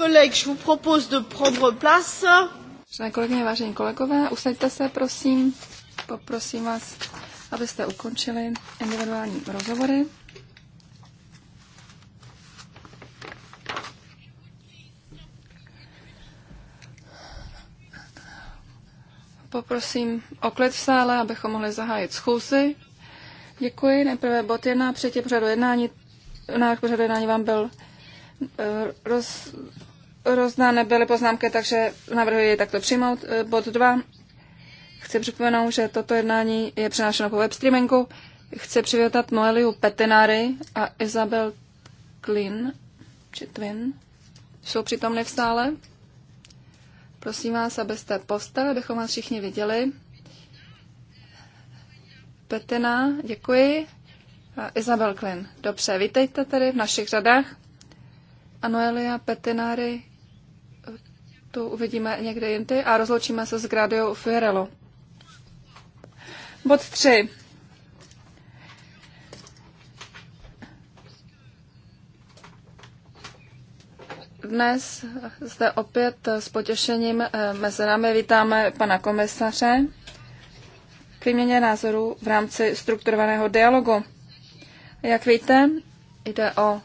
collègues, je vous propose de prendre place. Vážené kolegyně, vážení kolegové, usaďte se, prosím. Poprosím vás, abyste ukončili individuální rozhovory. Poprosím o klid v sále, abychom mohli zahájit schůzi. Děkuji. Nejprve bod 1, předtím pořadu jednání. Návrh pořadu jednání vám byl eh, roz, rozdány byly poznámky, takže navrhuji takto přijmout. E, bod 2. Chci připomenout, že toto jednání je přenášeno po webstreamingu. Chci přivítat Noeliu Petinary a Isabel Klin, či Twin. Jsou přitomny v sále. Prosím vás, abyste povstali, abychom vás všichni viděli. Petina, děkuji. A Isabel Klin, dobře, vítejte tady v našich řadách. Anuelia Petináry to uvidíme někde jindy a rozloučíme se s Gradio Fiorello. Bod 3. Dnes zde opět s potěšením eh, mezi námi vítáme pana komisaře k výměně názorů v rámci strukturovaného dialogu. Jak víte, jde o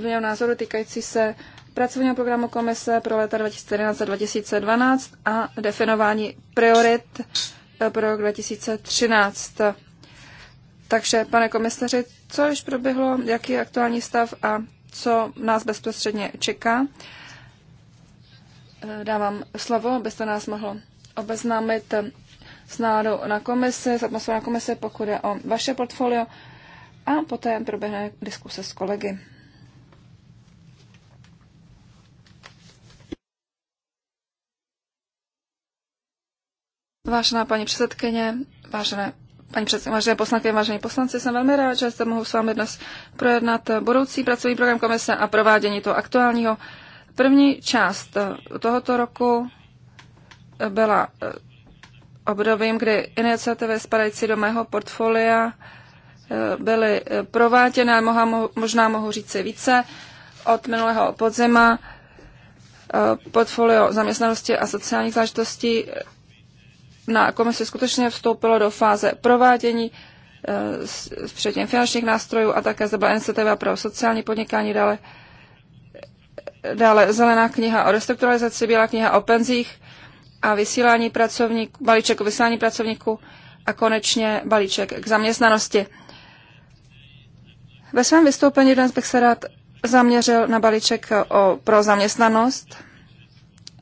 výměnu názoru týkající se pracovního programu Komise pro léta 2011 a 2012 a definování priorit eh, pro rok 2013. Takže, pane komisaři, co již proběhlo, jaký je aktuální stav a co nás bezprostředně čeká? Eh, dávám slovo, abyste nás mohl obeznámit eh, s náladou na komisi, s atmosférou na komisi, pokud je o vaše portfolio a poté proběhne diskuse s kolegy. Vážená paní předsedkyně, vážené paní předsedkyně, vážené poslankyně, vážení poslanci, jsem velmi rád, že zde mohu s vámi dnes projednat budoucí pracovní program komise a provádění toho aktuálního. První část eh, tohoto roku eh, byla eh, obdobím, kdy iniciativy spadající do mého portfolia byly prováděné, moha, možná mohu říct si více, od minulého podzima portfolio zaměstnanosti a sociálních záležitostí na komisi skutečně vstoupilo do fáze provádění předtím eh, finančních nástrojů a také zde byla iniciativa pro sociální podnikání, dále, dále zelená kniha o restrukturalizaci, bílá kniha o penzích a vysílání pracovníků, balíček o vysílání pracovníků a konečně balíček k zaměstnanosti. Ve svém vystoupení dnes bych se rád zaměřil na balíček o, pro zaměstnanost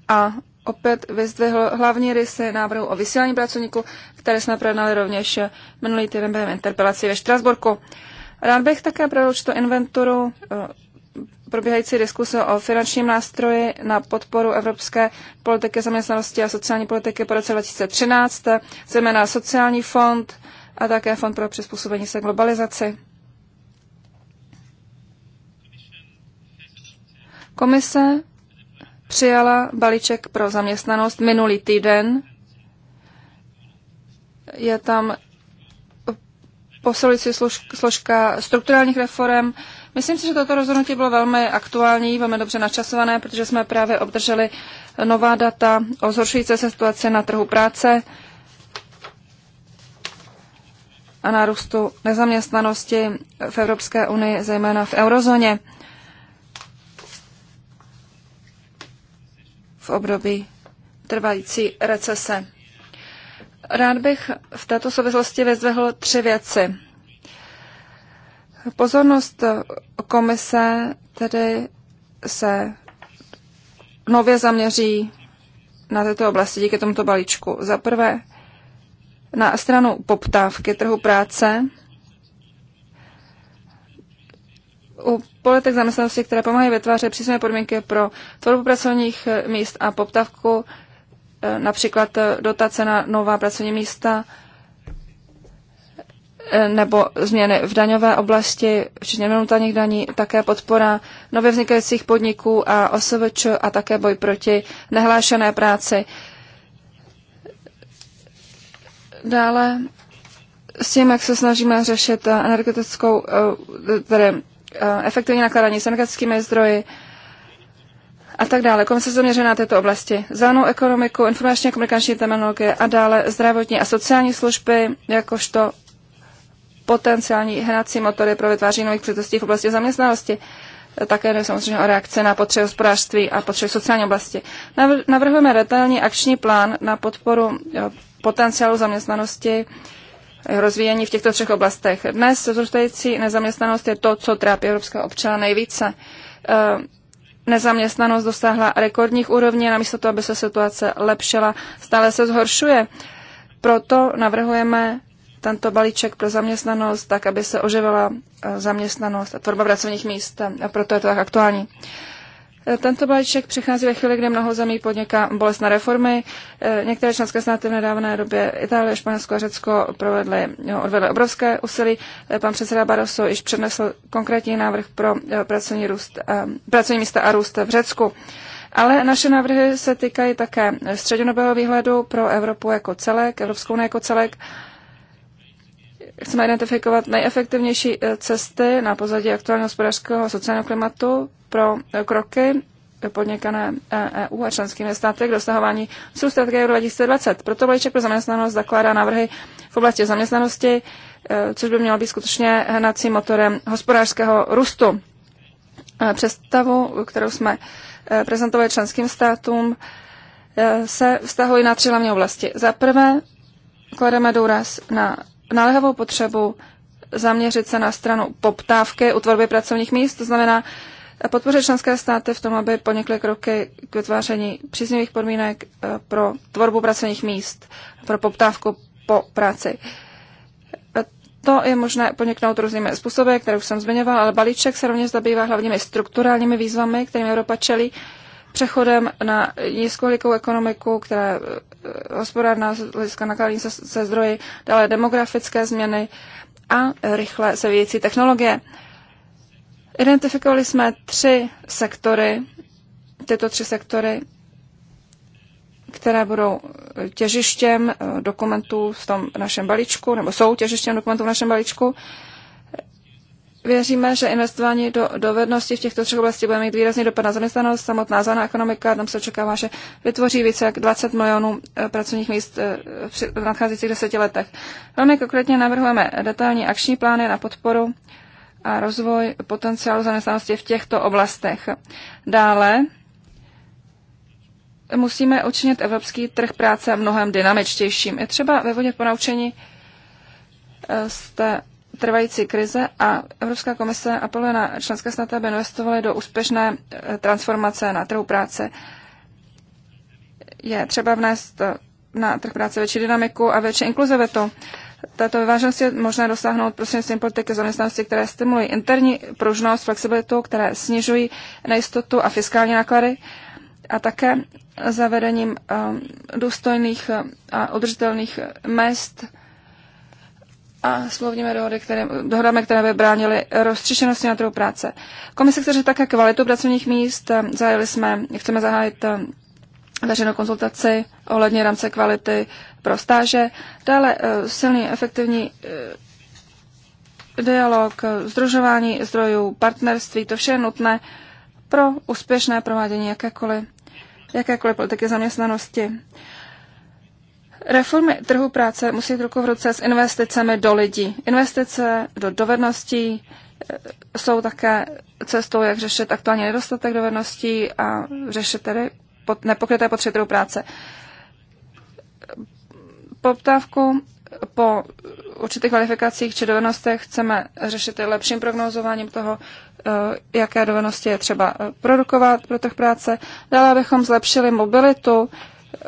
a opět vyzdvihl hlavní rysy návrhu o vysílání pracovníků, které jsme projednali rovněž minulý týden během interpelací ve Štrasburku. Rád bych také proročil inventuru eh, probíhající diskuse o finančním nástroji na podporu evropské politiky zaměstnanosti a sociální politiky po roce 2013, zejména sociální fond a také fond pro přizpůsobení se globalizaci. Komise přijala balíček pro zaměstnanost minulý týden. Je tam posilující složka strukturálních reform. Myslím si, že toto rozhodnutí bylo velmi aktuální, velmi dobře načasované, protože jsme právě obdrželi nová data o zhoršující se situaci na trhu práce a nárůstu nezaměstnanosti v Evropské unii, zejména v eurozóně. období trvající recese. Rád bych v této souvislosti vyzvehl tři věci. Pozornost komise tedy se nově zaměří na této oblasti díky tomuto balíčku. Za prvé na stranu poptávky trhu práce, u politik zaměstnanosti, které pomáhají vytvářet přísné podmínky pro tvorbu pracovních eh, míst a poptavku, eh, například eh, dotace na nová pracovní místa nebo změny v daňové oblasti, včetně minutálních daní, také podpora nově vznikajících podniků a OSVČ a také boj proti nehlášené práci. Dále s tím, jak se snažíme řešit energetickou, tedy Eh, efektivní nakladání s energetickými zdroji a tak dále. Komise zaměřená na této oblasti. Zelenou ekonomiku, informační a komunikační terminologie a dále zdravotní a sociální služby, jakožto potenciální hnací motory pro vytváření nových příležitostí v oblasti zaměstnanosti. Eh, také jde samozřejmě o reakce na potřeby hospodářství a potřeby sociální oblasti. Navrhujeme detailní akční plán na podporu eh, potenciálu zaměstnanosti rozvíjení v těchto třech oblastech. Dnes vzrůstající nezaměstnanost je to, co trápí evropského občana nejvíce. Eh, nezaměstnanost dosáhla rekordních úrovní a namísto toho, aby se situace lepšila, stále se zhoršuje. Proto navrhujeme tento balíček pro zaměstnanost, tak aby se oživila eh, zaměstnanost a tvorba pracovních míst. A proto je to tak aktuální. Eh, tento balíček přichází ve chvíli, kdy mnoho zemí podniká bolestné reformy. Eh, některé členské státy v nedávné době Itálie, Španělsko a Řecko provedly, odvedly obrovské úsilí. Eh, pan předseda Barroso již přednesl konkrétní návrh pro pracovní, růst, pracovní místa a růst v Řecku. Ale naše návrhy se týkají také střednědobého výhledu pro Evropu jako celek, Evropskou unii jako celek Chceme identifikovat nejefektivnější eh, cesty na pozadí aktuálního hospodářského a sociálního klimatu pro eh, kroky eh, podnikané EU e a členskými státy k dosahování cílů strategie 2020. Proto balíček pro zaměstnanost zakládá návrhy v oblasti zaměstnanosti, což by mělo být skutečně hnacím motorem hospodářského růstu. Představu, kterou jsme prezentovali členským státům, se vztahují na tři hlavní oblasti. Za prvé, klademe důraz na naléhavou potřebu zaměřit se na stranu poptávky u tvorby pracovních míst, to znamená podpořit členské státy v tom, aby podnikly kroky k vytváření příznivých podmínek eh, pro tvorbu pracovních míst, pro poptávku po práci. Eh, to je možné poniknout různými způsoby, které už jsem zmiňoval, ale balíček se rovněž zabývá hlavními strukturálními výzvami, kterým Evropa čelí, přechodem na nízkolikou ekonomiku, která je eh, hospodárná z hlediska se, se zdroji, dále demografické změny a rychle se vějící technologie. Identifikovali jsme tři sektory, tyto tři sektory, které budou eh, těžištěm eh, dokumentů v tom našem balíčku, nebo jsou těžištěm dokumentů v našem balíčku. Věříme, že investování do dovedností v těchto třech oblastech bude mít výrazný dopad na zaměstnanost, samotná zóna ekonomika, tam se očekává, že vytvoří více jak 20 milionů eh, pracovních míst eh, v nadcházejících deseti letech. Velmi konkrétně navrhujeme detailní akční plány na podporu a rozvoj potenciálu zaměstnanosti v těchto oblastech. Dále musíme učinit evropský trh práce mnohem dynamičtějším. Je třeba vyvodit ponaučení z eh, té trvající krize a Evropská komise apeluje na členské státy, aby investovaly do úspěšné eh, transformace na trhu práce. Je třeba vnést eh, na trh práce větší dynamiku a větší inkluzivitu. Tato vyváženost je možné dosáhnout prostřednictvím politiky zaměstnanosti, které stimulují interní pružnost, flexibilitu, které snižují nejistotu a fiskální náklady a také zavedením eh, důstojných a udržitelných mest a smluvními dohody, které, dohodami, které by bránily roztřešenosti na trhu práce. Komise chce také kvalitu pracovních míst. Zajeli jsme, chceme zahájit eh, veřejnou konzultaci ohledně rámce kvality pro stáže. Dále eh, silný, efektivní eh, dialog, združování zdrojů, partnerství, to vše je nutné pro úspěšné provádění jakékoliv, jakékoliv politiky zaměstnanosti. Reformy trhu práce musí jít ruku v ruce s investicemi do lidí. Investice do dovedností eh, jsou také cestou, jak řešit aktuálně nedostatek dovedností a řešit tedy pod, nepokryté potřeby trhu práce. Poptávku po určitých kvalifikacích či dovednostech chceme řešit i lepším prognozováním toho, eh, jaké dovednosti je třeba eh, produkovat pro trh práce. Dále, abychom zlepšili mobilitu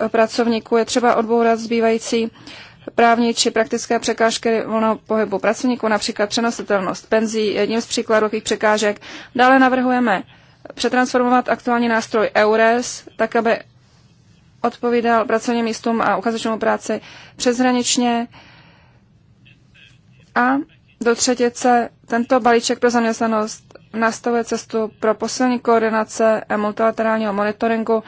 pracovníků je třeba odbourat zbývající právní či praktické překážky volného pohybu pracovníků, například přenositelnost penzí, jedním z příkladů takových překážek. Dále navrhujeme přetransformovat aktuální nástroj EURES, tak aby odpovídal pracovním místům a uchazečům práci přeshraničně. A do třetice tento balíček pro zaměstnanost nastavuje cestu pro posilní koordinace multilaterálního monitoringu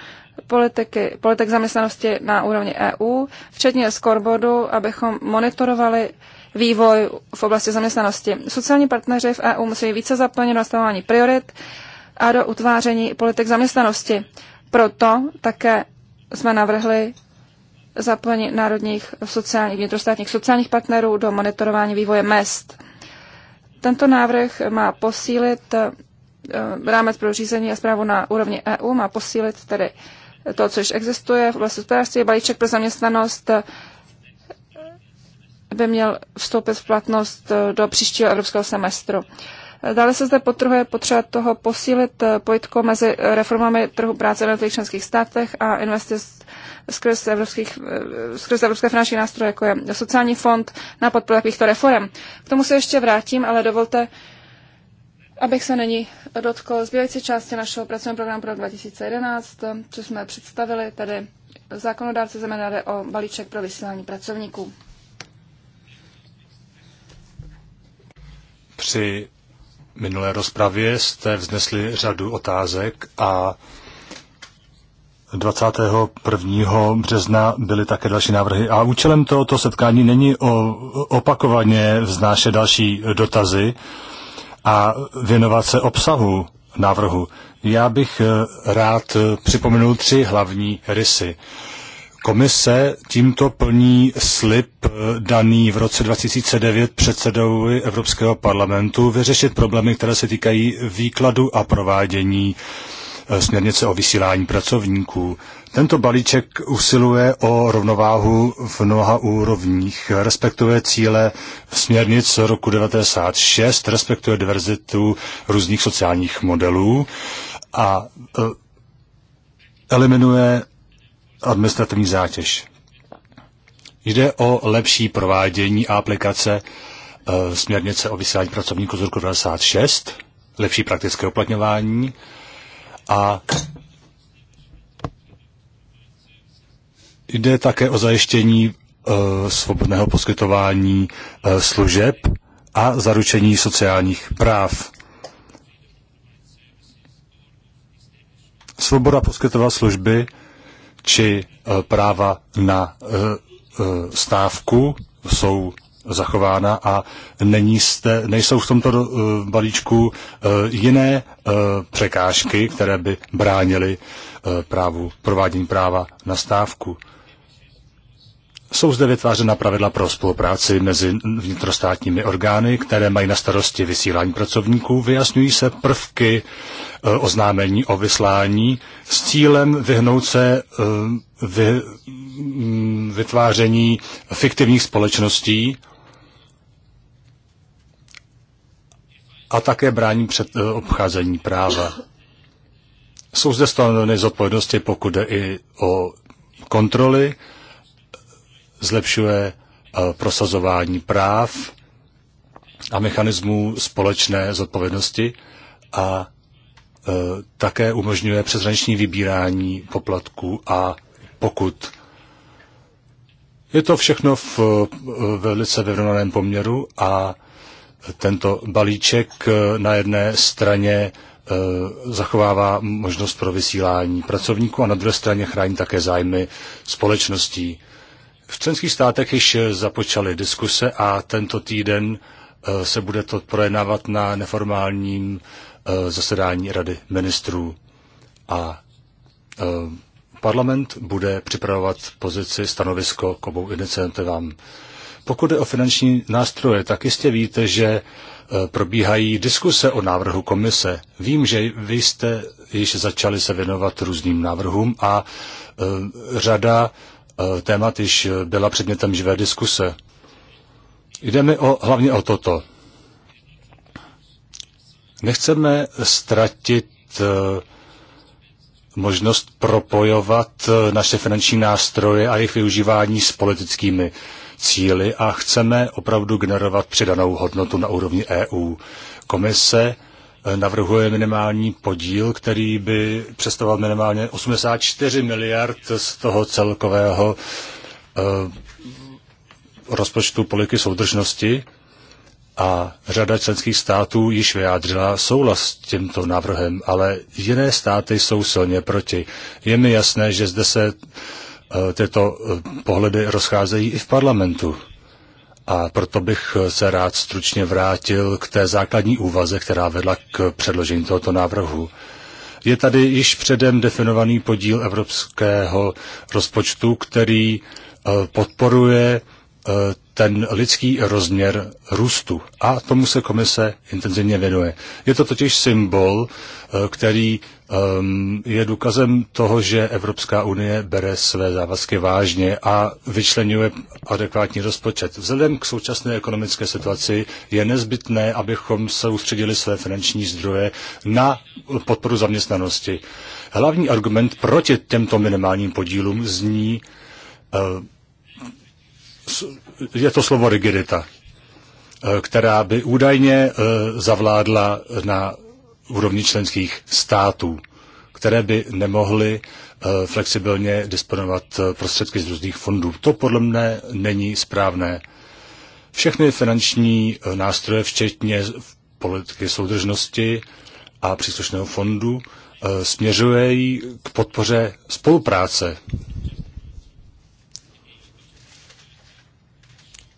politiky, politik zaměstnanosti na úrovni EU, včetně scoreboardu, abychom monitorovali vývoj v oblasti zaměstnanosti. Sociální partneři v EU musí více zaplnit nastavování priorit a do utváření politik zaměstnanosti. Proto také jsme navrhli zaplnit národních sociálních, vnitrostátních sociálních partnerů do monitorování vývoje mest. Tento návrh má posílit eh, rámec pro řízení a zprávu na úrovni EU, má posílit tedy to, co již existuje v oblasti hospodářství, balíček pro zaměstnanost by měl vstoupit v platnost eh, do příštího evropského semestru. Dále se zde potrhuje potřeba toho posílit eh, pojitko mezi reformami trhu práce v jednotlivých členských státech a investic skrz, evropských, eh, skrz evropské finanční nástroje, jako je sociální fond na podporu takovýchto reform. K tomu se ještě vrátím, ale dovolte Abych se není dotkl zbývající části našeho pracovního programu pro 2011, co jsme představili, tedy zákonodárce znamená o balíček pro vysílání pracovníků. Při minulé rozpravě jste vznesli řadu otázek a 21. března byly také další návrhy. A účelem tohoto setkání není o, opakovaně vznášet další dotazy, a věnovat se obsahu návrhu. Já bych eh, rád eh, připomenul tři hlavní rysy. Komise tímto plní slib eh, daný v roce 2009 předsedou Evropského parlamentu vyřešit problémy, které se týkají výkladu a provádění Eh, směrnice o vysílání pracovníků. Tento balíček usiluje o rovnováhu v mnoha úrovních, respektuje cíle směrnic roku 96, respektuje diverzitu různých sociálních modelů a eh, eliminuje administrativní zátěž. Jde o lepší provádění a aplikace eh, směrnice o vysílání pracovníků z roku 96, lepší praktické uplatňování, a jde také o zajištění eh, svobodného poskytování eh, služeb a zaručení sociálních práv. Svoboda poskytovat služby či eh, práva na stávku jsou zachována a není jste, nejsou v tomto eh, balíčku eh, jiné eh, překážky, které by bránily právu, provádění práva na stávku. Jsou zde vytvářena pravidla pro spolupráci mezi vnitrostátními orgány, které mají na starosti vysílání pracovníků. Vyjasňují se prvky oznámení o vyslání s cílem vyhnout se vy, mm, vytváření fiktivních společností a také brání před eh, obcházení práva. Jsou zde stanoveny zodpovědnosti, pokud jde i o kontroly, zlepšuje eh, prosazování práv a mechanismů společné zodpovědnosti a eh, také umožňuje přeshraniční vybírání poplatků a pokud. Je to všechno v velice vyrovnaném poměru a tento balíček eh, na jedné straně eh, zachovává možnost pro vysílání pracovníků a na druhé straně chrání také zájmy společností. V členských státech již eh, započaly diskuse a tento týden se bude to projednávat na neformálním zasedání Rady ministrů. A parlament bude připravovat pozici stanovisko k obou iniciativám. Pokud je o finanční nástroje, tak jistě víte, že e, probíhají diskuse o návrhu komise. Vím, že vy jste již začali se věnovat různým návrhům a e, řada e, témat již byla předmětem živé diskuse. Jde mi o, hlavně o toto. Nechceme ztratit možnost propojovat naše finanční nástroje a jejich využívání s politickými cíly a chceme opravdu generovat přidanou hodnotu na úrovni EU. Komise eh, navrhuje minimální podíl, který by představoval minimálně 84 miliard z toho celkového eh, rozpočtu politiky soudržnosti a řada členských států již vyjádřila souhlas s tímto návrhem, ale jiné státy jsou silně proti. Je mi jasné, že zde se Eh, tyto eh, pohledy rozcházejí i v parlamentu. A proto bych eh, se rád stručně vrátil k té základní úvaze, která vedla k předložení tohoto návrhu. Je tady již předem definovaný podíl evropského rozpočtu, který podporuje ten lidský rozměr růstu. A tomu se komise intenzivně věnuje. Je to totiž symbol, eh, který ehm, je důkazem toho, že Evropská unie bere své závazky vážně a vyčlenuje adekvátní rozpočet. Vzhledem k současné ekonomické situaci je nezbytné, abychom se soustředili své finanční zdroje na podporu zaměstnanosti. Hlavní argument proti těmto minimálním podílům zní eh, je to slovo rigidita, eh, která by údajně eh, zavládla na úrovni členských států, které by nemohly eh, flexibilně disponovat prostředky z různých fondů. To podle mne není správné. Všechny finanční nástroje, včetně politiky soudržnosti a příslušného fondu, směřují k podpoře spolupráce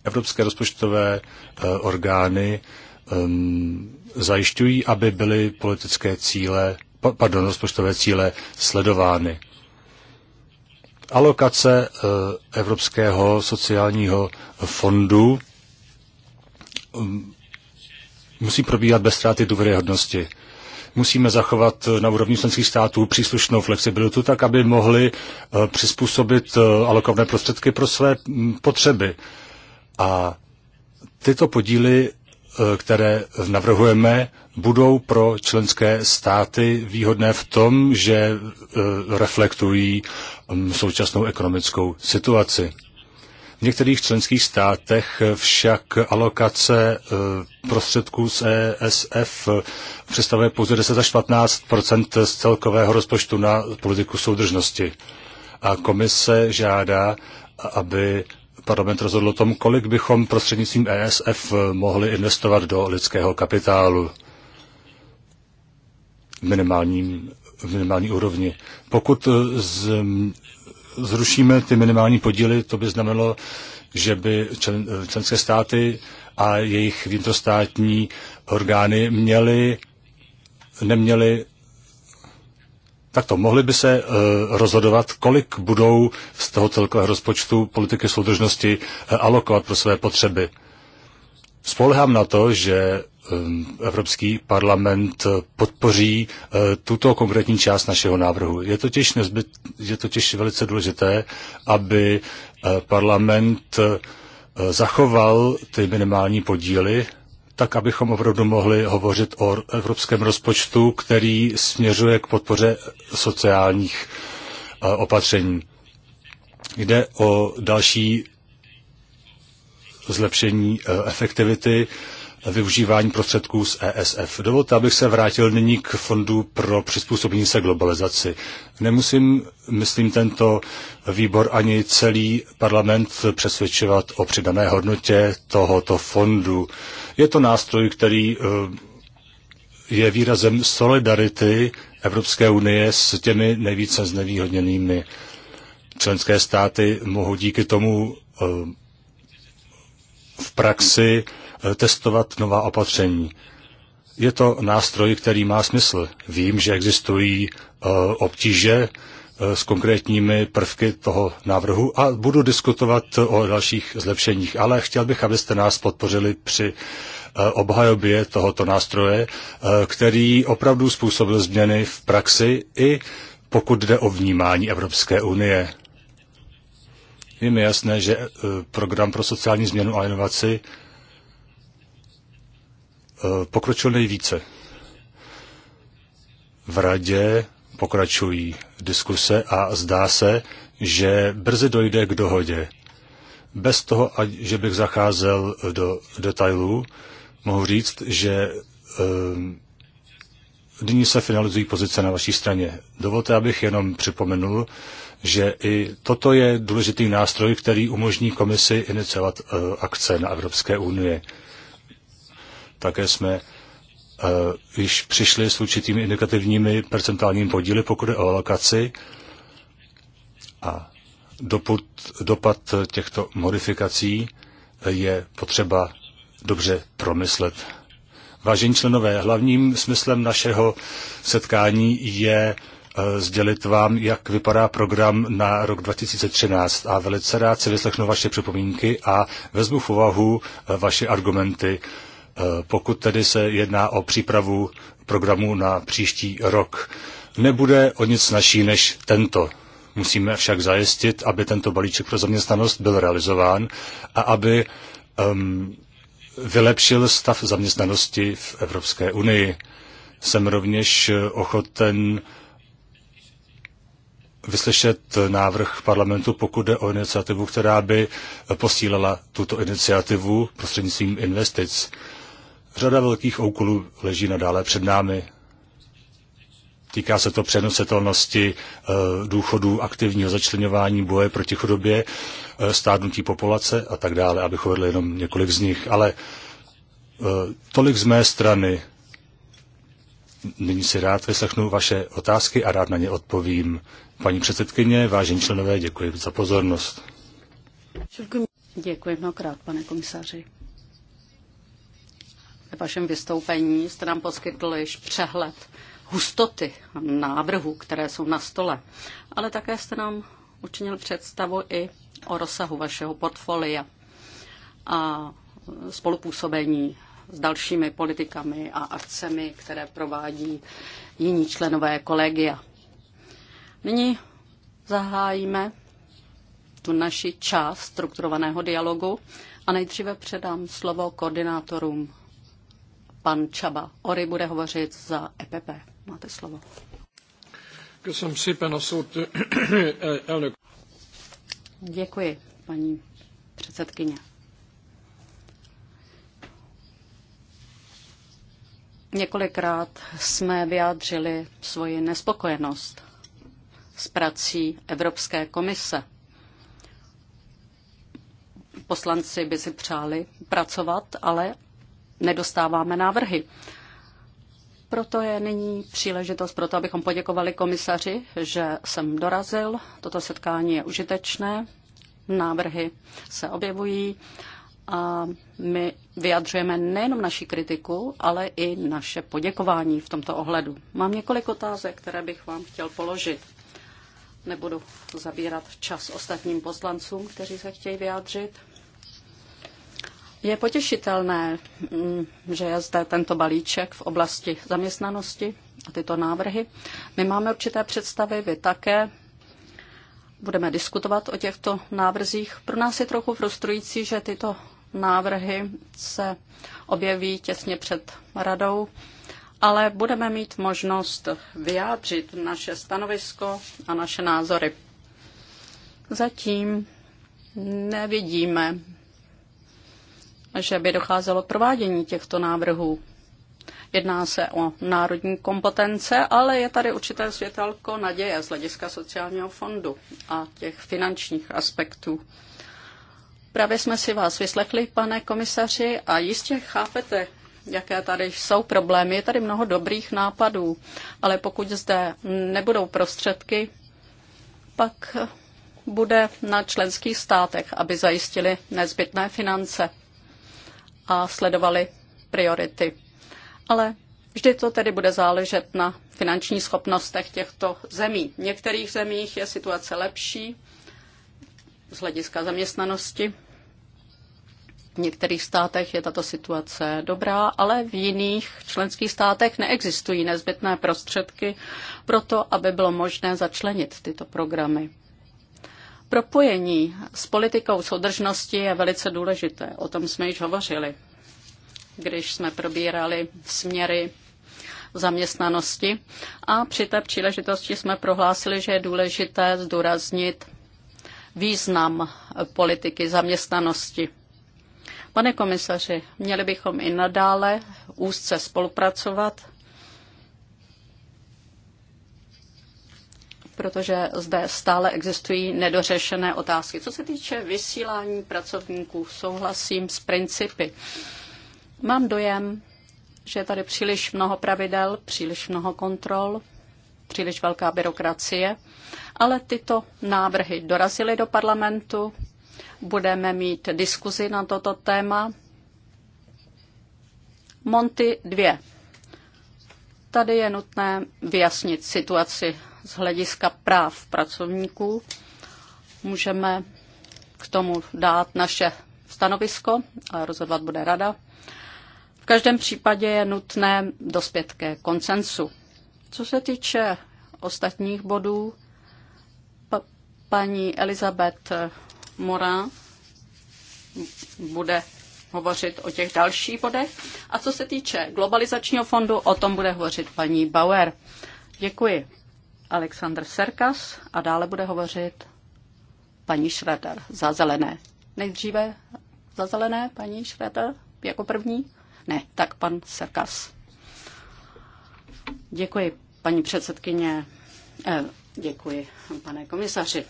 evropské rozpočtové eh, orgány ehm, zajišťují, aby byly politické cíle, pardon, rozpočtové cíle sledovány. Alokace eh, Evropského sociálního fondu ehm, musí probíhat bez ztráty důvěryhodnosti. Musíme zachovat eh, na úrovni členských států příslušnou flexibilitu, tak aby mohli přizpůsobit alokované prostředky pro své potřeby. A tyto podíly, eh, které navrhujeme, budou pro členské státy výhodné v tom, že eh, reflektují mm, současnou ekonomickou situaci. V některých členských státech však alokace eh, prostředků z ESF představuje pouze 10 až 15 z celkového rozpočtu na politiku soudržnosti. A komise žádá, aby parlament rozhodl o tom, kolik bychom prostřednictvím ESF mohli investovat do lidského kapitálu v, minimálním, v minimální úrovni. Pokud eh, z, mm, zrušíme ty minimální podíly, to by znamenalo, že by člen, eh, členské státy a jejich vnitrostátní orgány měly, neměly tak to mohli by se eh, rozhodovat, kolik budou z toho celkového rozpočtu politiky soudržnosti eh, alokovat pro své potřeby. Spolehám na to, že eh, Evropský parlament podpoří tuto konkrétní část našeho návrhu. Je totiž, nezbyt, je totiž velice důležité, aby parlament zachoval ty minimální podíly tak abychom opravdu mohli hovořit o evropském rozpočtu, který směřuje k podpoře sociálních eh, opatření. Jde o další zlepšení eh, efektivity využívání prostředků z ESF. Dovolte, abych se vrátil nyní k Fondu pro přizpůsobení se globalizaci. Nemusím, myslím, tento výbor ani celý parlament přesvědčovat o přidané hodnotě tohoto fondu. Je to nástroj, který eh, je výrazem solidarity Evropské unie s těmi nejvíce znevýhodněnými. Členské státy mohou díky tomu eh, v praxi Eh, testovat nová opatření. Je to nástroj, který má smysl. Vím, že existují eh, obtíže eh, s konkrétními prvky toho návrhu a budu diskutovat o dalších zlepšeních, ale chtěl bych, abyste nás podpořili při obhajobě tohoto nástroje, který opravdu způsobil změny v praxi i pokud jde o vnímání Evropské unie. Je mi jasné, že program pro sociální změnu a inovaci Eh, pokročil nejvíce. V radě pokračují diskuse a zdá se, že brzy dojde k dohodě. Bez toho, že bych zacházel do detailů, mohu říct, že um, nyní se finalizují pozice na vaší straně. Dovolte, abych jenom připomenul, že i toto je důležitý nástroj, který umožní komisi iniciovat uh, akce na Evropské unii. Také jsme uh, již přišli s určitými indikativními percentálními podíly, pokud je o alokaci. A doput, dopad těchto modifikací eh, je potřeba dobře promyslet. Vážení členové, hlavním smyslem našeho setkání je eh, sdělit vám, jak vypadá program na rok 2013 a velice rád si vyslechnu vaše připomínky a vezmu v úvahu vaše argumenty Eh, pokud tedy se jedná o přípravu programu na příští rok. Nebude o nic snažší než tento. Musíme však zajistit, aby tento balíček pro zaměstnanost byl realizován a aby um, vylepšil stav zaměstnanosti v Evropské unii. Jsem rovněž ochoten vyslyšet návrh parlamentu, pokud jde o iniciativu, která by posílala tuto iniciativu prostřednictvím investic. Řada velkých úkolů leží nadále před námi. Týká se to přenositelnosti eh, důchodů, aktivního začlenování, boje proti chudobě, eh, stárnutí populace a tak dále, abych uvedl jenom několik z nich. Ale eh, tolik z mé strany. Nyní si rád vyslechnu vaše otázky a rád na ně odpovím. Paní předsedkyně, vážení členové, děkuji za pozornost. Děkuji mnohokrát, pane komisaři. Ve vašem vystoupení jste nám poskytl již přehled hustoty návrhů, které jsou na stole, ale také jste nám učinil představu i o rozsahu vašeho portfolia a spolupůsobení s dalšími politikami a akcemi, které provádí jiní členové kolegia. Nyní zahájíme tu naši část strukturovaného dialogu a nejdříve předám slovo koordinátorům Pan Čaba Ory bude hovořit za EPP. Máte slovo. Děkuji, paní předsedkyně. Několikrát jsme vyjádřili svoji nespokojenost s prací Evropské komise. Poslanci by si přáli pracovat, ale nedostáváme návrhy. Proto je nyní příležitost pro to, abychom poděkovali komisaři, že jsem dorazil. Toto setkání je užitečné, návrhy se objevují a my vyjadřujeme nejenom naši kritiku, ale i naše poděkování v tomto ohledu. Mám několik otázek, které bych vám chtěl položit. Nebudu zabírat čas ostatním poslancům, kteří se chtějí vyjádřit. Je potěšitelné, mm, že je zde tento balíček v oblasti zaměstnanosti a tyto návrhy. My máme určité představy, vy také. Budeme diskutovat o těchto návrzích. Pro nás je trochu frustrující, že tyto návrhy se objeví těsně před radou, ale budeme mít možnost vyjádřit naše stanovisko a naše názory. Zatím nevidíme že by docházelo k provádění těchto návrhů. Jedná se o národní kompetence, ale je tady určité světelko naděje z hlediska sociálního fondu a těch finančních aspektů. Právě jsme si vás vyslechli, pane komisaři, a jistě chápete, jaké tady jsou problémy. Je tady mnoho dobrých nápadů, ale pokud zde nebudou prostředky, pak bude na členských státech, aby zajistili nezbytné finance a sledovali priority. Ale vždy to tedy bude záležet na finanční schopnostech těchto zemí. V některých zemích je situace lepší z hlediska zaměstnanosti. V některých státech je tato situace dobrá, ale v jiných členských státech neexistují nezbytné prostředky pro to, aby bylo možné začlenit tyto programy. Propojení s politikou soudržnosti je velice důležité. O tom jsme již hovořili, když jsme probírali směry zaměstnanosti. A při té příležitosti jsme prohlásili, že je důležité zdůraznit význam politiky zaměstnanosti. Pane komisaři, měli bychom i nadále úzce spolupracovat protože zde stále existují nedořešené otázky. Co se týče vysílání pracovníků, souhlasím s principy. Mám dojem, že je tady příliš mnoho pravidel, příliš mnoho kontrol, příliš velká byrokracie, ale tyto návrhy dorazily do parlamentu, budeme mít diskuzi na toto téma. Monty 2. Tady je nutné vyjasnit situaci z hlediska práv pracovníků. Můžeme k tomu dát naše stanovisko a rozhodovat bude rada. V každém případě je nutné dospět ke koncensu. Co se týče ostatních bodů, paní Elizabeth Mora bude hovořit o těch dalších bodech. A co se týče globalizačního fondu, o tom bude hovořit paní Bauer. Děkuji. Aleksandr Serkas a dále bude hovořit paní Schroeder za zelené. Nejdříve za zelené paní Schroeder jako první? Ne, tak pan Serkas. Děkuji, paní předsedkyně. Eh, děkuji, pane komisaři.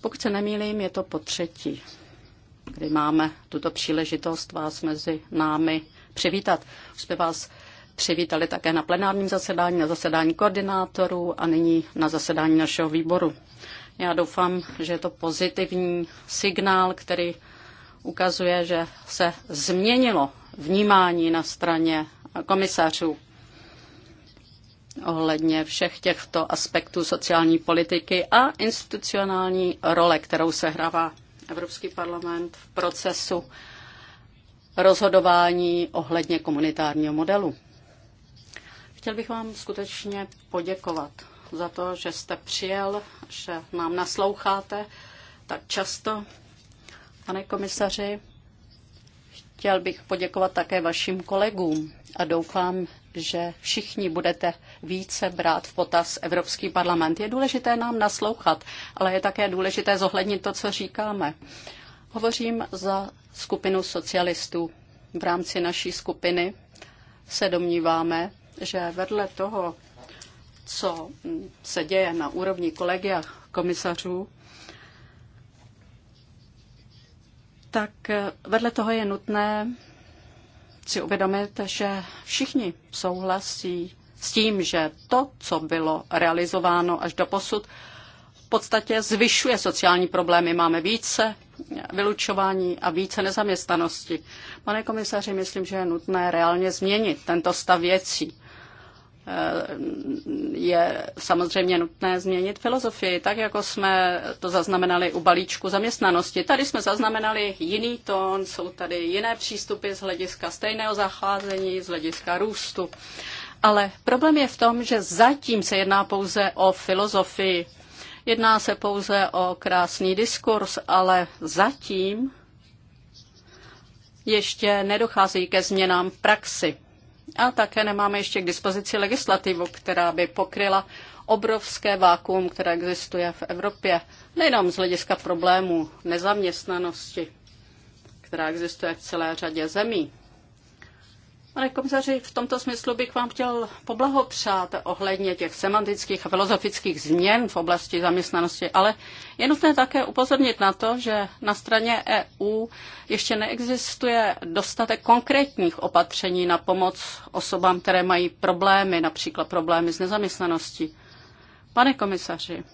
Pokud se nemýlím, je to po třetí, kdy máme tuto příležitost vás mezi námi přivítat. Už jsme vás přivítali také na plenárním zasedání, na zasedání koordinátorů a nyní na zasedání našeho výboru. Já doufám, že je to pozitivní signál, který ukazuje, že se změnilo vnímání na straně komisařů ohledně všech těchto aspektů sociální politiky a institucionální role, kterou se hrává Evropský parlament v procesu rozhodování ohledně komunitárního modelu. Chtěl bych vám skutečně poděkovat za to, že jste přijel, že nám nasloucháte tak často. Pane komisaři, chtěl bych poděkovat také vašim kolegům a doufám, že všichni budete více brát v potaz Evropský parlament. Je důležité nám naslouchat, ale je také důležité zohlednit to, co říkáme. Hovořím za skupinu socialistů. V rámci naší skupiny se domníváme, že vedle toho, co se děje na úrovni kolegia komisařů, tak vedle toho je nutné si uvědomit, že všichni souhlasí s tím, že to, co bylo realizováno až do posud, v podstatě zvyšuje sociální problémy. Máme více vylučování a více nezaměstnanosti. Pane komisaři, myslím, že je nutné reálně změnit tento stav věcí je samozřejmě nutné změnit filozofii, tak jako jsme to zaznamenali u balíčku zaměstnanosti. Tady jsme zaznamenali jiný tón, jsou tady jiné přístupy z hlediska stejného zacházení, z hlediska růstu. Ale problém je v tom, že zatím se jedná pouze o filozofii. Jedná se pouze o krásný diskurs, ale zatím ještě nedochází ke změnám v praxi. A také nemáme ještě k dispozici legislativu, která by pokryla obrovské vákuum, které existuje v Evropě, nejenom z hlediska problémů nezaměstnanosti, která existuje v celé řadě zemí, Pane komisaři, v tomto smyslu bych vám chtěl poblahopřát ohledně těch semantických a filozofických změn v oblasti zaměstnanosti, ale je nutné také upozornit na to, že na straně EU ještě neexistuje dostatek konkrétních opatření na pomoc osobám, které mají problémy, například problémy s nezaměstnaností. Pane komisaři,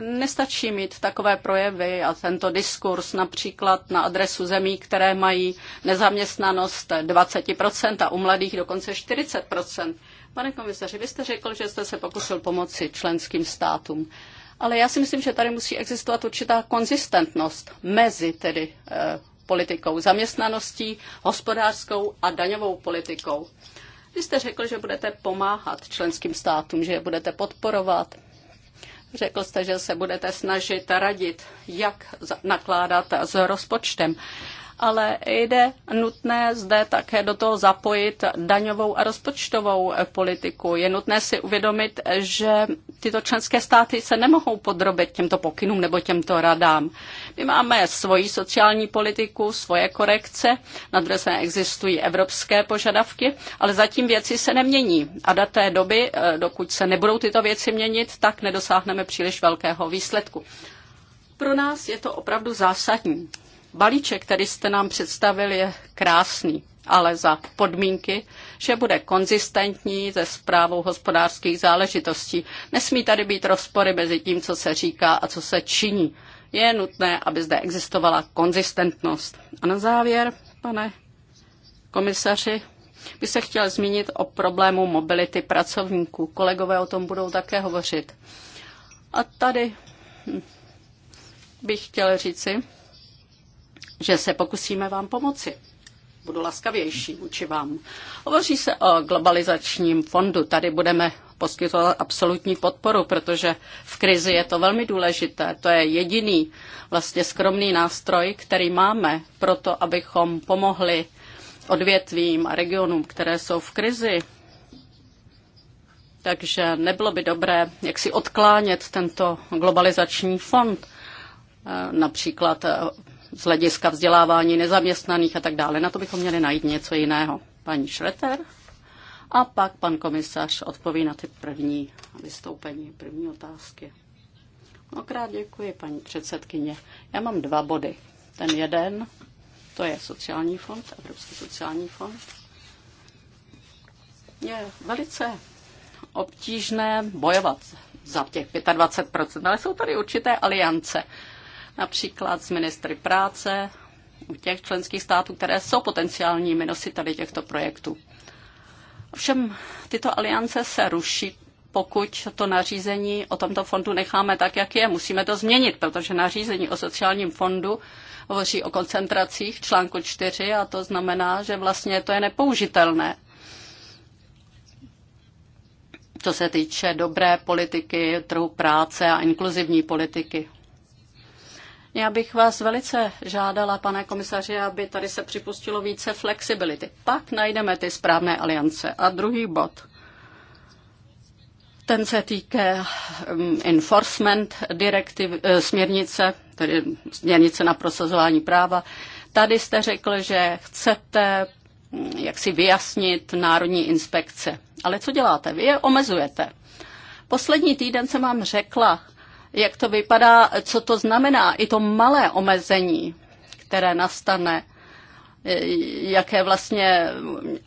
Nestačí mít takové projevy a tento diskurs například na adresu zemí, které mají nezaměstnanost 20% a u mladých dokonce 40%. Pane komisaři, vy jste řekl, že jste se pokusil pomoci členským státům. Ale já si myslím, že tady musí existovat určitá konzistentnost mezi tedy eh, politikou zaměstnaností, hospodářskou a daňovou politikou. Vy jste řekl, že budete pomáhat členským státům, že je budete podporovat. Řekl jste, že se budete snažit radit, jak nakládat s rozpočtem ale jde nutné zde také do toho zapojit daňovou a rozpočtovou politiku. Je nutné si uvědomit, že tyto členské státy se nemohou podrobit těmto pokynům nebo těmto radám. My máme svoji sociální politiku, svoje korekce, na druhé straně existují evropské požadavky, ale zatím věci se nemění. A do té doby, eh, dokud se nebudou tyto věci měnit, tak nedosáhneme příliš velkého výsledku. Pro nás je to opravdu zásadní. Balíček, který jste nám představil, je krásný, ale za podmínky, že bude konzistentní se zprávou hospodářských záležitostí. Nesmí tady být rozpory mezi tím, co se říká a co se činí. Je nutné, aby zde existovala konzistentnost. A na závěr, pane komisaři, by se chtěl zmínit o problému mobility pracovníků. Kolegové o tom budou také hovořit. A tady bych chtěl říci, že se pokusíme vám pomoci. Budu laskavější vůči vám. Hovoří se o globalizačním fondu. Tady budeme poskytovat absolutní podporu, protože v krizi je to velmi důležité. To je jediný vlastně skromný nástroj, který máme pro to, abychom pomohli odvětvím a regionům, které jsou v krizi. Takže nebylo by dobré, jak si odklánět tento globalizační fond. Například z hlediska vzdělávání nezaměstnaných a tak dále. Na to bychom měli najít něco jiného. Paní Šreter a pak pan komisař odpoví na ty první vystoupení, první otázky. Mnohokrát děkuji, paní předsedkyně. Já mám dva body. Ten jeden, to je sociální fond, Evropský sociální fond. Je velice obtížné bojovat za těch 25%, ale jsou tady určité aliance například s ministry práce u těch členských států, které jsou potenciálními nositeli těchto projektů. Ovšem tyto aliance se ruší, pokud to nařízení o tomto fondu necháme tak, jak je. Musíme to změnit, protože nařízení o sociálním fondu hovoří o koncentracích článku 4 a to znamená, že vlastně to je nepoužitelné. Co se týče dobré politiky, trhu práce a inkluzivní politiky. Já bych vás velice žádala, pane komisaři, aby tady se připustilo více flexibility. Pak najdeme ty správné aliance. A druhý bod. Ten se týká mm, enforcement direktiv, eh, směrnice, tedy směrnice na prosazování práva. Tady jste řekl, že chcete mm, jak si vyjasnit národní inspekce. Ale co děláte? Vy je omezujete. Poslední týden jsem vám řekla, jak to vypadá, co to znamená, i to malé omezení, které nastane, e, jaké vlastně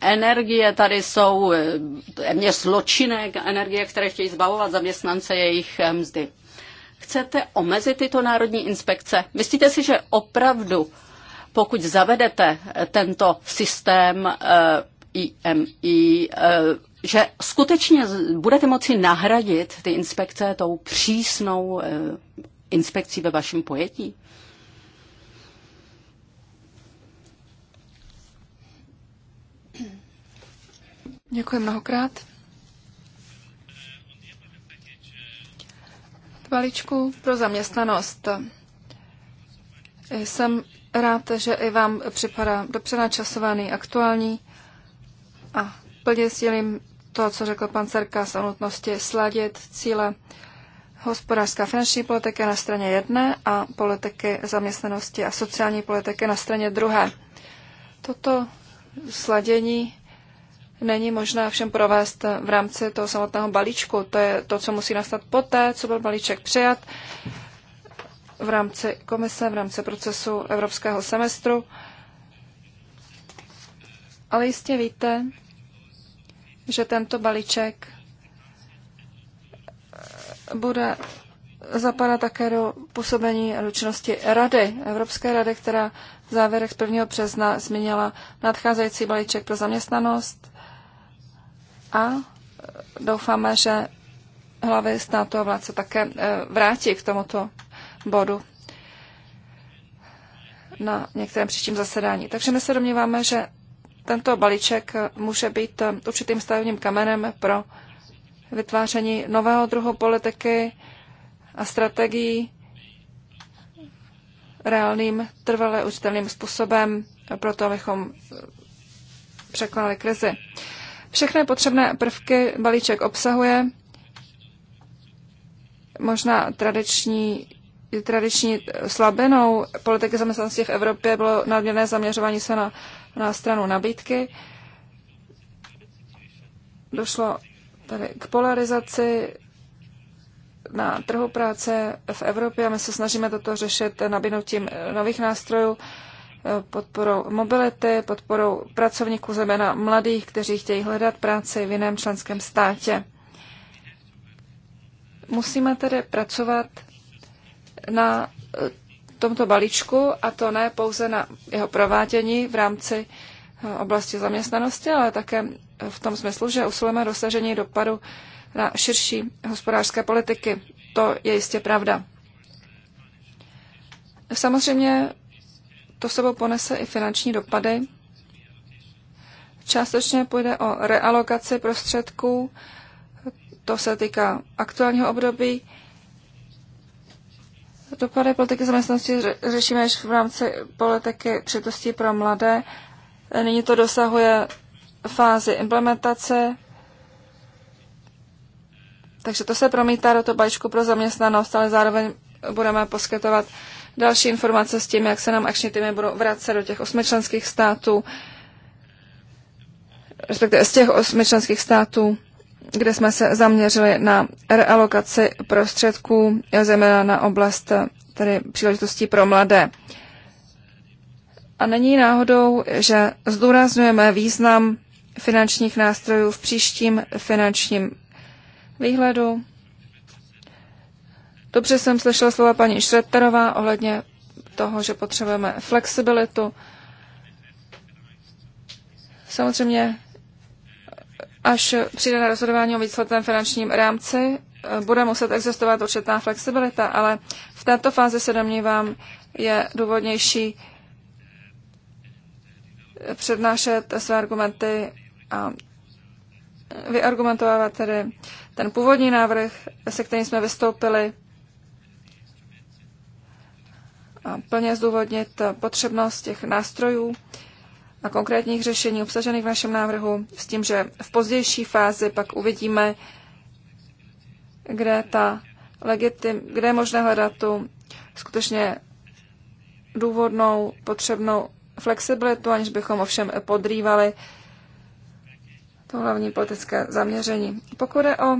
energie tady jsou, e, téměř zločinek, energie, které chtějí zbavovat zaměstnance jejich e, mzdy. Chcete omezit tyto národní inspekce? Myslíte si, že opravdu, pokud zavedete tento systém IMI, že skutečně budete moci nahradit ty inspekce tou přísnou eh, inspekcí ve vašem pojetí? Děkuji mnohokrát. Valičku pro zaměstnanost. Jsem rád, že i vám připadá dobře načasovaný, aktuální a plně sdělím to, co řekl pan Cerka, o nutnosti sladit cíle hospodářská finanční politika na straně jedné a politiky zaměstnanosti a sociální politiky na straně druhé. Toto sladění není možné všem provést v rámci toho samotného balíčku. To je to, co musí nastat poté, co byl balíček přijat v rámci komise, v rámci procesu evropského semestru. Ale jistě víte, že tento balíček bude zapadat také do působení a činnosti Rady, Evropské rady, která v závěrech z 1. března změnila, nadcházející balíček pro zaměstnanost a doufáme, že hlavy státu a vládce také eh, vrátí k tomuto bodu na některém příštím zasedání. Takže my se domníváme, že tento balíček může být určitým stavebním kamenem pro vytváření nového druhu politiky a strategií reálným, trvale učitelným způsobem, to, abychom překonali krizi. Všechny potřebné prvky balíček obsahuje, možná tradiční tradiční slabinou politiky zaměstnanosti v Evropě bylo nadměrné zaměřování se na na stranu nabídky. Došlo tady k polarizaci na trhu práce v Evropě a my se snažíme toto řešit nabídnutím nových nástrojů, podporou mobility, podporou pracovníků, zejména mladých, kteří chtějí hledat práci v jiném členském státě. Musíme tedy pracovat na tomto balíčku, a to ne pouze na jeho provádění v rámci eh, oblasti zaměstnanosti, ale také v tom smyslu, že usilujeme dosažení dopadu na širší hospodářské politiky. To je jistě pravda. Samozřejmě to sebou ponese i finanční dopady. Částečně půjde o realokaci prostředků, to se týká aktuálního období, Dopady politiky zaměstnanosti řešíme již v rámci politiky přitosti pro mladé. Nyní to dosahuje fázi implementace, takže to se promítá do toho balíčku pro zaměstnanost, ale zároveň budeme poskytovat další informace s tím, jak se nám akční týmy budou vracet do těch osmi členských států, respektive z těch osmi členských států, kde jsme se zaměřili na realokaci prostředků, zejména na oblast eh, tedy příležitostí pro mladé. A není náhodou, že zdůrazňujeme význam finančních nástrojů v příštím finančním výhledu. Dobře jsem slyšela slova paní Šretterová ohledně toho, že potřebujeme flexibilitu. Samozřejmě Až přijde na rozhodování o výsledném finančním rámci, eh, bude muset existovat určitá flexibilita, ale v této fázi se domnívám, je důvodnější eh, přednášet své argumenty a eh, vyargumentovat tedy ten původní návrh, se kterým jsme vystoupili a plně zdůvodnit potřebnost těch nástrojů, a konkrétních řešení obsažených v našem návrhu, s tím, že v pozdější fázi pak uvidíme, kde, ta legitim, kde je možné hledat tu skutečně důvodnou, potřebnou flexibilitu, aniž bychom ovšem podrývali to hlavní politické zaměření. Pokud je o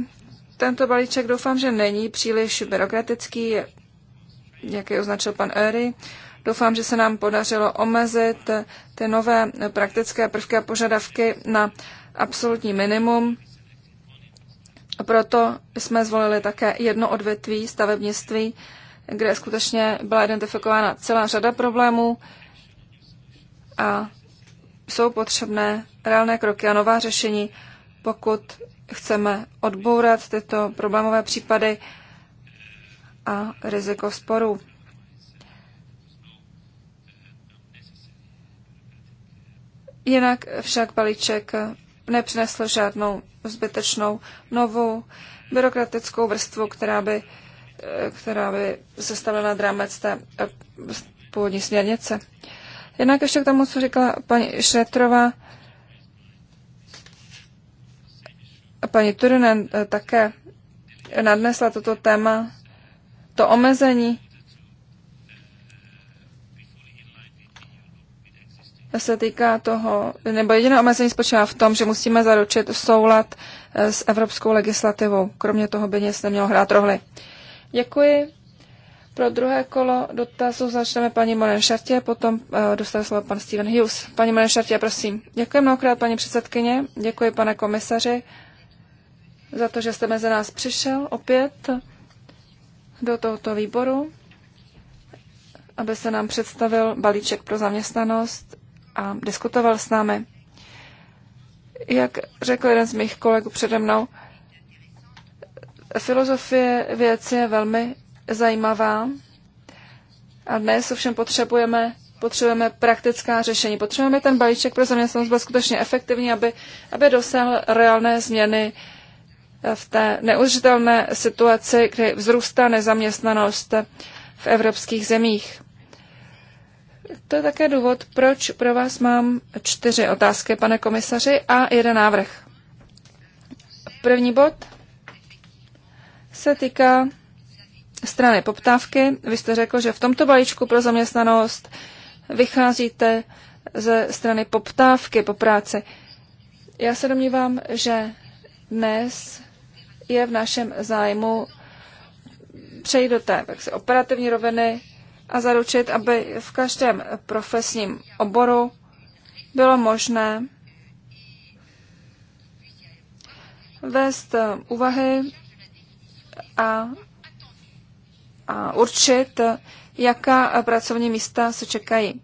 tento balíček, doufám, že není příliš byrokratický, jak je označil pan Ery. Doufám, že se nám podařilo omezit ty nové praktické prvky a požadavky na absolutní minimum. Proto jsme zvolili také jedno odvětví stavebnictví, kde skutečně byla identifikována celá řada problémů a jsou potřebné reálné kroky a nová řešení, pokud chceme odbourat tyto problémové případy a riziko sporů. Jinak však balíček nepřinesl žádnou zbytečnou novou byrokratickou vrstvu, která by, eh, která by se stavila nad rámec té eh, původní směrnice. Jinak ještě k tomu, co říkala paní Šretrová, a paní Turunen eh, také nadnesla toto téma, to omezení se týká toho, nebo jediné omezení spočívá v tom, že musíme zaručit soulad eh, s evropskou legislativou. Kromě toho by nic nemělo hrát rohly. Děkuji. Pro druhé kolo dotazu začneme paní Monen Šartě, potom uh, dostane slovo pan Steven Hughes. Paní Monen Šartě, prosím. Děkuji mnohokrát, paní předsedkyně. Děkuji, pane komisaři, za to, že jste mezi nás přišel opět do tohoto výboru, aby se nám představil balíček pro zaměstnanost a diskutoval s námi. Jak řekl jeden z mých kolegů přede mnou, filozofie věci je velmi zajímavá a dnes ovšem potřebujeme potřebujeme praktická řešení. Potřebujeme ten balíček pro zaměstnanost byl skutečně efektivní, aby, aby dosáhl reálné změny v té neužitelné situaci, kdy vzrůstá nezaměstnanost v evropských zemích. To je také důvod, proč pro vás mám čtyři otázky, pane komisaři, a jeden návrh. První bod se týká strany poptávky. Vy jste řekl, že v tomto balíčku pro zaměstnanost vycházíte ze strany poptávky po práci. Já se domnívám, že dnes je v našem zájmu přejít do té operativní roviny a zaručit, aby v každém profesním oboru bylo možné vést eh, úvahy a, a určit, jaká pracovní místa se čekají.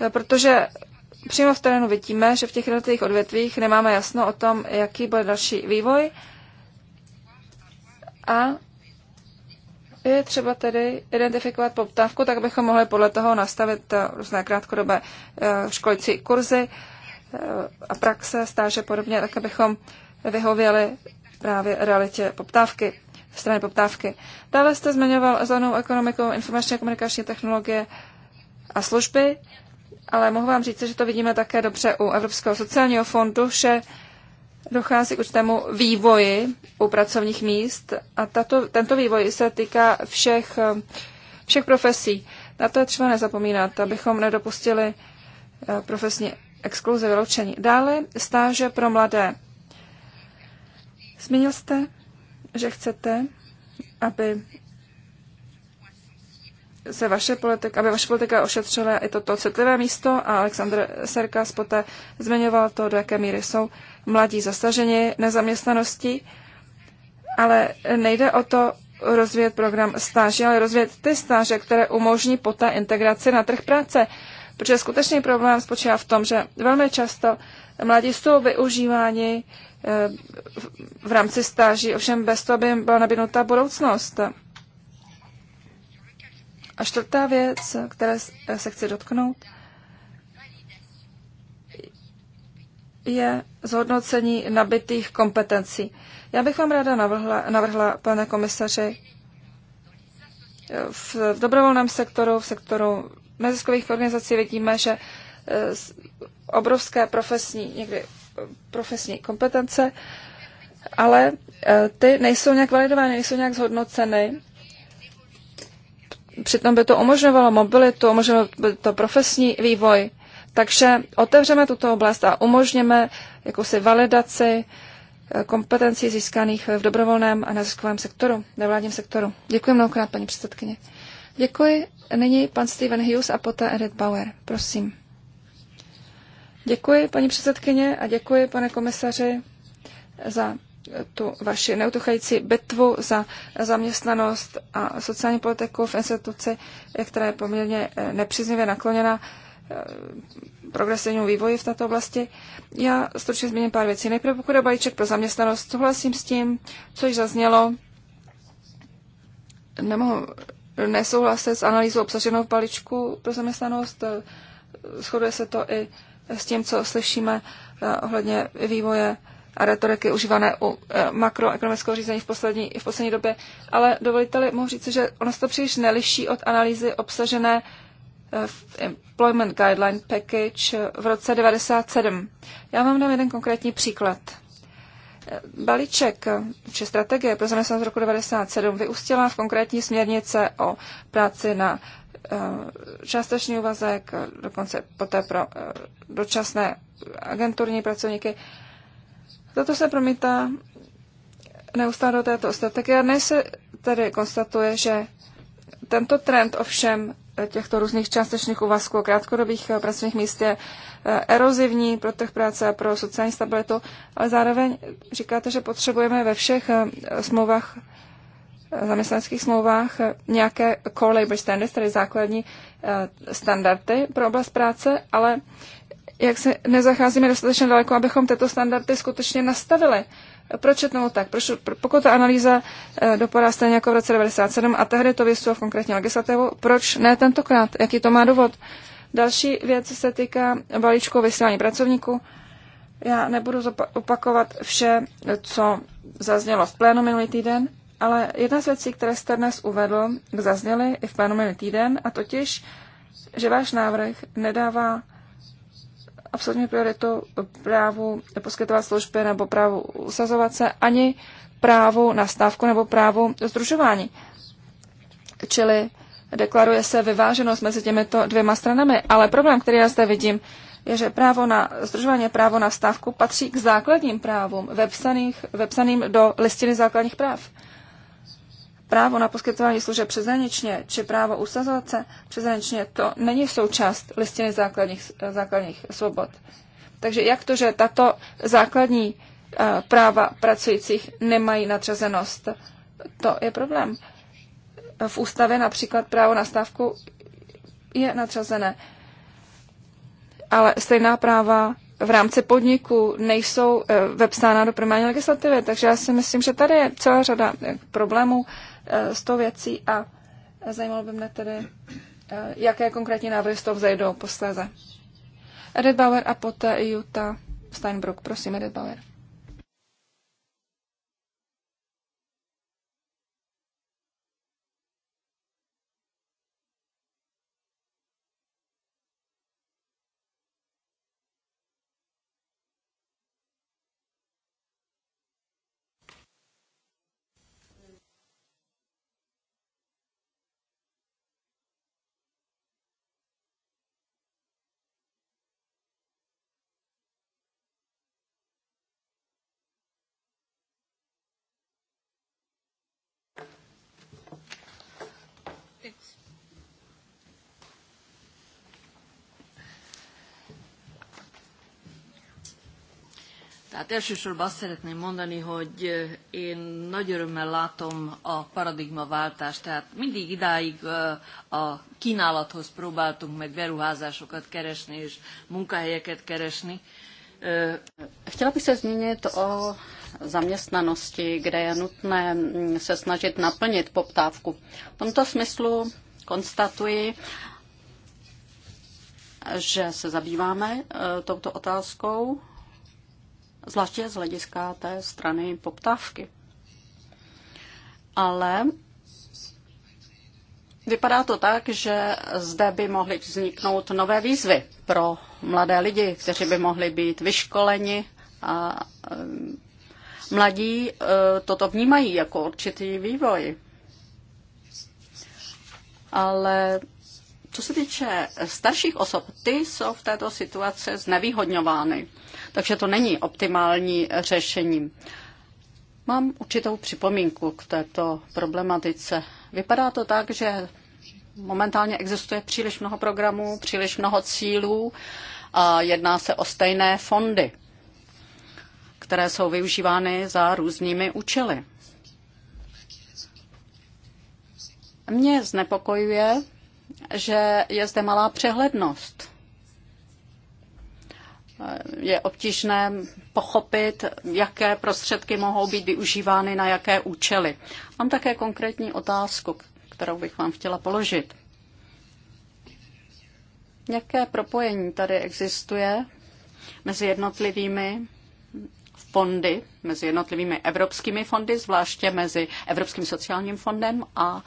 Eh, protože přímo v terénu vidíme, že v těch jednotlivých odvětvích nemáme jasno o tom, jaký bude další vývoj a je třeba tedy identifikovat poptávku, tak bychom mohli podle toho nastavit eh, různé krátkodobé eh, školící kurzy eh, a praxe, stáže podobně, tak abychom vyhověli právě realitě poptávky, strany poptávky. Dále jste zmiňoval zónou ekonomikou informační a komunikační technologie a služby, ale mohu vám říct, že to vidíme také dobře u Evropského sociálního fondu, že dochází k určitému vývoji u pracovních míst a tato, tento vývoj se týká všech, všech profesí. Na to je třeba nezapomínat, abychom nedopustili eh, profesní exkluze vyloučení. Dále stáže pro mladé. Zmínil jste, že chcete, aby se vaše politika, aby vaše politika ošetřila i toto citlivé místo a Aleksandr Serkas poté zmiňoval to, do jaké míry jsou mladí zasaženi nezaměstnaností, ale nejde o to rozvíjet program stáží, ale rozvíjet ty stáže, které umožní poté integraci na trh práce. Protože skutečný problém spočívá v tom, že velmi často mladí jsou využíváni eh, v rámci stáží, ovšem bez toho by jim byla nabídnuta budoucnost. A čtvrtá věc, které se chci dotknout, je zhodnocení nabitých kompetencí. Já bych vám ráda navrhla, navrhla pane komisaři, v, v dobrovolném sektoru, v sektoru neziskových organizací vidíme, že e, obrovské profesní, někdy e, profesní kompetence, ale e, ty nejsou nějak validovány, nejsou nějak zhodnoceny. Přitom by to umožňovalo mobilitu, umožňovalo by to profesní vývoj. Takže otevřeme tuto oblast a umožněme jakousi validaci eh, kompetencí získaných v dobrovolném a neziskovém sektoru, nevládním sektoru. Děkuji mnohokrát, paní předsedkyně. Děkuji. Nyní pan Steven Hughes a poté Edith Bauer. Prosím. Děkuji, paní předsedkyně, a děkuji, pane komisaři, za tu vaši neutuchající bitvu za zaměstnanost a sociální politiku v instituci, která je poměrně eh, nepříznivě nakloněna Eh, progresivnímu vývoji v této oblasti. Já stručně zmíním pár věcí. Nejprve pokud je balíček pro zaměstnanost, souhlasím s tím, co již zaznělo. Nemohu nesouhlasit s analýzou obsaženou v balíčku pro zaměstnanost. Eh, shoduje se to i s tím, co slyšíme eh, ohledně vývoje a retoriky užívané u makroekonomického řízení v poslední, v poslední době. Ale dovolíte-li, mohu říct, že ono se to příliš neliší od analýzy obsažené v Employment Guideline Package v roce 97. Já vám dám jeden konkrétní příklad. Balíček či strategie pro zaměstnanost z roku 97 vyústila v konkrétní směrnice o práci na eh, částečný úvazek, dokonce poté pro eh, dočasné agenturní pracovníky. Toto se promítá neustále do této strategie. Dnes se tedy konstatuje, že tento trend ovšem těchto různých částečných úvazků, krátkodobých eh, pracovních míst je eh, erozivní pro trh práce a pro sociální stabilitu, ale zároveň říkáte, že potřebujeme ve všech eh, smlouvách, zaměstnaneckých smlouvách nějaké core labor standards, tedy základní standardy pro oblast práce, ale jak se nezacházíme dostatečně daleko, abychom tyto standardy skutečně nastavili. Proč pročetnou tak, pro, pokud ta analýza eh, dopadá stejně jako v roce 97 a tehdy to vysvětlo v konkrétní legislativu, proč ne tentokrát? Jaký to má důvod? Další věc se týká balíčku vysílání pracovníků. Já nebudu opakovat vše, co zaznělo v plénu minulý týden, ale jedna z věcí, které jste dnes uvedl, zazněly i v plénu minulý týden, a totiž, že váš návrh nedává absolutní prioritu právu poskytovat služby nebo právu usazovat se, ani právu na stávku nebo právu združování. Čili deklaruje se vyváženost mezi těmito dvěma stranami, ale problém, který já zde vidím, je, že právo na združování právo na stávku patří k základním právům, vepsaných, vepsaným do listiny základních práv právo na poskytování služeb přezraničně či právo usazovat se přezraničně, to není součást listiny základních, základních svobod. Takže jak to, že tato základní eh, práva pracujících nemají nadřazenost, to je problém. V ústavě například právo na stávku je nadřazené, ale stejná práva v rámci podniku nejsou eh, vepsána do primární legislativy. Takže já si myslím, že tady je celá řada eh, problémů Eh, s tou věcí a zajímalo by mě tedy, eh, jaké konkrétní návrhy z toho vzejdou posléze. Edith Bauer a poté Jutta Steinbrück. Prosím, Edith Bauer. Tehát elsősorban azt szeretném mondani, hogy én nagy örömmel látom a paradigmaváltást. Tehát mindig idáig a kínálathoz próbáltunk meg beruházásokat keresni és munkahelyeket keresni. Chtěla bych se zmínit o zaměstnanosti, kde je nutné se snažit naplnit poptávku. V tomto smyslu konstatuji, že se zabýváme e, touto otázkou zvláště z hlediska té strany poptávky. Ale vypadá to tak, že zde by mohly vzniknout nové výzvy pro mladé lidi, kteří by mohli být vyškoleni a eh, mladí eh, toto vnímají jako určitý vývoj. Ale co se týče starších osob, ty jsou v této situaci znevýhodňovány, takže to není optimální řešení. Mám určitou připomínku k této problematice. Vypadá to tak, že momentálně existuje příliš mnoho programů, příliš mnoho cílů a jedná se o stejné fondy, které jsou využívány za různými účely. Mě znepokojuje, že je zde malá přehlednost. Je obtížné pochopit, jaké prostředky mohou být využívány na jaké účely. Mám také konkrétní otázku, kterou bych vám chtěla položit. Jaké propojení tady existuje mezi jednotlivými fondy, mezi jednotlivými evropskými fondy, zvláště mezi Evropským sociálním fondem a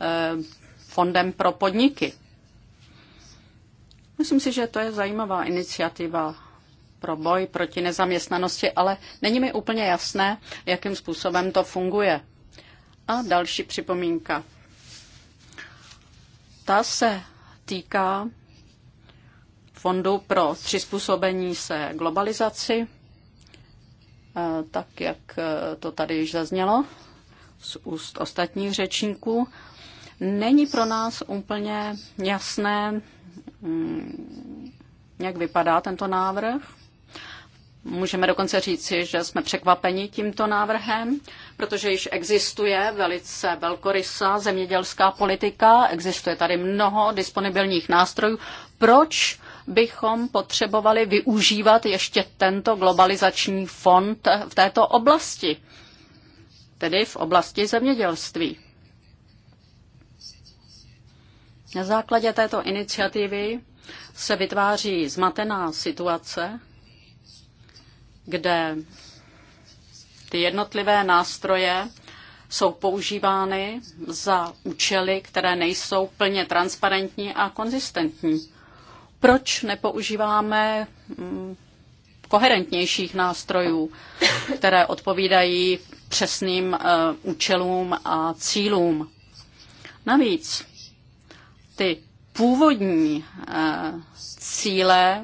eh, fondem pro podniky. Myslím si, že to je zajímavá iniciativa pro boj proti nezaměstnanosti, ale není mi úplně jasné, jakým způsobem to funguje. A další připomínka. Ta se týká Fondu pro přizpůsobení se globalizaci, eh, tak jak eh, to tady již zaznělo z úst ostatních řečníků není pro nás úplně jasné, mm, jak vypadá tento návrh. Můžeme dokonce říci, že jsme překvapeni tímto návrhem, protože již existuje velice velkorysá zemědělská politika, existuje tady mnoho disponibilních nástrojů. Proč bychom potřebovali využívat ještě tento globalizační fond v této oblasti, tedy v oblasti zemědělství? Na základě této iniciativy se vytváří zmatená situace, kde ty jednotlivé nástroje jsou používány za účely, které nejsou plně transparentní a konzistentní. Proč nepoužíváme mm, koherentnějších nástrojů, které odpovídají přesným eh, účelům a cílům? Navíc ty původní eh, cíle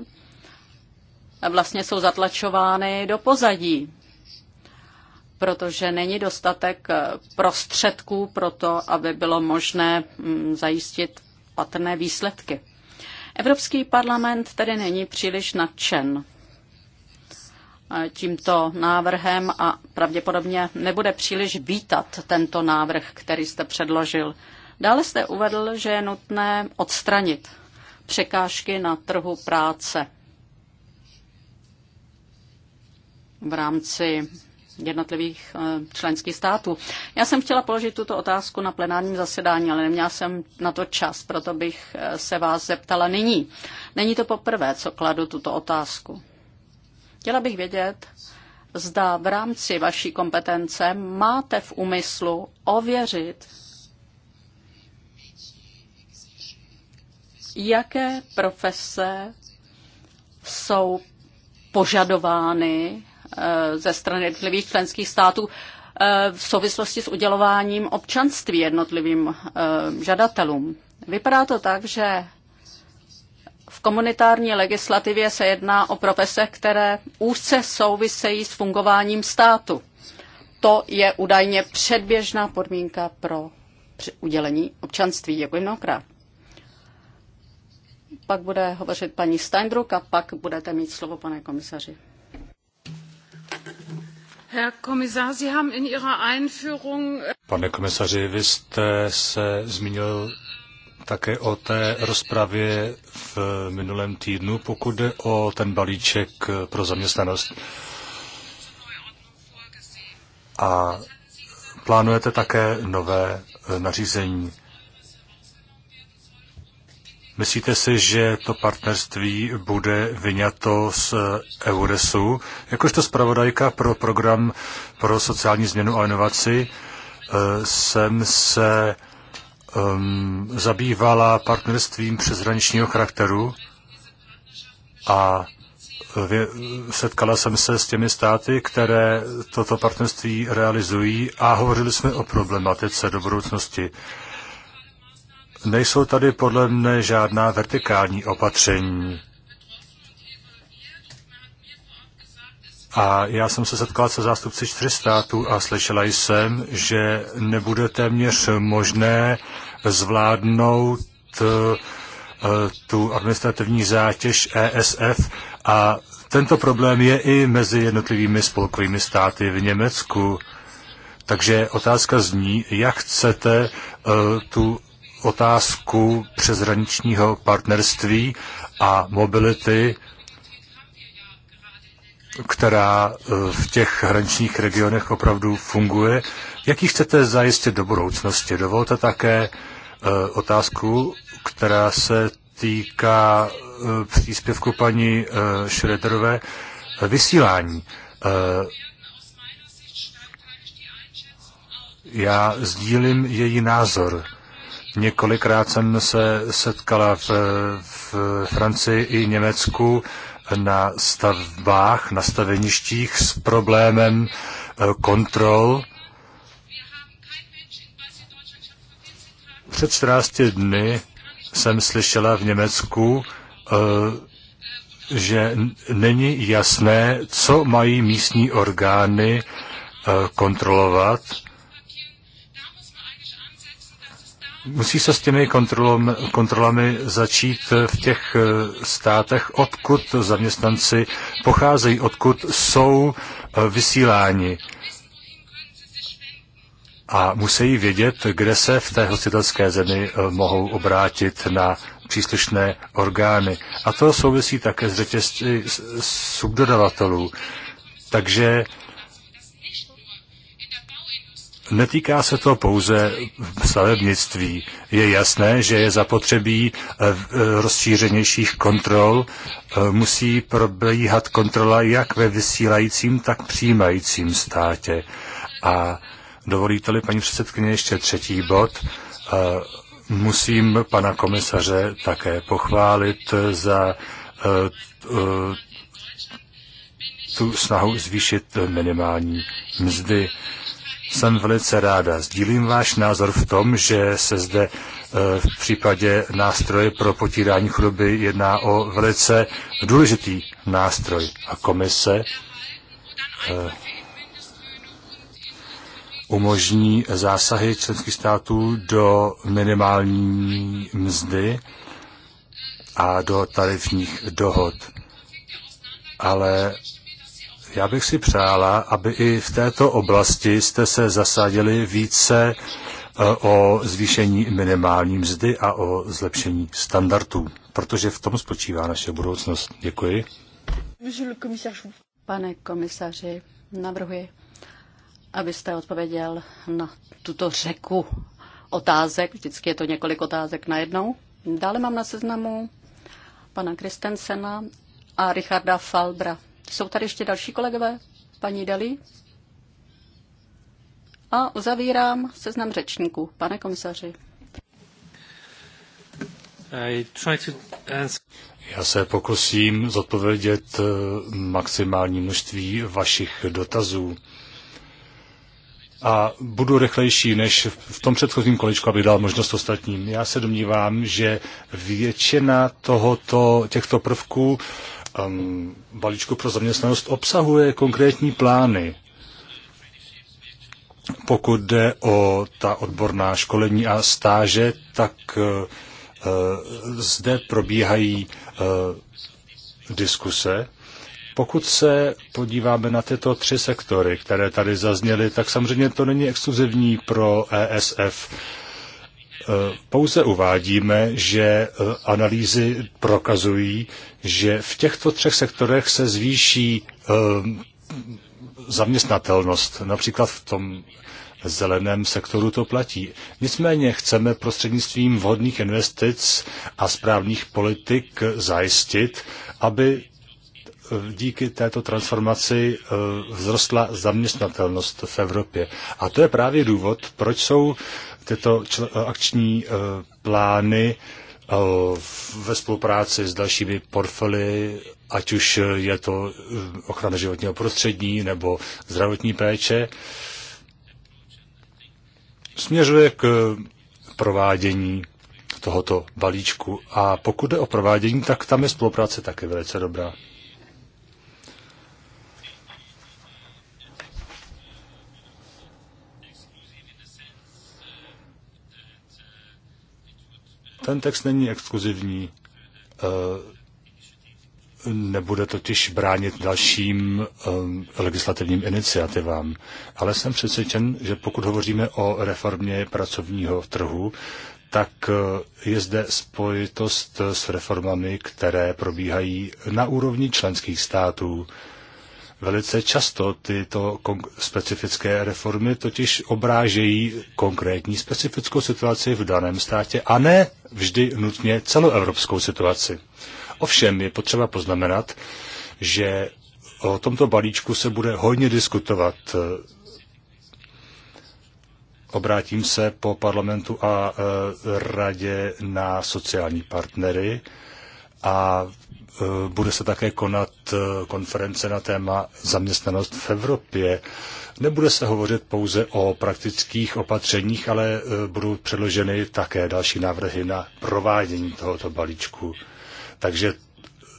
eh, vlastně jsou zatlačovány do pozadí, protože není dostatek eh, prostředků pro to, aby bylo možné mm, zajistit patrné výsledky. Evropský parlament tedy není příliš nadšen tímto návrhem a pravděpodobně nebude příliš vítat tento návrh, který jste předložil. Dále jste uvedl, že je nutné odstranit překážky na trhu práce v rámci jednotlivých eh, členských států. Já jsem chtěla položit tuto otázku na plenárním zasedání, ale neměla jsem na to čas, proto bych eh, se vás zeptala nyní. Není to poprvé, co kladu tuto otázku. Chtěla bych vědět, zda v rámci vaší kompetence máte v úmyslu ověřit jaké profese jsou požadovány eh, ze strany jednotlivých členských států eh, v souvislosti s udělováním občanství jednotlivým eh, žadatelům. Vypadá to tak, že v komunitární legislativě se jedná o profese, které úzce souvisejí s fungováním státu. To je údajně předběžná podmínka pro udělení občanství. Děkuji mnohokrát pak bude hovořit paní Steindruck a pak budete mít slovo, pane komisaři. Pane komisaři, vy jste se zmínil také o té rozpravě v minulém týdnu, pokud jde o ten balíček pro zaměstnanost. A plánujete také nové nařízení. Myslíte si, že to partnerství bude vyňato z EURESu? Jakožto zpravodajka pro program pro sociální změnu a inovaci eh, jsem se um, zabývala partnerstvím přeshraničního charakteru a eh, vě, setkala jsem se s těmi státy, které toto partnerství realizují a hovořili jsme o problematice do budoucnosti. Nejsou tady podle mne žádná vertikální opatření. A já jsem se setkal se zástupci čtyř států a slyšela jsem, že nebude téměř možné zvládnout eh, tu administrativní zátěž ESF a tento problém je i mezi jednotlivými spolkovými státy v Německu. Takže otázka zní, jak chcete uh, tu otázku přezraničního partnerství a mobility, která eh, v těch hraničních regionech opravdu funguje. Jak ji chcete zajistit do budoucnosti? Dovolte také eh, otázku, která se týká eh, příspěvku paní Šrederové vysílání. Já sdílím její názor. Několikrát jsem se setkala v, v Francii i Německu na stavbách, na staveništích s problémem eh, kontrol. Před 14 dny jsem slyšela v Německu, eh, že není jasné, co mají místní orgány eh, kontrolovat Musí se s těmi kontrolami začít v těch eh, státech, odkud zaměstnanci pocházejí, odkud jsou eh, vysíláni. A musí vědět, kde se v té hostitelské zemi eh, mohou obrátit na příslušné orgány. A to souvisí také s řetězci subdodavatelů. Takže Netýká se to pouze stavebnictví. Je jasné, že je zapotřebí eh, eh, rozšířenějších kontrol. Eh, musí probíhat kontrola jak ve vysílajícím, tak přijímajícím státě. A dovolíte-li, paní předsedkyně, ještě třetí bod. Musím pana komisaře také pochválit za tu snahu zvýšit minimální mzdy jsem velice ráda. Sdílím váš názor v tom, že se zde eh, v případě nástroje pro potírání chudoby jedná o velice důležitý nástroj. A komise eh, umožní zásahy členských států do minimální mzdy a do tarifních dohod. Ale já bych si přála, aby i v této oblasti jste se zasadili více eh, o zvýšení minimální mzdy a o zlepšení standardů, protože v tom spočívá naše budoucnost. Děkuji. Pane komisaři, navrhuji, abyste odpověděl na tuto řeku otázek. Vždycky je to několik otázek najednou. Dále mám na seznamu pana Kristensena a Richarda Falbra. Jsou tady ještě další kolegové? Paní Dali? A uzavírám seznam řečníků. Pane komisaři. Já se pokusím zodpovědět eh, maximální množství vašich dotazů. A budu rychlejší než v tom předchozím kolečku, aby dal možnost ostatním. Já se domnívám, že většina tohoto, těchto prvků um, balíčku pro zaměstnanost obsahuje konkrétní plány, pokud jde o ta odborná školení a stáže, tak uh, zde probíhají uh, diskuse. Pokud se podíváme na tyto tři sektory, které tady zazněly, tak samozřejmě to není exkluzivní pro ESF. Eh, pouze uvádíme, že eh, analýzy prokazují, že v těchto třech sektorech se zvýší eh, zaměstnatelnost. Například v tom zeleném sektoru to platí. Nicméně chceme prostřednictvím vhodných investic a správných politik zajistit, aby díky této transformaci vzrostla zaměstnatelnost v Evropě. A to je právě důvod, proč jsou tyto eh, akční eh, plány eh, ve spolupráci s dalšími portfoly, ať už je to ochrana životního prostředí nebo zdravotní péče, směřuje k provádění tohoto balíčku. A pokud jde o provádění, tak tam je spolupráce taky velice dobrá. Ten text není exkluzivní. Eh, nebude totiž bránit dalším eh, legislativním iniciativám. Ale jsem přesvědčen, že pokud hovoříme o reformě pracovního trhu, tak eh, je zde spojitost s reformami, které probíhají na úrovni členských států. Velice často tyto specifické reformy totiž obrážejí konkrétní specifickou situaci v daném státě a ne vždy nutně celoevropskou situaci. Ovšem je potřeba poznamenat, že o tomto balíčku se bude hodně diskutovat. Obrátím se po parlamentu a e, radě na sociální partnery a Eh, bude se také konat eh, konference na téma zaměstnanost v Evropě. Nebude se hovořit pouze o praktických opatřeních, ale eh, budou předloženy také další návrhy na provádění tohoto balíčku. Takže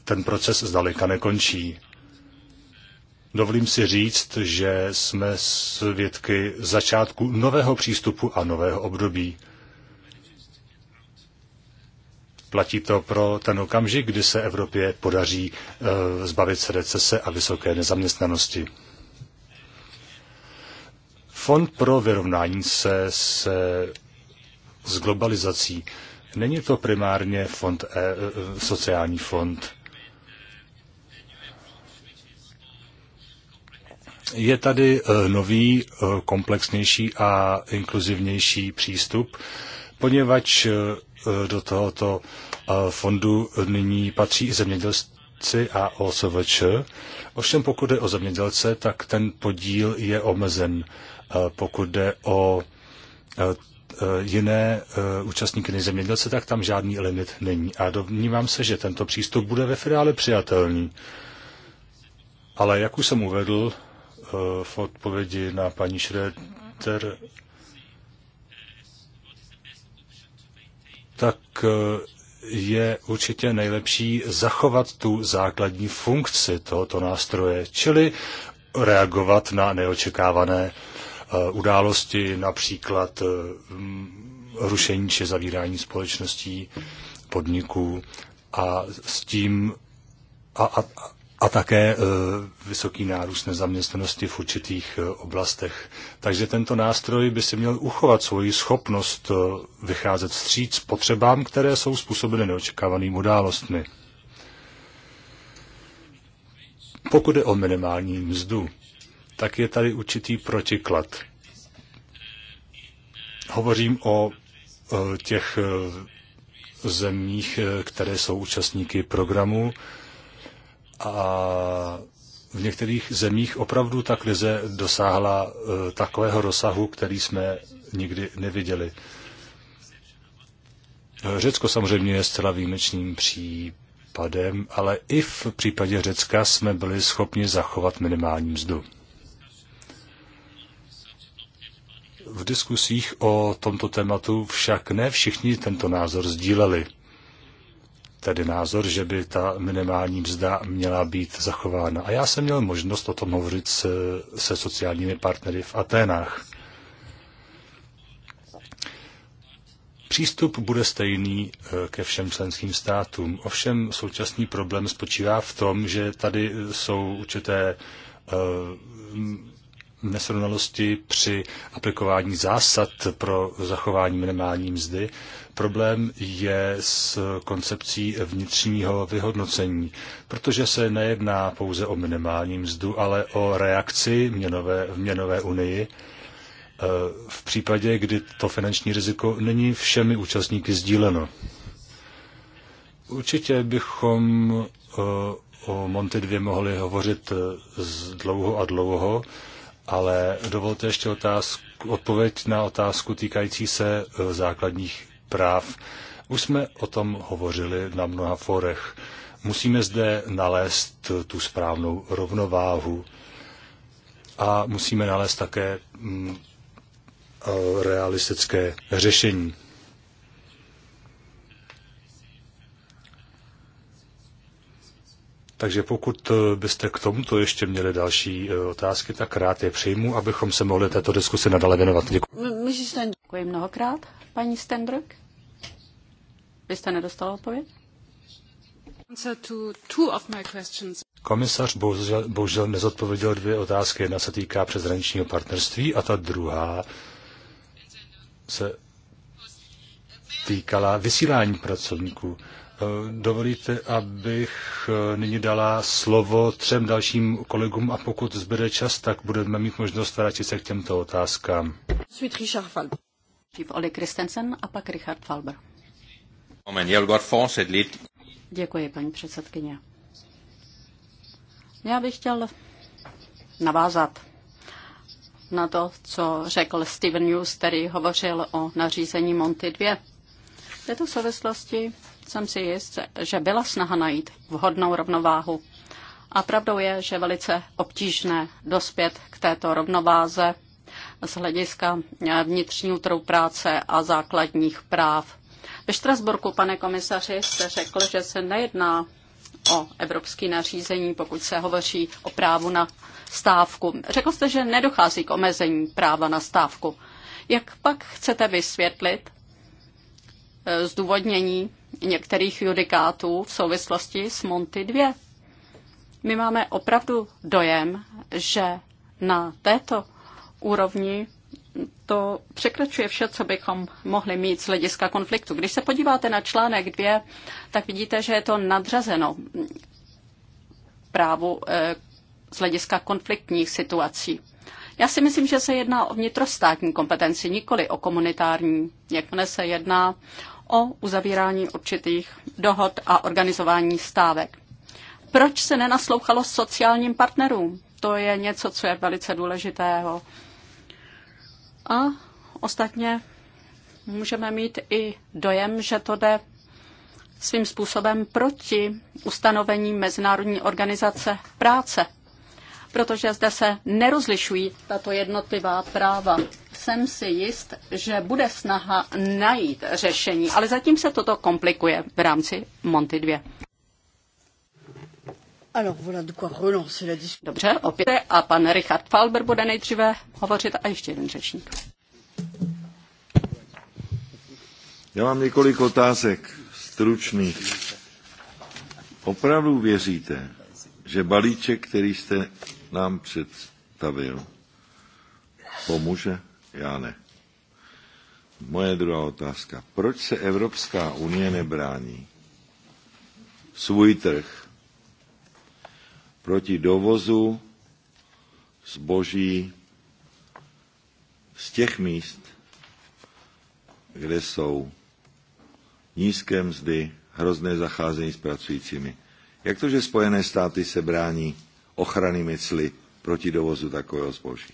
ten proces zdaleka nekončí. Dovolím si říct, že jsme svědky začátku nového přístupu a nového období. Platí to pro ten okamžik, kdy se Evropě podaří eh, zbavit se recese a vysoké nezaměstnanosti. Fond pro vyrovnání se, se s globalizací. Není to primárně fond, e, sociální fond. Je tady nový, komplexnější a inkluzivnější přístup, poněvadž Eh, do tohoto eh, fondu nyní patří i zemědělci a OSVČ. Ovšem pokud jde o zemědělce, tak ten podíl je omezen. Eh, pokud jde o jiné účastníky než zemědělce, tak tam žádný limit není. A domnívám se, že tento přístup bude ve finále přijatelný. Ale jak už jsem uvedl v odpovědi na paní Schroeder, tak eh, je určitě nejlepší zachovat tu základní funkci tohoto nástroje, čili reagovat na neočekávané eh, události, například eh, rušení či zavírání společností, podniků a s tím a, a, a také eh, vysoký nárůst nezaměstnanosti v určitých eh, oblastech. Takže tento nástroj by si měl uchovat svoji schopnost eh, vycházet vstříc potřebám, které jsou způsobeny neočekávanými událostmi. Pokud je o minimální mzdu, tak je tady určitý protiklad. Hovořím o těch zemích, které jsou účastníky programu, a v některých zemích opravdu ta krize dosáhla eh, takového rozsahu, který jsme nikdy neviděli. Řecko samozřejmě je zcela výjimečným případem, ale i v případě Řecka jsme byli schopni zachovat minimální mzdu. V diskusích o tomto tématu však ne všichni tento názor sdíleli tedy názor, že by ta minimální mzda měla být zachována. A já jsem měl možnost o tom hovořit se, se sociálními partnery v Aténách. Přístup bude stejný eh, ke všem členským státům. Ovšem současný problém spočívá v tom, že tady jsou určité eh, nesrovnalosti při aplikování zásad pro zachování minimální mzdy, Problém je s koncepcí vnitřního vyhodnocení, protože se nejedná pouze o minimální mzdu, ale o reakci měnové, v měnové unii e, v případě, kdy to finanční riziko není všemi účastníky sdíleno. Určitě bychom e, o Monty 2 mohli hovořit e, dlouho a dlouho, ale dovolte ještě otázku, odpověď na otázku týkající se základních práv. Už jsme o tom hovořili na mnoha forech. Musíme zde nalézt tu správnou rovnováhu a musíme nalézt také mm, eh, realistické řešení. Takže pokud eh, byste k tomuto ještě měli další eh, otázky, tak rád je přijmu, abychom se mohli této diskusi nadále věnovat. Děkuji. Děkuji mnohokrát. Paní Stendrk? Vy jste nedostala odpověď? Komisař bohužel, bohužel nezodpověděl dvě otázky. Jedna se týká přeshraničního partnerství a ta druhá se týkala vysílání pracovníků. Dovolíte, abych nyní dala slovo třem dalším kolegům a pokud zbyde čas, tak budeme mít možnost vrátit se k těmto otázkám. Richard Nejdřív Oli a pak Richard Falber. Děkuji, paní předsedkyně. Já bych chtěl navázat na to, co řekl Steven News, který hovořil o nařízení Monty 2. V této souvislosti jsem si jist, že byla snaha najít vhodnou rovnováhu. A pravdou je, že velice obtížné dospět k této rovnováze z hlediska vnitřního trhu práce a základních práv. Ve Štrasburku, pane komisaři, jste řekl, že se nejedná o evropský nařízení, pokud se hovoří o právu na stávku. Řekl jste, že nedochází k omezení práva na stávku. Jak pak chcete vysvětlit eh, zdůvodnění některých judikátů v souvislosti s Monty 2? My máme opravdu dojem, že na této úrovni to překračuje vše, co bychom mohli mít z hlediska konfliktu. Když se podíváte na článek 2, tak vidíte, že je to nadřazeno právu eh, z hlediska konfliktních situací. Já si myslím, že se jedná o vnitrostátní kompetenci, nikoli o komunitární. jak se jedná o uzavírání určitých dohod a organizování stávek. Proč se nenaslouchalo sociálním partnerům? To je něco, co je velice důležitého a ostatně můžeme mít i dojem, že to jde svým způsobem proti ustanovení Mezinárodní organizace práce, protože zde se nerozlišují tato jednotlivá práva. Jsem si jist, že bude snaha najít řešení, ale zatím se toto komplikuje v rámci Monty 2. Dobře, opět a pan Richard Falber bude nejdříve hovořit a ještě jeden řečník. Já mám několik otázek stručných. Opravdu věříte, že balíček, který jste nám představil, pomůže? Já ne. Moje druhá otázka. Proč se Evropská unie nebrání svůj trh proti dovozu zboží z těch míst, kde jsou nízké mzdy, hrozné zacházení s pracujícími. Jak to, že Spojené státy se brání ochrany cly proti dovozu takového zboží?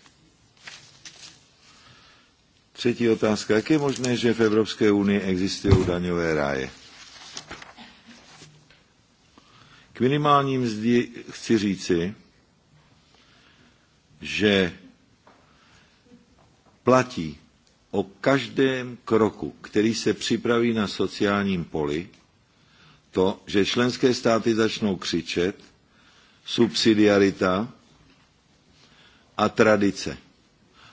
Třetí otázka. Jak je možné, že v Evropské unii existují daňové ráje? K minimální mzdy chci říci, že platí o každém kroku, který se připraví na sociálním poli, to, že členské státy začnou křičet subsidiarita a tradice.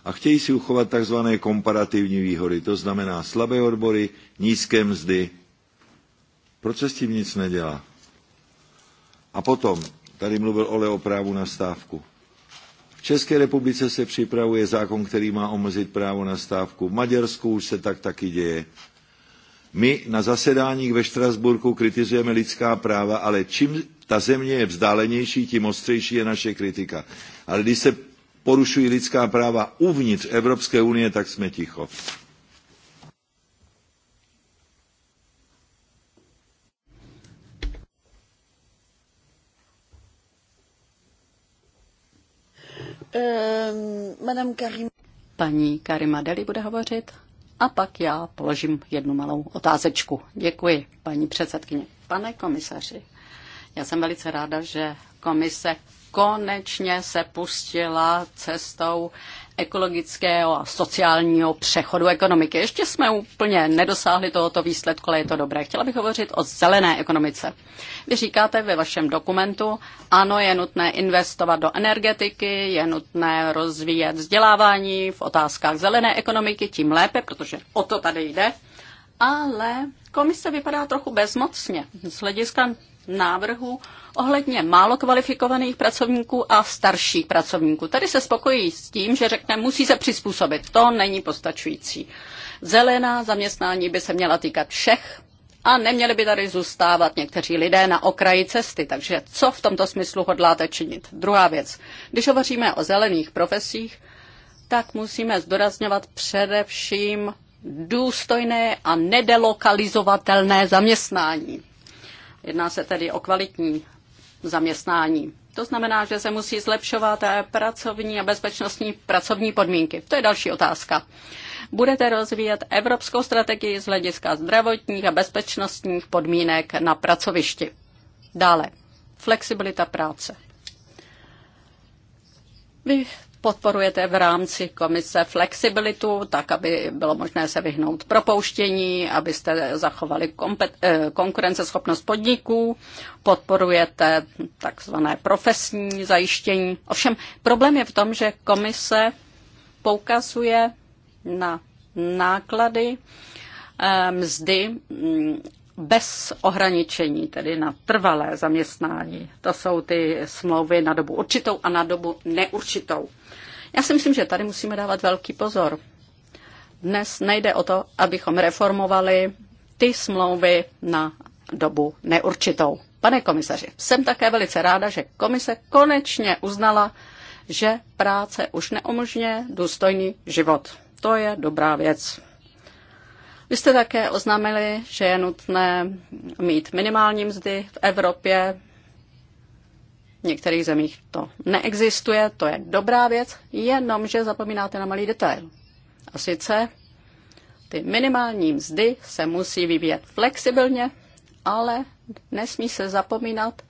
A chtějí si uchovat tzv. komparativní výhody, to znamená slabé odbory, nízké mzdy. Proč se s tím nic nedělá? A potom, tady mluvil Ole o právu na stávku. V České republice se připravuje zákon, který má omezit právo na stávku. V Maďarsku už se tak taky děje. My na zasedáních ve Štrasburku kritizujeme lidská práva, ale čím ta země je vzdálenější, tím ostřejší je naše kritika. Ale když se porušují lidská práva uvnitř Evropské unie, tak jsme ticho. Ehm, paní Karima Deli bude hovořit a pak já položím jednu malou otázečku. Děkuji, paní předsedkyně. Pane komisaři, já jsem velice ráda, že komise konečně se pustila cestou ekologického a sociálního přechodu ekonomiky. Ještě jsme úplně nedosáhli tohoto výsledku, ale je to dobré. Chtěla bych hovořit o zelené ekonomice. Vy říkáte ve vašem dokumentu, ano, je nutné investovat do energetiky, je nutné rozvíjet vzdělávání v otázkách zelené ekonomiky, tím lépe, protože o to tady jde. Ale komise vypadá trochu bezmocně z hlediska návrhu ohledně málo kvalifikovaných pracovníků a starších pracovníků. Tady se spokojí s tím, že řekne, musí se přizpůsobit. To není postačující. Zelená zaměstnání by se měla týkat všech a neměli by tady zůstávat někteří lidé na okraji cesty. Takže co v tomto smyslu hodláte činit? Druhá věc. Když hovoříme o zelených profesích, tak musíme zdorazňovat především důstojné a nedelokalizovatelné zaměstnání. Jedná se tedy o kvalitní zaměstnání. To znamená, že se musí zlepšovat pracovní a bezpečnostní pracovní podmínky. To je další otázka. Budete rozvíjet evropskou strategii z hlediska zdravotních a bezpečnostních podmínek na pracovišti. Dále, flexibilita práce. Vy podporujete v rámci komise flexibilitu, tak aby bylo možné se vyhnout propouštění, abyste zachovali eh, konkurenceschopnost podniků, podporujete takzvané profesní zajištění. Ovšem problém je v tom, že komise poukazuje na náklady eh, mzdy mm, bez ohraničení, tedy na trvalé zaměstnání. To jsou ty smlouvy na dobu určitou a na dobu neurčitou. Já si myslím, že tady musíme dávat velký pozor. Dnes nejde o to, abychom reformovali ty smlouvy na dobu neurčitou. Pane komisaři, jsem také velice ráda, že komise konečně uznala, že práce už neumožňuje důstojný život. To je dobrá věc. Vy jste také oznámili, že je nutné mít minimální mzdy v Evropě. V některých zemích to neexistuje, to je dobrá věc, jenomže zapomínáte na malý detail. A sice ty minimální mzdy se musí vyvíjet flexibilně, ale nesmí se zapomínat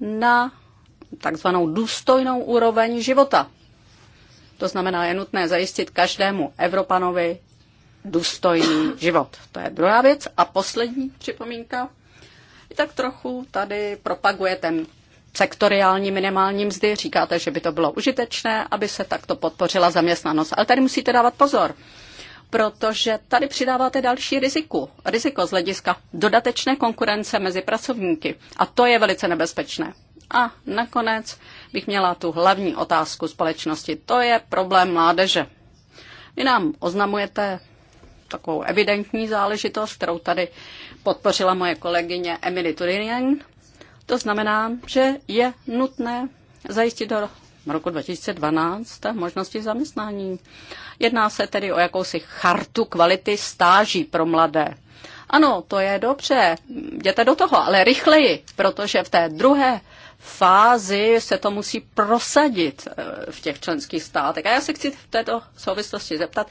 na takzvanou důstojnou úroveň života. To znamená, je nutné zajistit každému Evropanovi důstojný život. To je druhá věc. A poslední připomínka. I tak trochu tady propaguje ten sektoriální minimální mzdy. Říkáte, že by to bylo užitečné, aby se takto podpořila zaměstnanost. Ale tady musíte dávat pozor, protože tady přidáváte další riziku. Riziko z hlediska dodatečné konkurence mezi pracovníky. A to je velice nebezpečné. A nakonec bych měla tu hlavní otázku společnosti. To je problém mládeže. Vy nám oznamujete takovou evidentní záležitost, kterou tady podpořila moje kolegyně Emily Turinian, to znamená, že je nutné zajistit do roku 2012 možnosti zaměstnání. Jedná se tedy o jakousi chartu kvality stáží pro mladé. Ano, to je dobře, jděte do toho, ale rychleji, protože v té druhé fázi se to musí prosadit eh, v těch členských státech. A já se chci v této souvislosti zeptat,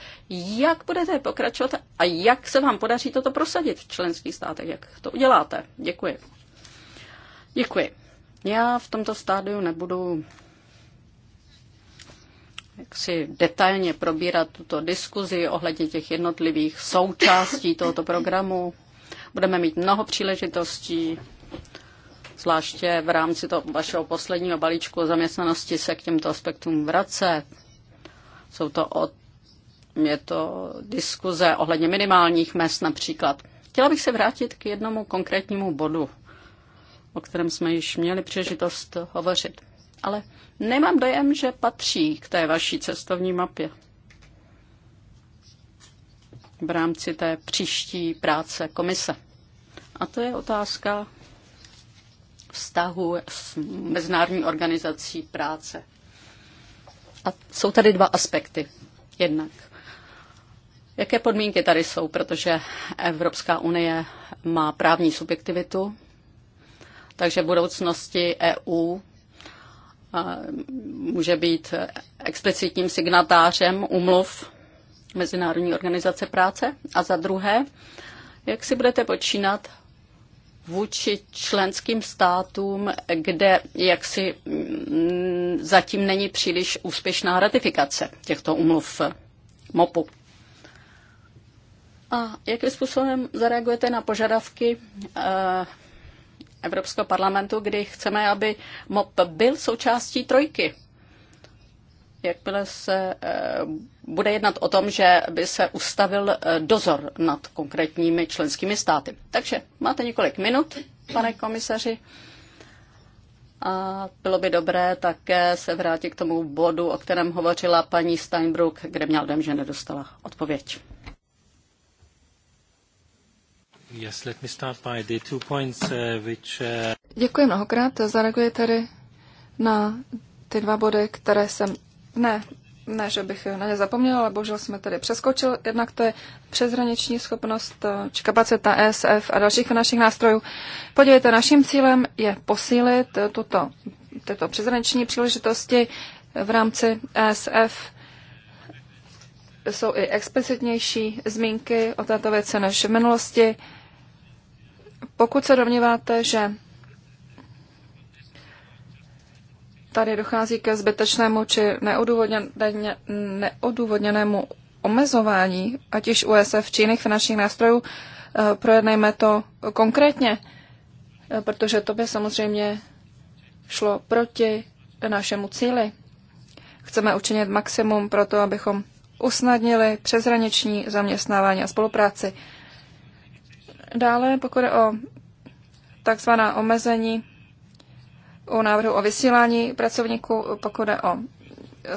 jak budete pokračovat a jak se vám podaří toto prosadit v členských státech, jak to uděláte. Děkuji. Děkuji. Já v tomto stádiu nebudu jak si detailně probírat tuto diskuzi ohledně těch jednotlivých součástí tohoto programu. Budeme mít mnoho příležitostí, zvláště v rámci toho vašeho posledního balíčku zaměstnanosti se k těmto aspektům vracet. Jsou to od, je to diskuze ohledně minimálních mest například. Chtěla bych se vrátit k jednomu konkrétnímu bodu o kterém jsme již měli příležitost hovořit. Ale nemám dojem, že patří k té vaší cestovní mapě v rámci té příští práce komise. A to je otázka vztahu s Mezinárodní organizací práce. A jsou tady dva aspekty. Jednak, jaké podmínky tady jsou, protože Evropská unie má právní subjektivitu takže budoucnosti EU může být explicitním signatářem umluv Mezinárodní organizace práce. A za druhé, jak si budete počínat vůči členským státům, kde jaksi mm, zatím není příliš úspěšná ratifikace těchto umluv MOPu. A jakým způsobem zareagujete na požadavky eh, Evropského parlamentu, kdy chceme, aby MOP byl součástí trojky. Jakmile se eh, bude jednat o tom, že by se ustavil eh, dozor nad konkrétními členskými státy. Takže máte několik minut, pane komisaři. A bylo by dobré také se vrátit k tomu bodu, o kterém hovořila paní Steinbrück, kde měl dojem, že nedostala odpověď. Děkuji mnohokrát. Zareaguji tedy na ty dva body, které jsem... Ne, ne, že bych na ně zapomněl, ale bohužel jsme tady přeskočil. Jednak to je přeshraniční schopnost eh, či kapacita ESF a dalších našich nástrojů. Podívejte, naším cílem je posílit eh, tuto, tyto přeshraniční příležitosti v rámci ESF. Jsou i explicitnější zmínky o této věci než v minulosti. Pokud se domníváte, že tady dochází ke zbytečnému či neodůvodněnému omezování, ať již USF či jiných finančních nástrojů, eh, projednejme to konkrétně, eh, protože to by samozřejmě šlo proti našemu cíli. Chceme učinit maximum pro to, abychom usnadnili přeshraniční zaměstnávání a spolupráci. Dále, pokud je o takzvaná omezení u návrhu o vysílání pracovníků, pokud je o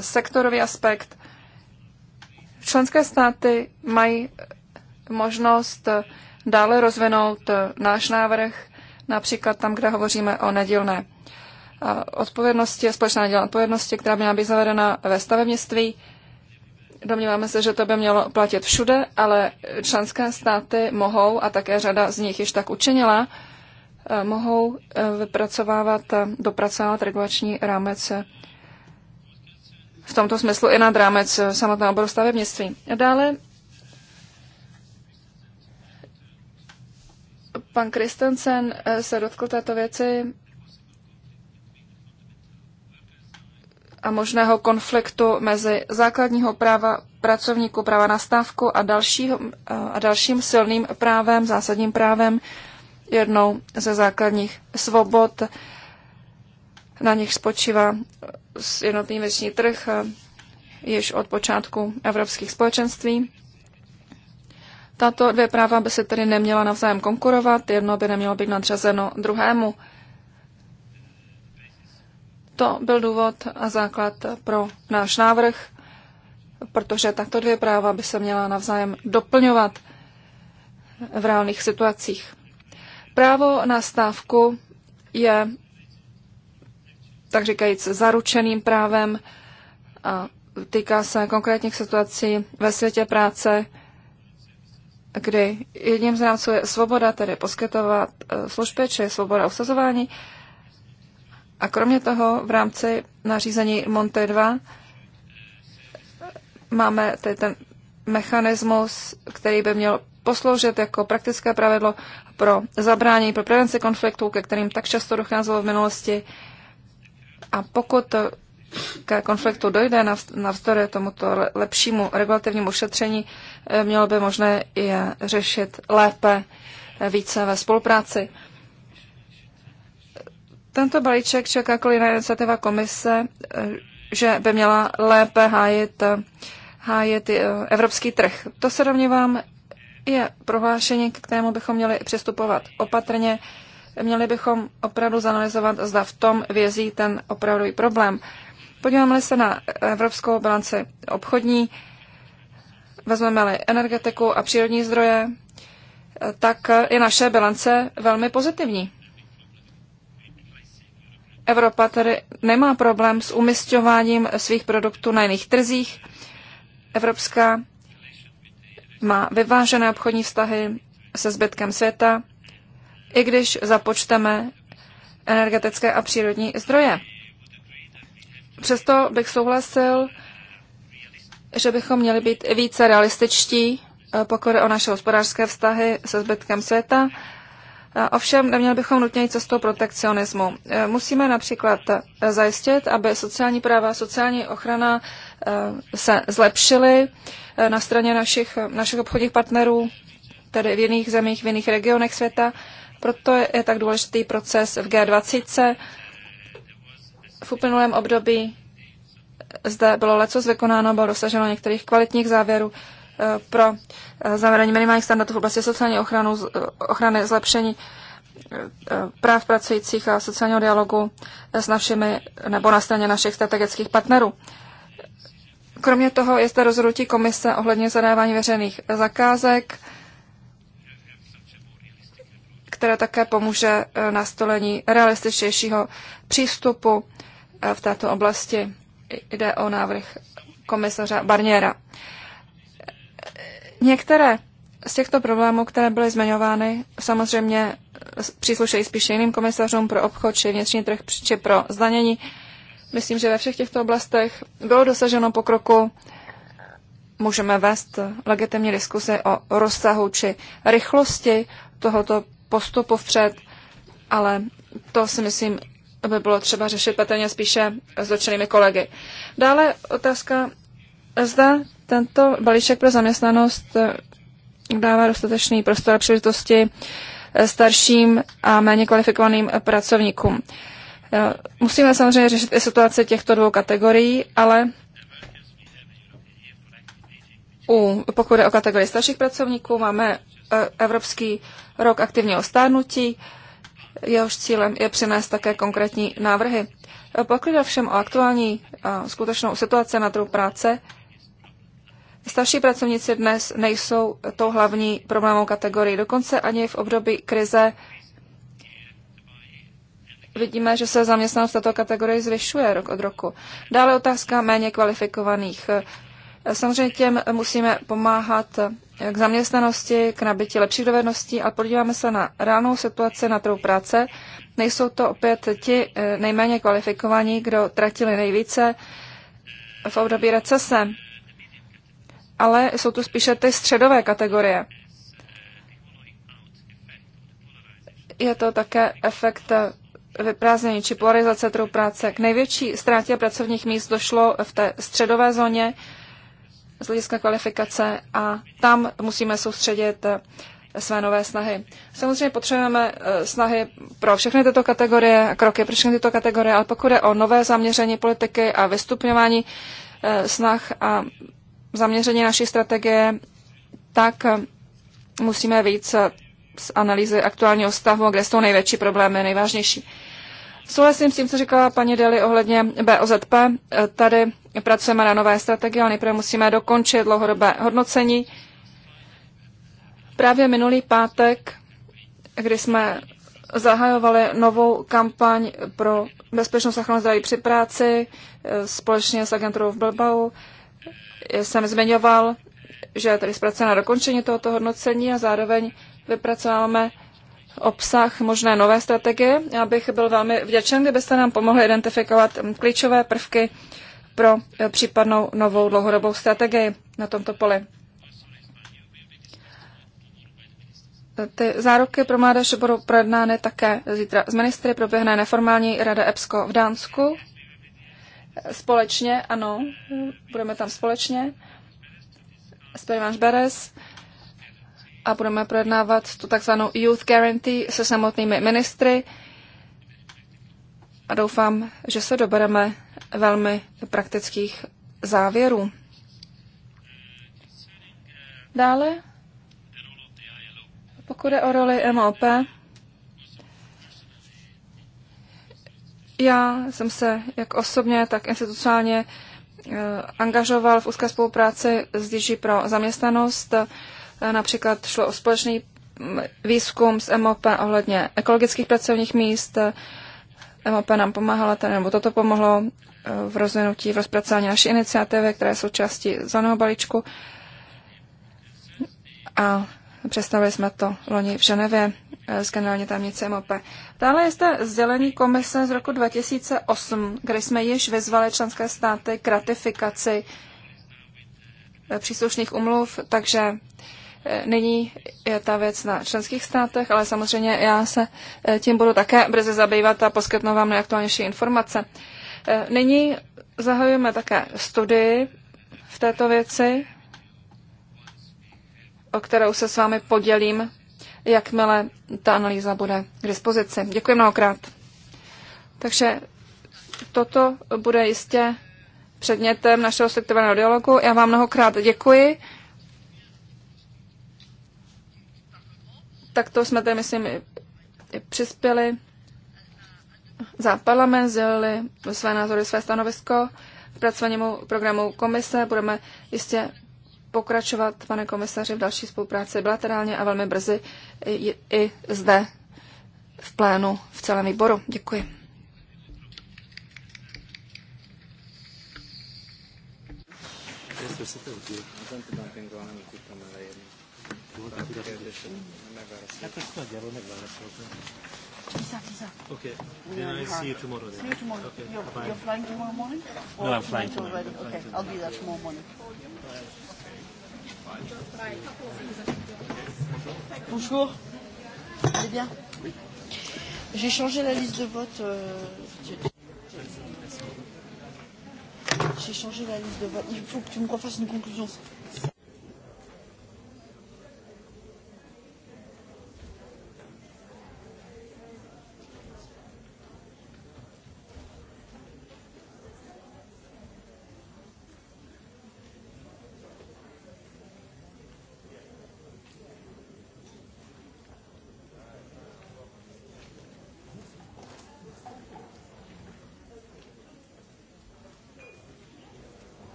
sektorový aspekt, členské státy mají možnost dále rozvinout náš návrh, například tam, kde hovoříme o nedílné eh, odpovědnosti, společná nedělné odpovědnosti, která by měla být zavedena ve stavebnictví. Domníváme se, že to by mělo platit všude, ale členské státy mohou, a také řada z nich již tak učinila, eh, mohou eh, vypracovávat, eh, dopracovat regulační rámec v tomto smyslu i nad rámec samotného oboru stavebnictví. Dále pan Kristensen se dotkl této věci a možného konfliktu mezi základního práva pracovníku, práva na stávku a, další, a dalším silným právem, zásadním právem, jednou ze základních svobod, na nich spočívá jednotný vnitřní trh již od počátku evropských společenství. Tato dvě práva by se tedy neměla navzájem konkurovat, jedno by nemělo být nadřazeno druhému. To byl důvod a základ pro náš návrh, protože takto dvě práva by se měla navzájem doplňovat v reálných situacích. Právo na stávku je, tak říkajíc, zaručeným právem a týká se konkrétních situací ve světě práce, kdy jedním z rámců je svoboda, tedy poskytovat eh, služby, či svoboda usazování, a kromě toho v rámci nařízení Monte 2 máme tady ten mechanismus, který by měl posloužit jako praktické pravidlo pro zabránění, pro prevenci konfliktů, ke kterým tak často docházelo v minulosti. A pokud ke konfliktu dojde navzdory tomuto lepšímu regulativnímu šetření, eh, mělo by možné je řešit lépe, eh, více ve spolupráci. Tento balíček kvůli na iniciativa komise, eh, že by měla lépe hájit, hájit eh, evropský trh. To se domnívám je prohlášení, k kterému bychom měli přistupovat opatrně. Měli bychom opravdu zanalizovat, zda v tom vězí ten opravdový problém. Podíváme-li se na evropskou bilanci obchodní, vezmeme-li energetiku a přírodní zdroje, eh, tak je naše bilance velmi pozitivní. Evropa tedy nemá problém s umistováním svých produktů na jiných trzích. Evropská má vyvážené obchodní vztahy se zbytkem světa, i když započteme energetické a přírodní zdroje. Přesto bych souhlasil, že bychom měli být více realističtí, eh, pokud o naše hospodářské vztahy se zbytkem světa Ovšem neměli bychom nutně jít cestou protekcionismu. E, musíme například e, zajistit, aby sociální práva, sociální ochrana e, se zlepšily na straně našich, našich obchodních partnerů, tedy v jiných zemích, v jiných regionech světa. Proto je tak důležitý proces v G20. V uplynulém období zde bylo leco zvykonáno, bylo dosaženo některých kvalitních závěrů pro eh, zavedení minimálních standardů v oblasti sociální ochranu, eh, ochrany, zlepšení eh, práv pracujících a sociálního dialogu s našimi nebo na straně našich strategických partnerů. Kromě toho je zde rozhodnutí komise ohledně zadávání veřejných zakázek, které také pomůže nastolení realističtějšího přístupu v této oblasti. Jde o návrh komisaře Barniera. Některé z těchto problémů, které byly zmiňovány, samozřejmě příslušejí spíše jiným komisařům pro obchod či vnitřní trh či pro zdanění. Myslím, že ve všech těchto oblastech bylo dosaženo pokroku. Můžeme vést legitimní diskuzi o rozsahu či rychlosti tohoto postupu vpřed, ale to si myslím, by bylo třeba řešit patrně spíše s dočenými kolegy. Dále otázka, zda tento balíček pro zaměstnanost eh, dává dostatečný prostor a příležitosti eh, starším a méně kvalifikovaným eh, pracovníkům. Musíme samozřejmě řešit i situace těchto dvou kategorií, ale u, pokud je o kategorii starších pracovníků, máme Evropský rok aktivního stárnutí, jehož cílem je přinést také konkrétní návrhy. Pokud jde všem o aktuální a skutečnou situaci na trhu práce, Starší pracovníci dnes nejsou tou hlavní problémovou kategorií. Dokonce ani v období krize vidíme, že se zaměstnanost této kategorie zvyšuje rok od roku. Dále otázka méně kvalifikovaných. Samozřejmě těm musíme pomáhat k zaměstnanosti, k nabití lepších dovedností, ale podíváme se na reálnou situaci na trhu práce. Nejsou to opět ti eh, nejméně kvalifikovaní, kdo tratili nejvíce v období recese ale jsou tu spíše ty středové kategorie. Je to také efekt vyprázdnění či polarizace trhu práce. K největší ztrátě pracovních míst došlo v té středové zóně z hlediska kvalifikace a tam musíme soustředit své nové snahy. Samozřejmě potřebujeme eh, snahy pro všechny tyto kategorie, kroky pro všechny tyto kategorie, ale pokud je o nové zaměření politiky a vystupňování eh, snah a zaměření naší strategie, tak musíme víc z analýzy aktuálního stavu, kde jsou největší problémy, nejvážnější. Souhlasím s tím, co říkala paní Deli ohledně BOZP. Tady pracujeme na nové strategii, ale nejprve musíme dokončit dlouhodobé hodnocení. Právě minulý pátek, kdy jsme zahajovali novou kampaň pro bezpečnost a ochranu zdraví při práci e, společně s agenturou v Blbau, jsem zmiňoval, že je tady zpracováno dokončení tohoto hodnocení a zároveň vypracováváme obsah možné nové strategie. Já bych byl velmi vděčen, kdybyste nám pomohli identifikovat klíčové prvky pro eh, případnou novou dlouhodobou strategii na tomto poli. Ty zároky pro mládež budou projednány také zítra. Z ministry proběhne neformální rada EPSCO v Dánsku Společně, ano, budeme tam společně. Perimáš Beres a budeme projednávat tu takzvanou Youth Guarantee se samotnými ministry a doufám, že se dobereme velmi praktických závěrů. Dále, pokud je o roli MOP, Já jsem se jak osobně, tak institucionálně eh, angažoval v úzké spolupráci s DG pro zaměstnanost. Eh, například šlo o společný mm, výzkum s MOP ohledně ekologických pracovních míst. Eh, MOP nám pomáhala, tady, nebo toto pomohlo v rozvinutí, v rozpracování naší iniciativy, která je součástí zeleného balíčku. A představili jsme to loni v Ženevě. Eh, z tam tajemnice MOP. Dále je zde sdělení komise z roku 2008, kde jsme již vyzvali členské státy k ratifikaci eh, příslušných umluv, takže eh, nyní je ta věc na členských státech, ale samozřejmě já se tím budu také brzy zabývat a poskytnu vám nejaktuálnější informace. Nyní zahajujeme také studii v této věci, o kterou se s vámi podělím jakmile ta analýza bude k dispozici. Děkuji mnohokrát. Takže toto bude jistě předmětem našeho sektovaného dialogu. Já vám mnohokrát děkuji. Tak to jsme tady, myslím, přispěli za parlament, sdělili své názory, své stanovisko k pracovnímu programu komise. Budeme jistě pokračovat, pane komisaři, v další spolupráci bilaterálně a velmi brzy i, i zde v plénu v celém výboru. Děkuji. Okay. Then I see you tomorrow. Then. See you tomorrow. Okay. You're, you're flying tomorrow morning? Or no, I'm flying tomorrow. Already? Okay, I'll be there tomorrow morning. Bonjour. Allez bien J'ai changé la liste de vote. Euh... J'ai changé la liste de vote. Il faut que tu me refasses une conclusion.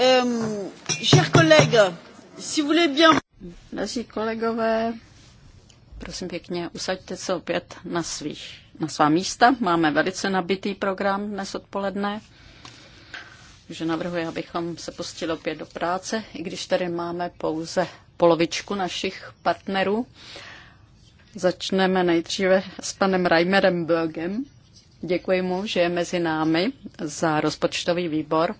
Um, chers collègues, si vous voulez bien... kolegové, prosím pěkně, usaďte se opět na, svých, na svá místa. Máme velice nabitý program dnes odpoledne, takže navrhuji, abychom se pustili opět do práce, i když tady máme pouze polovičku našich partnerů. Začneme nejdříve s panem Reimerem Bögem. Děkuji mu, že je mezi námi za rozpočtový výbor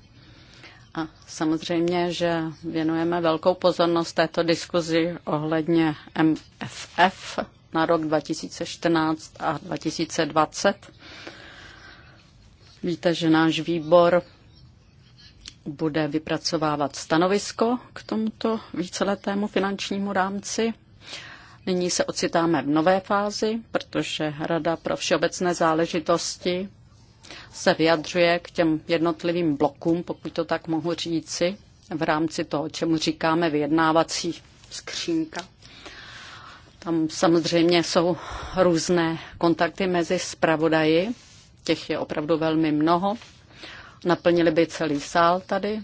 a samozřejmě, že věnujeme velkou pozornost této diskuzi ohledně MFF na rok 2014 a 2020. Víte, že náš výbor bude vypracovávat stanovisko k tomuto víceletému finančnímu rámci. Nyní se ocitáme v nové fázi, protože Rada pro všeobecné záležitosti se vyjadřuje k těm jednotlivým blokům, pokud to tak mohu říci, v rámci toho, čemu říkáme vyjednávací skřínka. Tam samozřejmě jsou různé kontakty mezi zpravodaji, těch je opravdu velmi mnoho. Naplnili by celý sál tady,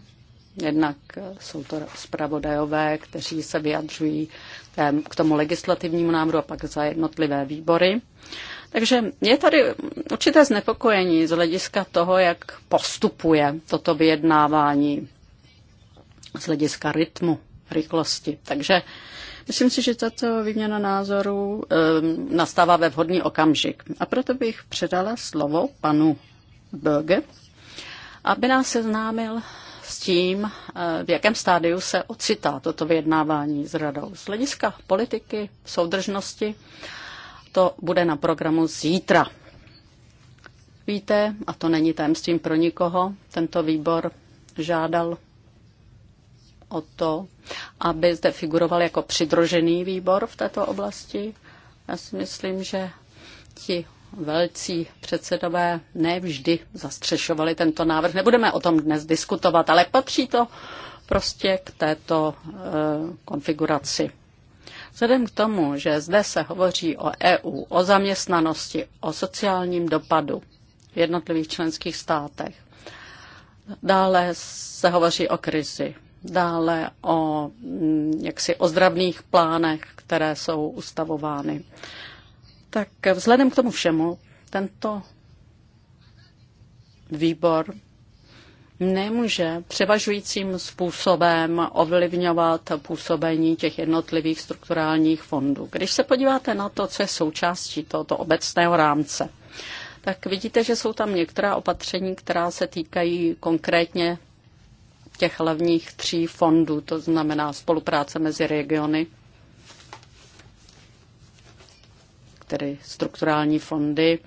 jednak jsou to zpravodajové, kteří se vyjadřují eh, k tomu legislativnímu návrhu a pak za jednotlivé výbory. Takže je tady určité znepokojení z hlediska toho, jak postupuje toto vyjednávání z hlediska rytmu, rychlosti. Takže myslím si, že tato výměna názorů ehm, nastává ve vhodný okamžik. A proto bych předala slovo panu Böge, aby nás seznámil s tím, eh, v jakém stádiu se ocitá toto vyjednávání s radou. Z hlediska politiky, soudržnosti to bude na programu zítra. Víte, a to není tajemstvím pro nikoho, tento výbor žádal o to, aby zde figuroval jako přidružený výbor v této oblasti. Já si myslím, že ti velcí předsedové nevždy zastřešovali tento návrh. Nebudeme o tom dnes diskutovat, ale patří to prostě k této e, konfiguraci. Vzhledem k tomu, že zde se hovoří o EU, o zaměstnanosti, o sociálním dopadu v jednotlivých členských státech, dále se hovoří o krizi, dále o mm, jaksi ozdravných plánech, které jsou ustavovány. Tak vzhledem k tomu všemu, tento výbor nemůže převažujícím způsobem ovlivňovat působení těch jednotlivých strukturálních fondů. Když se podíváte na to, co je součástí tohoto obecného rámce, tak vidíte, že jsou tam některá opatření, která se týkají konkrétně těch hlavních tří fondů, to znamená spolupráce mezi regiony, tedy strukturální fondy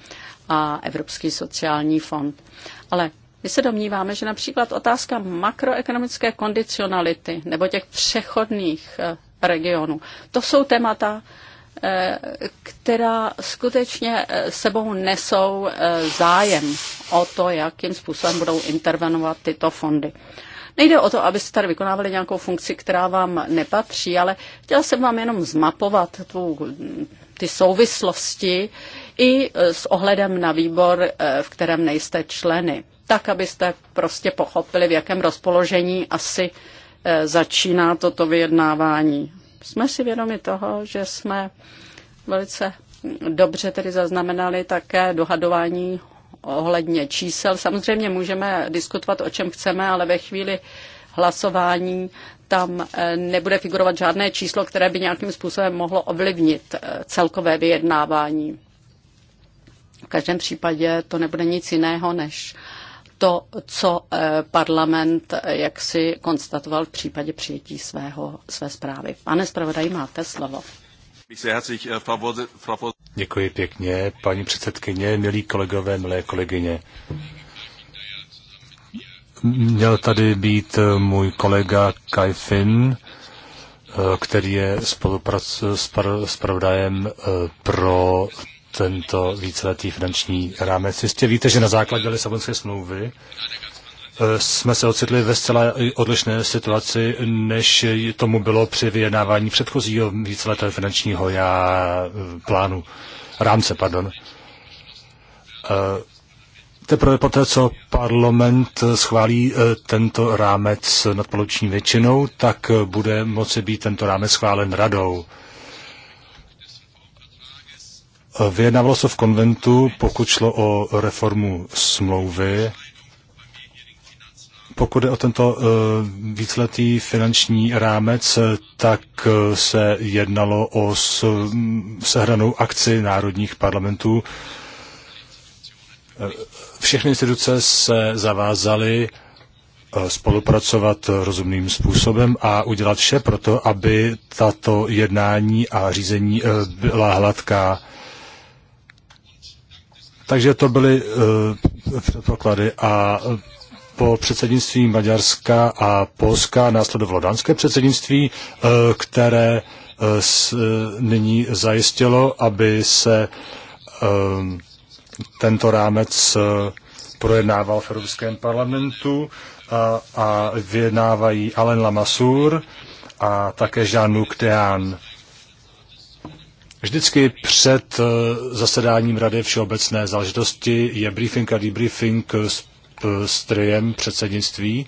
a Evropský sociální fond. Ale my se domníváme, že například otázka makroekonomické kondicionality nebo těch přechodných eh, regionů, to jsou témata, eh, která skutečně eh, sebou nesou zájem o to, jakým způsobem budou intervenovat tyto fondy. Nejde o to, abyste tady vykonávali nějakou funkci, která vám nepatří, ale chtěla jsem vám jenom zmapovat tu ty souvislosti i e, s ohledem na výbor, e, v kterém nejste členy. Tak, abyste prostě pochopili, v jakém rozpoložení asi e, začíná toto vyjednávání. Jsme si vědomi toho, že jsme velice dobře tedy zaznamenali také dohadování ohledně čísel. Samozřejmě můžeme diskutovat, o čem chceme, ale ve chvíli, hlasování tam eh, nebude figurovat žádné číslo, které by nějakým způsobem mohlo ovlivnit eh, celkové vyjednávání. V každém případě to nebude nic jiného než to, co eh, parlament jak si konstatoval v případě přijetí svého, své zprávy. Pane zpravodaji, máte slovo. Děkuji pěkně, paní předsedkyně, milí kolegové, milé kolegyně. Měl tady být eh, můj kolega Kai Finn, eh, který je spolupravodajem eh, pro tento víceletý finanční rámec. Jistě víte, že na základě Lisabonské smlouvy jsme se ocitli ve zcela odlišné situaci, než tomu bylo při vyjednávání předchozího víceletého finančního já, plánu, rámce, pardon teprve poté, co parlament schválí eh, tento rámec nadpoloční většinou, tak eh, bude moci být tento rámec schválen radou. Eh, vyjednávalo se v konventu, pokud šlo o reformu smlouvy, pokud je o tento uh, víceletý finanční rámec, tak uh, se jednalo o s, mm, sehranou akci národních parlamentů. Všechny instituce se zavázaly eh, spolupracovat rozumným způsobem a udělat vše pro to, aby tato jednání a řízení eh, byla hladká. Takže to byly eh, předpoklady a po předsednictví Maďarska a Polska následovalo dánské předsednictví, které nyní zajistilo, aby se tento rámec eh, projednával v Evropském parlamentu a, a vyjednávají Alain Lamassur a také Jean-Luc Vždycky před eh, zasedáním Rady všeobecné záležitosti je briefing a debriefing s, eh, s trijem předsednictví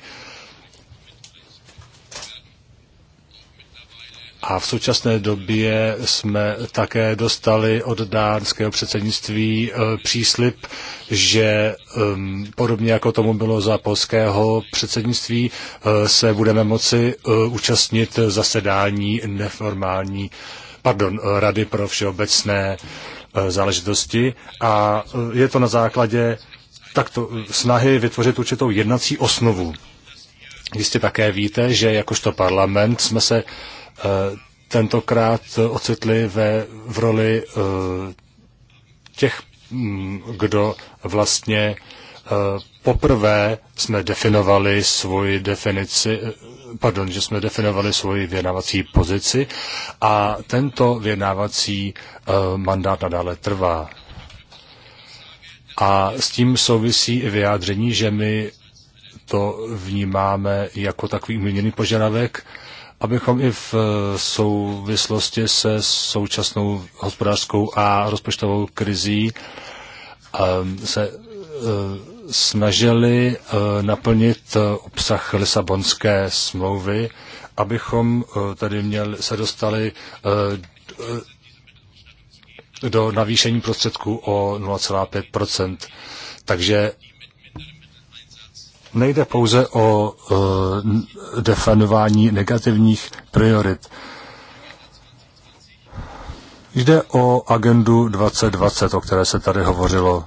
A v současné době jsme také dostali od dánského předsednictví eh, příslip, že ehm, podobně jako tomu bylo za polského předsednictví, eh, se budeme moci eh, účastnit zasedání neformální, pardon, Rady pro všeobecné záležitosti. A je to na základě takto snahy vytvořit určitou jednací osnovu. Jistě také víte, že jakožto parlament jsme se uh, Eh, tentokrát ocitli ve, v roli eh, těch, mm, kdo vlastně eh, poprvé jsme definovali svoji definici, pardon, že jsme definovali svoji vyjednávací pozici a tento vyjednávací mandát nadále trvá. A s tím souvisí i vyjádření, že my to vnímáme jako takový uměněný požadavek, abychom i v eh, souvislosti se současnou hospodářskou a rozpočtovou krizí ehm, se eh, snažili eh, naplnit obsah Lisabonské smlouvy, abychom tady měli, se dostali do navýšení prostředků o 0,5 Takže nejde pouze o e, definování negativních priorit. Jde o agendu 2020, o které se tady hovořilo.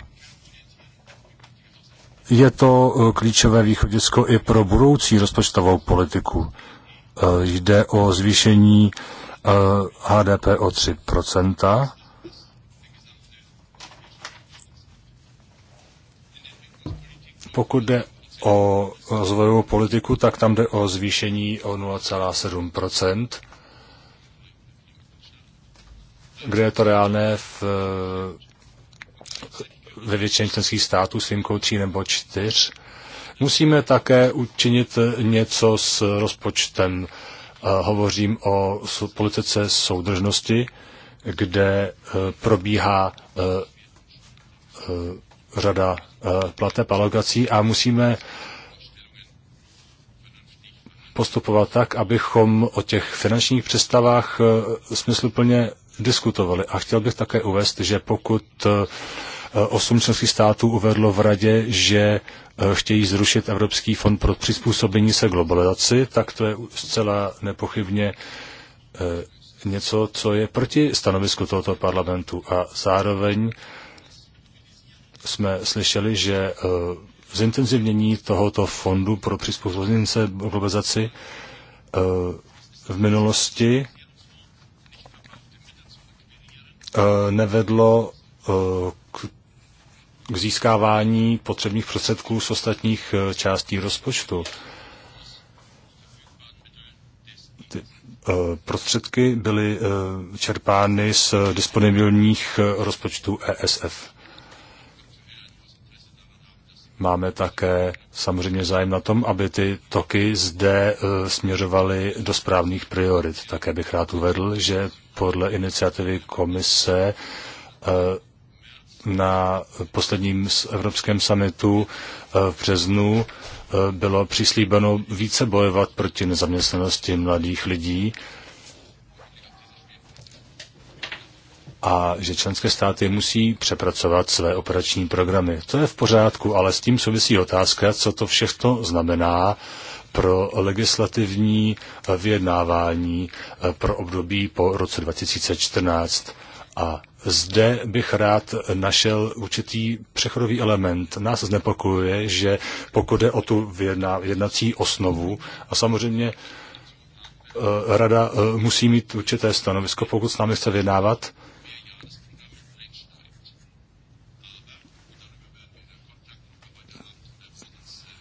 Je to e, klíčové východisko i pro budoucí rozpočtovou politiku. E, jde o zvýšení e, HDP o 3 pokud jde o rozvojovou politiku, tak tam jde o zvýšení o 0,7 kde je to reálné v, ve většině členských států s výjimkou tří nebo čtyř. Musíme také učinit něco s rozpočtem. Eh, hovořím o politice soudržnosti, kde eh, probíhá eh, řada eh, plateb a alokací a musíme postupovat tak, abychom o těch finančních představách eh, smysluplně diskutovali. A chtěl bych také uvést, že pokud eh, osm členských států uvedlo v radě, že chtějí zrušit Evropský fond pro přizpůsobení se globalizaci, tak to je zcela nepochybně něco, co je proti stanovisku tohoto parlamentu a zároveň jsme slyšeli, že eh, zintenzivnění tohoto fondu pro přizpůsobence globalizaci eh, v minulosti eh, nevedlo k k získávání potřebných prostředků z ostatních částí rozpočtu. Ty prostředky byly čerpány z disponibilních rozpočtů ESF. Máme také samozřejmě zájem na tom, aby ty toky zde e, směřovaly do správných priorit. Také bych rád uvedl, že podle iniciativy komise e, na posledním evropském samitu e, v březnu bylo přislíbeno více bojovat proti nezaměstnanosti mladých lidí a že členské státy musí přepracovat své operační programy. To je v pořádku, ale s tím souvisí otázka, co to všechno znamená pro legislativní vyjednávání eh, pro období po roce 2014. A zde bych rád našel určitý přechodový element. Nás znepokojuje, že pokud jde o tu vyjedná, jednací osnovu, a samozřejmě eh, rada eh, musí mít určité stanovisko, pokud s námi chce vyjednávat,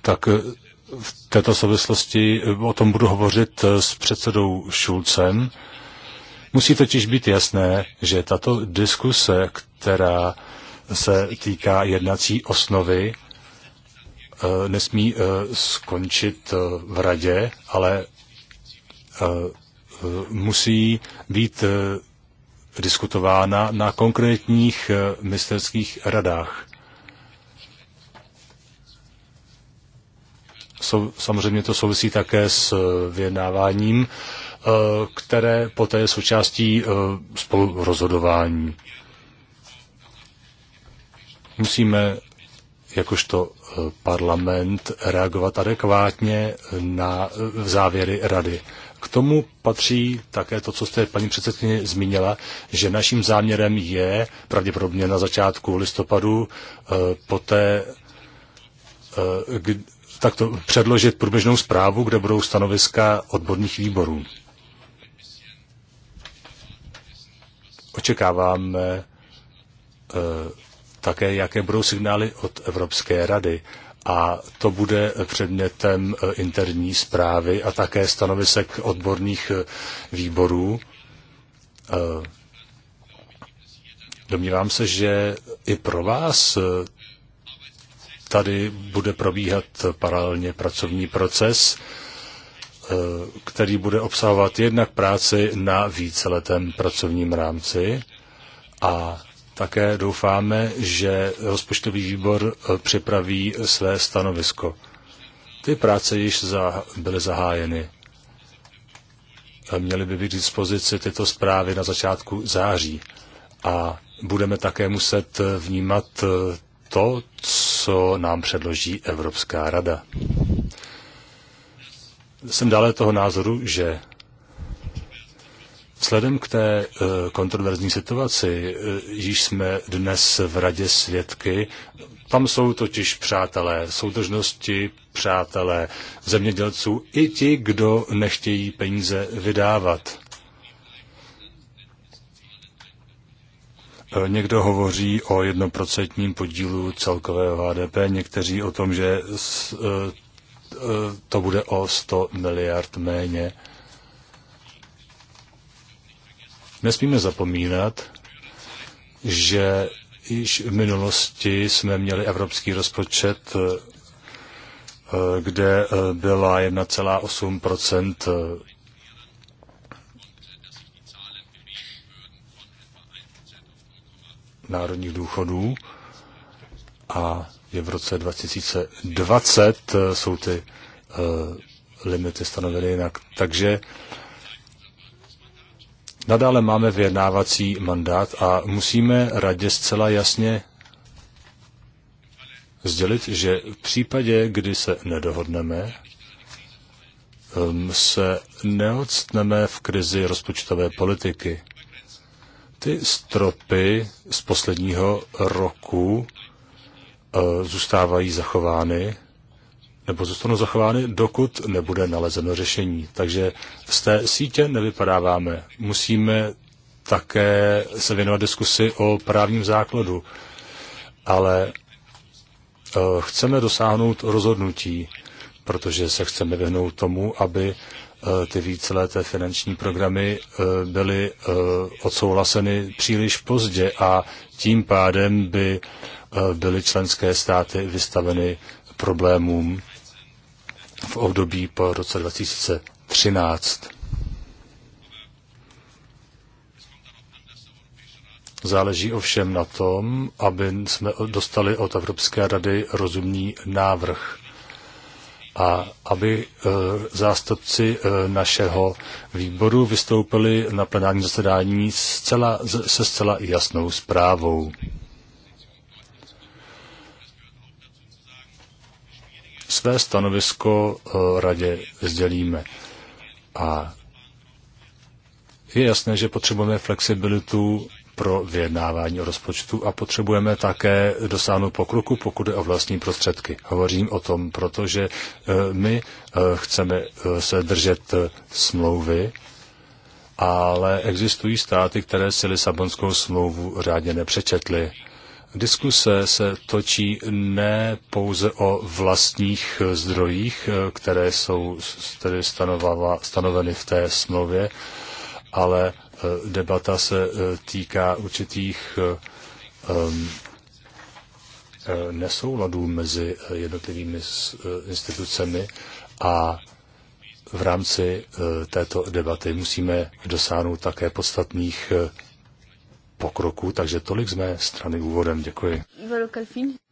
tak eh, v této souvislosti eh, o tom budu hovořit eh, s předsedou Šulcem. Musí totiž být jasné, že tato diskuse, která se týká jednací osnovy, nesmí skončit v radě, ale musí být diskutována na konkrétních ministerských radách. sou, samozřejmě to souvisí také s eh, vyjednáváním, eh, které poté je součástí eh, spolurozhodování. Musíme jakožto parlament reagovat adekvátně na závěry rady. K tomu patří také to, co jste paní předsedkyně zmínila, že naším záměrem je pravděpodobně na začátku listopadu, poté, takto předložit průběžnou zprávu, kde budou stanoviska odborných výborů. Očekáváme e, také, jaké budou signály od Evropské rady. A to bude předmětem eh, interní zprávy a také stanovisek odborných eh, výborů. Domnívám se, že i pro vás tady bude probíhat paralelně pracovní proces, eh, který bude obsahovat jednak práci na víceletém pracovním rámci a také doufáme, že rozpočtový výbor eh, připraví své stanovisko. Ty práce již za, byly zahájeny. Eh, měly by být k dispozici tyto zprávy na začátku září a budeme také muset vnímat to, co nám předloží Evropská rada. Jsem dále toho názoru, že vzhledem k té eh, kontroverzní situaci, eh, již jsme dnes v Radě svědky, tam jsou totiž přátelé soudržnosti, přátelé zemědělců i ti, kdo nechtějí peníze vydávat. Někdo hovoří o jednoprocentním podílu celkového HDP, někteří o tom, že e, e, to bude o 100 miliard méně. Nesmíme zapomínat, že již v minulosti jsme měli evropský rozpočet, e, kde byla 1,8 národních důchodů a je v roce 2020 jsou ty uh, limity stanoveny jinak. Takže nadále máme vyjednávací mandát a musíme radě zcela jasně sdělit, že v případě, kdy se nedohodneme, um, se neodstneme v krizi rozpočtové politiky ty stropy z posledního roku eh, zůstávají zachovány, nebo zůstanou zachovány, dokud nebude nalezeno řešení. Takže z té sítě nevypadáváme. Musíme také se věnovat diskusi o právním základu, ale eh, chceme dosáhnout rozhodnutí, protože se chceme vyhnout tomu, aby Eh, ty víceleté finanční programy eh, byly eh, odsouhlaseny příliš pozdě a tím pádem by byly členské státy vystaveny problémům v období po roce 2013. Záleží ovšem na tom, aby jsme dostali od Evropské rady rozumný návrh a aby eh, zástupci eh, našeho výboru vystoupili na plenární zasedání zcela, se zcela jasnou zprávou. Své stanovisko eh, radě sdělíme. A je jasné, že potřebujeme flexibilitu pro vyjednávání o rozpočtu a potřebujeme také dosáhnout pokroku, pokud je o vlastní prostředky. Hovořím o tom, protože e, my e, chceme e, se držet smlouvy, ale existují státy, které si Lisabonskou smlouvu řádně nepřečetly. Diskuse se točí ne pouze o vlastních zdrojích, které jsou tedy stanoveny v té smlouvě, ale debata se eh, týká určitých eh, eh, nesouladů mezi jednotlivými institucemi a v rámci této debaty musíme dosáhnout také podstatných pokroků, takže tolik z mé strany úvodem. Děkuji.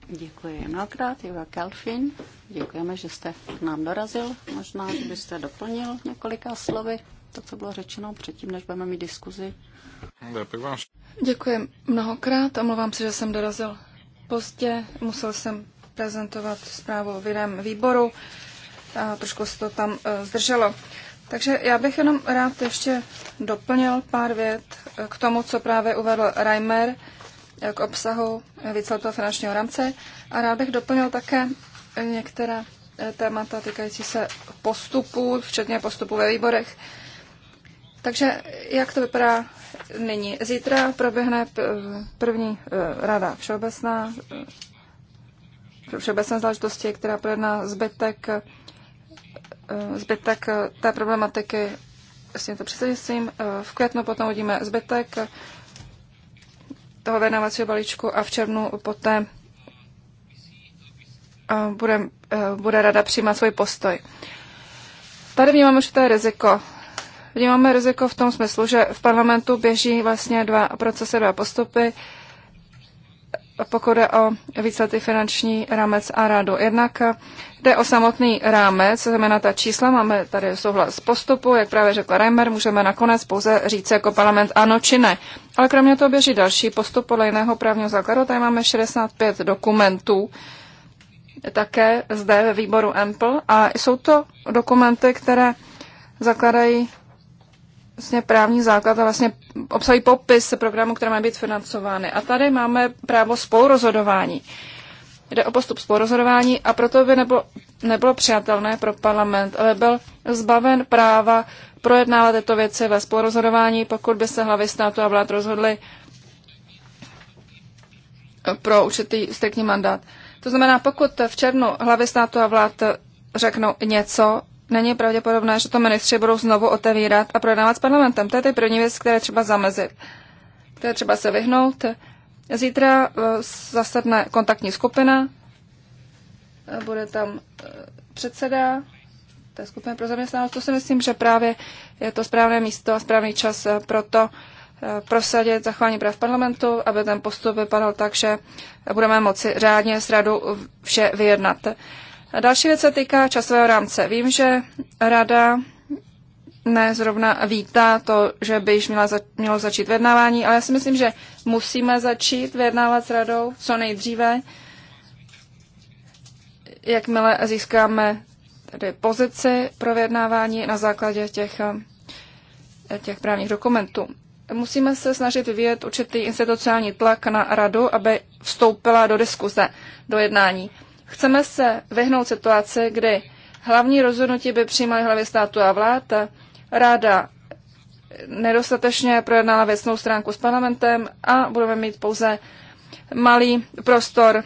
Děkuji mnohokrát, Jura Kalfin. Děkujeme, že jste k nám dorazil. Možná, byste doplnil několika slovy to, co bylo řečeno předtím, než budeme mít diskuzi. Děkuji mnohokrát. a mluvám se, že jsem dorazil pozdě. Musel jsem prezentovat zprávu v jiném výboru. A trošku se to tam uh, zdrželo. Takže já bych jenom rád ještě doplnil pár vět e, k tomu, co právě uvedl Reimer e, k obsahu víceletého finančního rámce. A rád bych doplnil také některé témata týkající se postupů, včetně postupů ve výborech. Takže jak to vypadá nyní? Zítra proběhne první eh, rada všeobecná, eh, všeobecné záležitosti, která projedná zbytek, eh, zbytek té problematiky s tímto předsednictvím. V květnu potom uvidíme zbytek toho vyjednávacího balíčku a v červnu poté bude, bude rada přijímat svůj postoj. Tady vnímám určité riziko vnímáme riziko v tom smyslu, že v parlamentu běží vlastně dva procesy, dva postupy, pokud jde o víceletý finanční rámec a rádu. Jednak jde o samotný rámec, znamená ta čísla, máme tady souhlas postupu, jak právě řekla Reimer, můžeme nakonec pouze říct jako parlament ano či ne. Ale kromě toho běží další postup podle jiného právního základu, tady máme 65 dokumentů, také zde ve výboru EMPL a jsou to dokumenty, které zakladají vlastně právní základ a vlastně obsahují popis programu, které mají být financovány. A tady máme právo spolurozhodování. Jde o postup spolurozhodování a proto by nebylo, nebylo přijatelné pro parlament, ale byl zbaven práva projednávat tyto věci ve spolurozhodování, pokud by se hlavy státu a vlád rozhodly pro určitý striktní mandát. To znamená, pokud v červnu hlavy státu a vlád řeknou něco, není pravděpodobné, že to ministři budou znovu otevírat a projednávat s parlamentem. To je ty první věc, které třeba zamezit. To je třeba se vyhnout. Zítra eh, zasedne kontaktní skupina, eh, bude tam eh, předseda té skupiny pro zaměstnanost. To si myslím, že právě je to správné místo a správný čas pro to prosadit zachování práv parlamentu, aby ten postup vypadal tak, že budeme moci řádně s radu vše vyjednat. A další věc se týká časového rámce. Vím, že rada ne zrovna vítá to, že by již měla za, mělo začít vyjednávání, ale já si myslím, že musíme začít vyjednávat s radou co nejdříve, jakmile získáme tedy pozici pro vyjednávání na základě těch, těch právních dokumentů. Musíme se snažit vyvíjet určitý institucionální tlak na radu, aby vstoupila do diskuze, do jednání. Chceme se vyhnout situaci, kdy hlavní rozhodnutí by přijímaly hlavy státu a vlád, ráda nedostatečně projednala věcnou stránku s parlamentem a budeme mít pouze malý prostor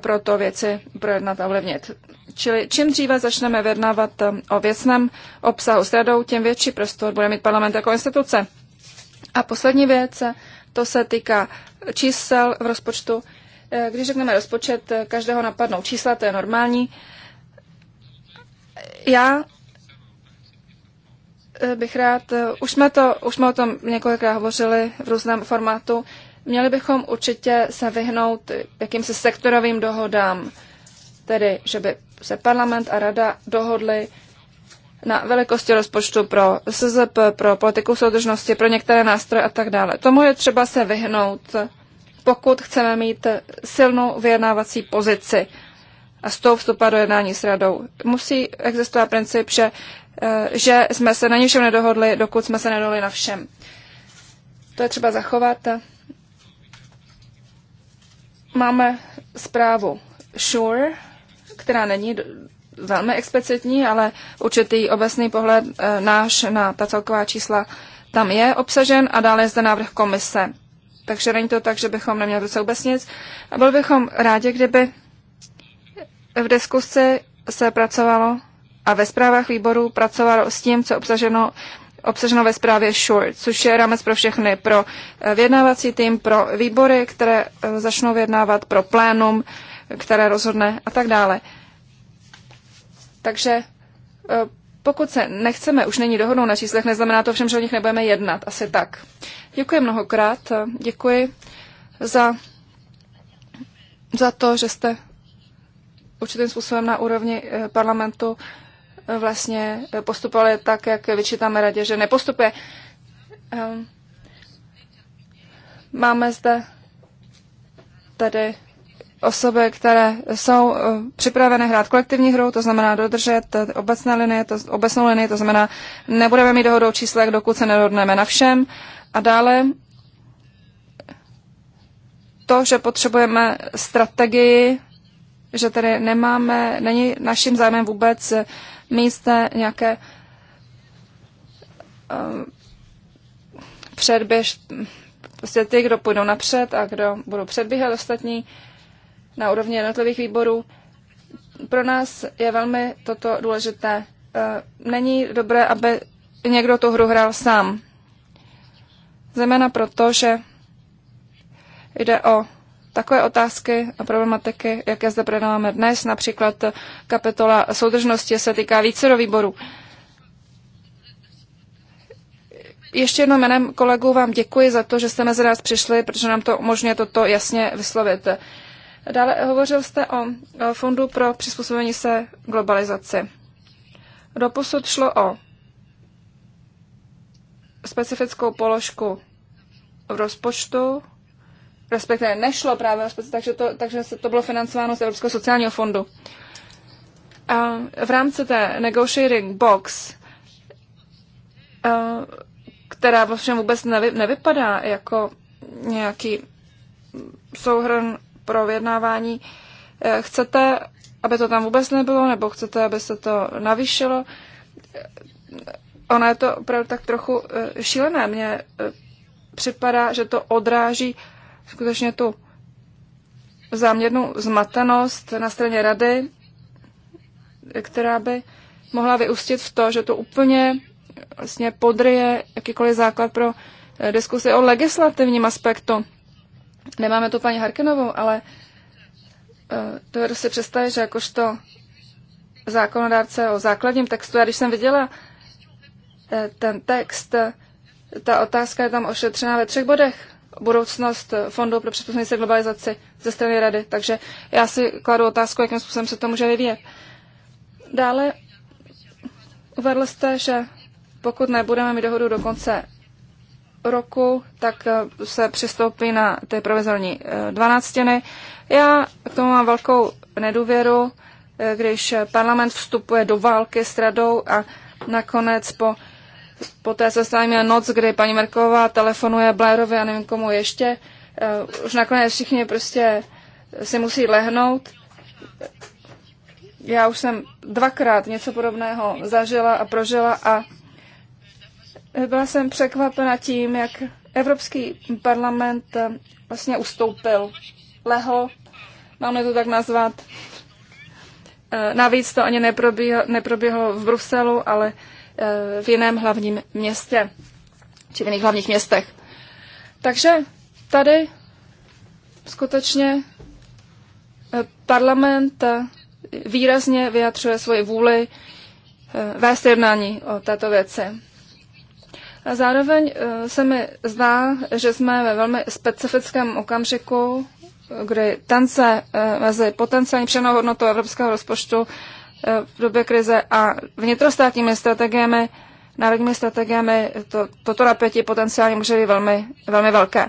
pro to věci projednat a ovlivnit. Čili čím dříve začneme vyjednávat o věcném obsahu s radou, tím větší prostor bude mít parlament jako instituce. A poslední věc, to se týká čísel v rozpočtu. Eh, když řekneme rozpočet, eh, každého napadnou čísla, to je normální. Já eh, bych rád, už jsme, to, už jsme o tom několikrát hovořili v různém formátu, měli bychom určitě se vyhnout jakýmsi sektorovým dohodám, tedy že by se parlament a rada dohodly na velikosti rozpočtu pro SZP, pro politiku soudržnosti, pro některé nástroje a tak dále. Tomu je třeba se vyhnout pokud chceme mít silnou vyjednávací pozici a z toho vstupa do jednání s radou. Musí existovat princip, že, eh, že jsme se na ničem nedohodli, dokud jsme se nedohodli na všem. To je třeba zachovat. Máme zprávu Sure, která není velmi explicitní, ale určitý obecný pohled eh, náš na ta celková čísla tam je obsažen a dále je zde návrh komise takže není to tak, že bychom neměli ruce vůbec nic. A byl bychom rádi, kdyby v diskusi se pracovalo a ve zprávách výboru pracovalo s tím, co obsaženo obsaženo ve zprávě SURE, což je rámec pro všechny, pro eh, vyjednávací tým, pro výbory, které eh, začnou vyjednávat, pro plénum, které rozhodne a tak dále. Takže eh, pokud se nechceme už není dohodnout na číslech, neznamená to všem, že o nich nebudeme jednat. Asi tak. Děkuji mnohokrát. Děkuji za, za to, že jste určitým způsobem na úrovni eh, parlamentu eh, vlastně eh, postupovali tak, jak vyčítáme radě, že nepostupuje. Ehm, máme zde tady osoby, které jsou eh, připravené hrát kolektivní hru, to znamená dodržet eh, obecné linie, to, obecnou linii, to znamená nebudeme mít dohodou číslek, dokud se nedohodneme na všem. A dále to, že potřebujeme strategii, že tedy nemáme, není naším zájmem vůbec eh, mít nějaké um, předběž, prostě ty, kdo půjdou napřed a kdo budou předbíhat ostatní, na úrovni jednotlivých výborů. Pro nás je velmi toto důležité. E, není dobré, aby někdo tu hru hrál sám. Zejména proto, že jde o takové otázky a problematiky, jaké zde projednáváme dnes, například kapitola soudržnosti se týká více výboru. Ještě jednou jménem kolegů vám děkuji za to, že jste mezi nás přišli, protože nám to umožňuje toto jasně vyslovit. Dále hovořil jste o Fondu pro přizpůsobení se globalizaci. Doposud šlo o specifickou položku v rozpočtu, respektive nešlo právě o specifickou, takže to, takže se to bylo financováno z Evropského sociálního fondu. A v rámci té negotiating box, která vlastně vůbec nevy, nevypadá jako nějaký souhrn pro vyjednávání. Eh, chcete, aby to tam vůbec nebylo, nebo chcete, aby se to navýšilo? Eh, ono je to opravdu tak trochu eh, šílené. Mně připadá, že to odráží skutečně tu záměrnou zmatenost na straně rady, která by mohla vyústit v to, že to úplně vlastně podryje jakýkoliv základ pro diskusy o legislativním aspektu Nemáme tu paní Harkinovou, ale eh, dovedu si představit, že jakožto zákonodárce o základním textu, já když jsem viděla eh, ten text, ta otázka je tam ošetřená ve třech bodech. Budoucnost eh, Fondu pro přizpůsobení globalizaci ze strany Rady. Takže já si kladu otázku, jakým způsobem se to může vyvíjet. Dále uvedl jste, že pokud nebudeme mít dohodu do konce roku, tak eh, se přistoupí na ty provizorní eh, dvanáctěny. Já k tomu mám velkou nedůvěru, eh, když parlament vstupuje do války s radou a nakonec po, po té stále noc, kdy paní Merková telefonuje Blairovi a nevím komu ještě, už nakonec všichni prostě si musí lehnout. Já už jsem dvakrát něco podobného zažila a prožila a byla jsem překvapena tím, jak Evropský parlament eh, vlastně ustoupil, lehl, máme to tak nazvat. Eh, navíc to ani neprobíhlo, neprobíhlo v Bruselu, ale eh, v jiném hlavním městě, či v jiných hlavních městech. Takže tady skutečně parlament výrazně vyjadřuje svoji vůli vést jednání o této věci. A zároveň eh, se mi zdá, že jsme ve velmi specifickém okamžiku, kdy tance, eh, mezi potenciální přenou hodnotou evropského rozpočtu eh, v době krize a vnitrostátními strategiemi, národními strategiemi, to, toto napětí potenciálně může být velmi, velmi velké.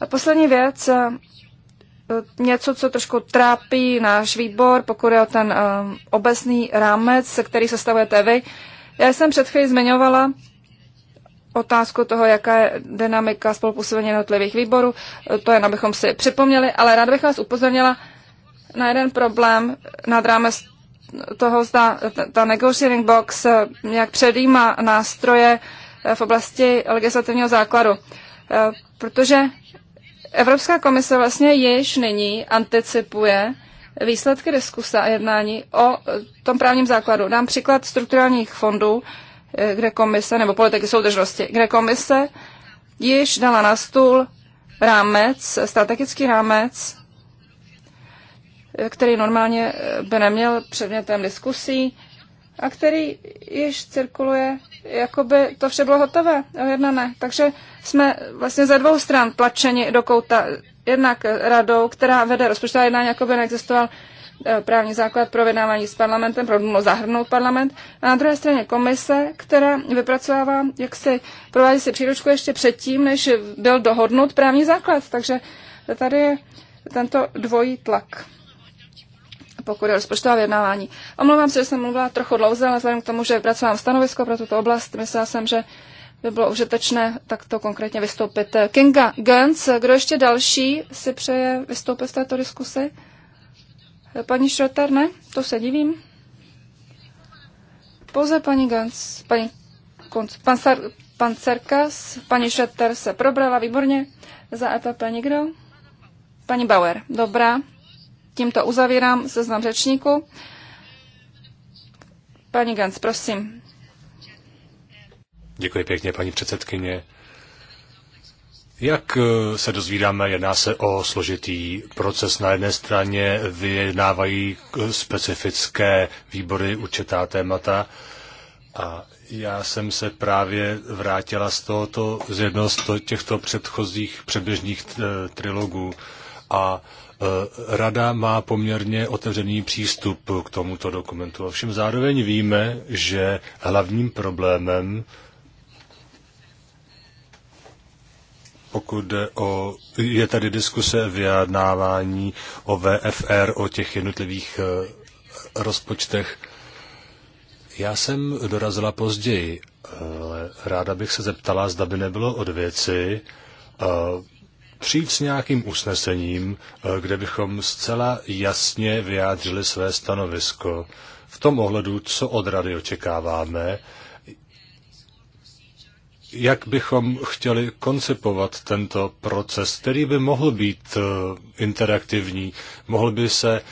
A poslední věc, něco, co trošku trápí náš výbor, pokud je o ten um, obecný rámec, který sestavujete vy. Já jsem před chvílí zmiňovala, otázku toho, jaká je dynamika spolupůsobení jednotlivých výborů. To jen abychom si připomněli, ale rád bych vás upozornila na jeden problém nad rámec toho, zda ta negotiating box nějak předjímá nástroje v oblasti legislativního základu. Protože Evropská komise vlastně již nyní anticipuje výsledky diskuse a jednání o tom právním základu. Dám příklad strukturálních fondů, Eh, kde komise, nebo politiky soudržnosti, kde komise již dala na stůl rámec, strategický rámec, eh, který normálně eh, by neměl předmětem diskusí a který již cirkuluje, jako by to vše bylo hotové, ne. Takže jsme vlastně ze dvou stran tlačeni do kouta, jednak radou, která vede rozpočtová jednání, jako by neexistoval Eh, právní základ pro vyjednávání s parlamentem, pro zahrnout parlament. A na druhé straně komise, která vypracovává, jak se provádí si příručku ještě předtím, než byl dohodnut právní základ. Takže tady je tento dvojí tlak pokud je rozpočtová vyjednávání. Omlouvám se, že jsem mluvila trochu dlouze, ale vzhledem k tomu, že pracovám stanovisko pro tuto oblast, myslela jsem, že by bylo užitečné takto konkrétně vystoupit. Kinga Gens, kdo ještě další si přeje vystoupit v této diskusi? Paní Schroeter, ne? To se divím. Pouze paní Gans, paní Kunc, pan, Sar, pan Cerkas, paní Schroeter se probrala výborně. Za EPP nikdo? Paní Bauer, dobrá. Tímto uzavírám seznam řečníků. Paní Gans, prosím. Děkuji pěkně, paní předsedkyně. Jak eh, se dozvídáme, jedná se o složitý proces. Na jedné straně vyjednávají eh, specifické výbory určitá témata a já jsem se právě vrátila z tohoto, z jednoho z těchto předchozích předběžných eh, trilogů a Rada má poměrně otevřený přístup k tomuto dokumentu. Ovšem zároveň víme, že hlavním problémem pokud jde o, je tady diskuse vyjednávání o VFR, o těch jednotlivých eh, rozpočtech. Já jsem dorazila později, ale ráda bych se zeptala, zda by nebylo od věci eh, přijít s nějakým usnesením, eh, kde bychom zcela jasně vyjádřili své stanovisko v tom ohledu, co od rady očekáváme, jak bychom chtěli koncipovat tento proces, který by mohl být eh, interaktivní, mohl by se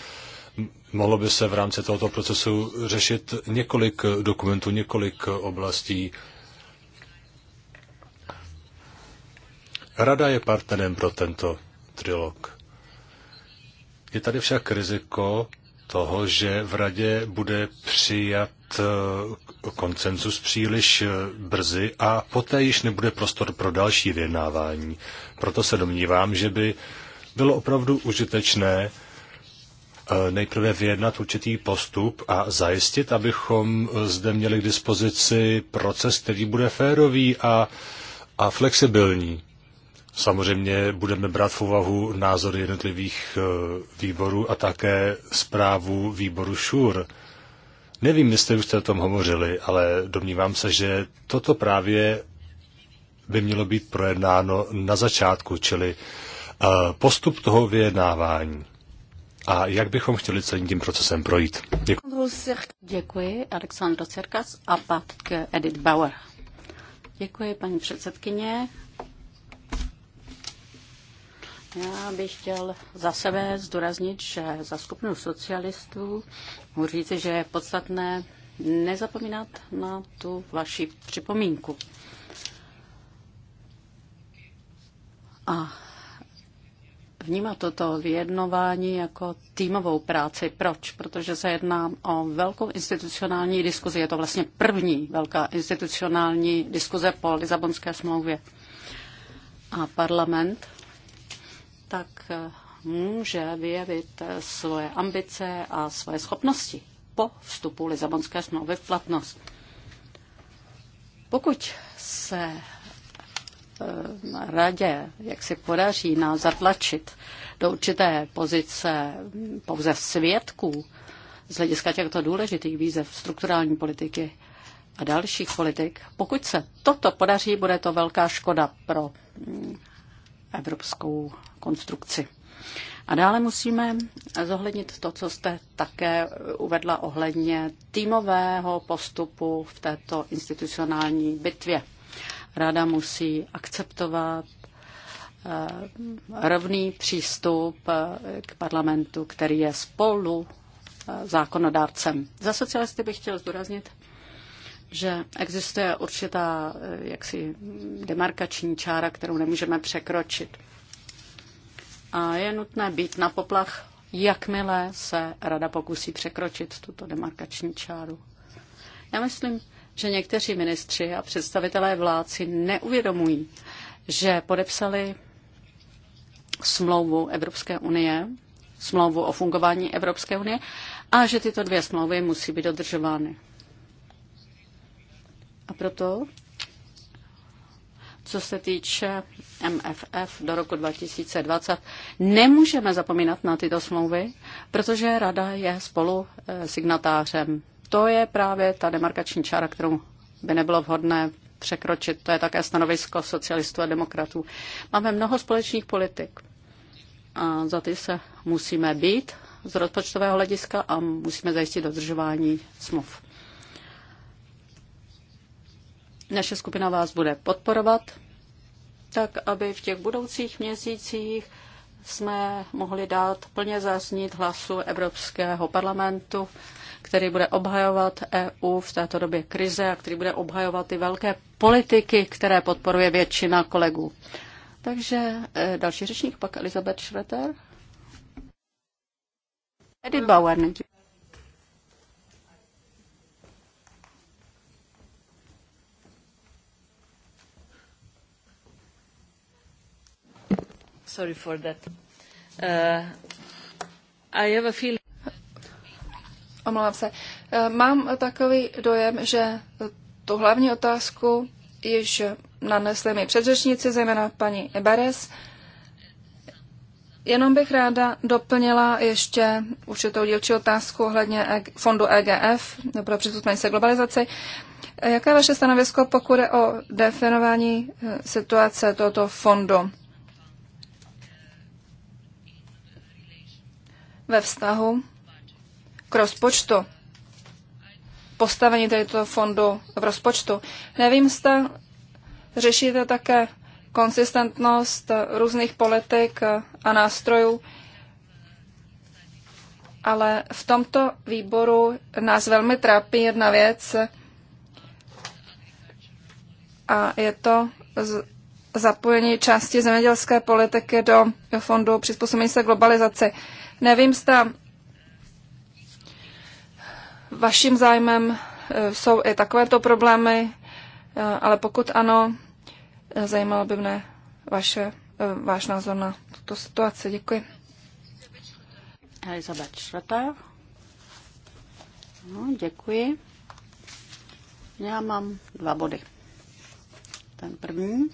Mohlo by se v rámci tohoto procesu řešit několik dokumentů, několik oblastí. Rada je partnerem pro tento trilog. Je tady však riziko, toho, že v radě bude přijat eh, koncensus příliš eh, brzy a poté již nebude prostor pro další vyjednávání. Proto se domnívám, že by bylo opravdu užitečné eh, nejprve vyjednat určitý postup a zajistit, abychom zde měli k dispozici proces, který bude férový a, a flexibilní. Samozřejmě budeme brát v úvahu názory jednotlivých eh, výborů a také zprávu výboru ŠUR. Nevím, jestli už jste o tom hovořili, ale domnívám se, že toto právě by mělo být projednáno na začátku, čili eh, postup toho vyjednávání. A jak bychom chtěli celým tím procesem projít? Děkuji. Děkuji, Aleksandro Cerkas a pak Edith Bauer. Děkuji, paní předsedkyně. Já bych chtěl za sebe zdůraznit, že za skupinu socialistů můžu říct, že je podstatné nezapomínat na tu vaši připomínku. A vnímat toto vyjednování jako týmovou práci. Proč? Protože se jedná o velkou institucionální diskuzi. Je to vlastně první velká institucionální diskuze po Lisabonské smlouvě. A parlament tak eh, může vyjevit eh, svoje ambice a svoje schopnosti po vstupu Lizabonské smlouvy v platnost. Pokud se eh, radě, jak si podaří nás zatlačit do určité pozice hm, pouze svědků z hlediska těchto důležitých výzev strukturální politiky a dalších politik. Pokud se toto podaří, bude to velká škoda pro hm, evropskou konstrukci. A dále musíme zohlednit to, co jste také uvedla ohledně týmového postupu v této institucionální bitvě. Rada musí akceptovat eh, rovný přístup eh, k parlamentu, který je spolu eh, zákonodárcem. Za socialisty bych chtěl zdůraznit že existuje určitá eh, jaksi demarkační čára, kterou nemůžeme překročit. A je nutné být na poplach, jakmile se rada pokusí překročit tuto demarkační čáru. Já myslím, že někteří ministři a představitelé vlád neuvědomují, že podepsali smlouvu Evropské unie, smlouvu o fungování Evropské unie a že tyto dvě smlouvy musí být dodržovány. A proto, co se týče MFF do roku 2020, nemůžeme zapomínat na tyto smlouvy, protože Rada je spolu eh, signatářem. To je právě ta demarkační čára, kterou by nebylo vhodné překročit. To je také stanovisko socialistů a demokratů. Máme mnoho společných politik a za ty se musíme být z rozpočtového hlediska a musíme zajistit dodržování smluv. Naše skupina vás bude podporovat, tak aby v těch budoucích měsících jsme mohli dát plně zásnit hlasu Evropského parlamentu, který bude obhajovat EU v této době krize a který bude obhajovat i velké politiky, které podporuje většina kolegů. Takže e, další řečník, pak Elizabeth Schroeder. Edith Bauer. Sorry for that. Uh, I have a feeling... Omlouvám se. Eh, mám takový dojem, že tu hlavní otázku již nanesli mi předřečníci, zejména paní Eberes. Jenom bych ráda doplnila ještě určitou dílčí otázku ohledně e fondu EGF pro přizpůsobení se globalizaci. Eh, jaké je vaše stanovisko, pokud je o definování eh, situace tohoto fondu? ve vztahu k rozpočtu. Postavení tohoto fondu v rozpočtu. Nevím, jste řešíte také konsistentnost různých politik a nástrojů, ale v tomto výboru nás velmi trápí jedna věc a je to zapojení části zemědělské politiky do fondu přizpůsobení se globalizaci. Nevím, zda vaším zájmem eh, jsou i takovéto problémy, eh, ale pokud ano, eh, zajímalo by mne vaše, váš názor na tuto situaci. Děkuji. Elizabeth Schroeter. No, děkuji. Já mám dva body. Ten první,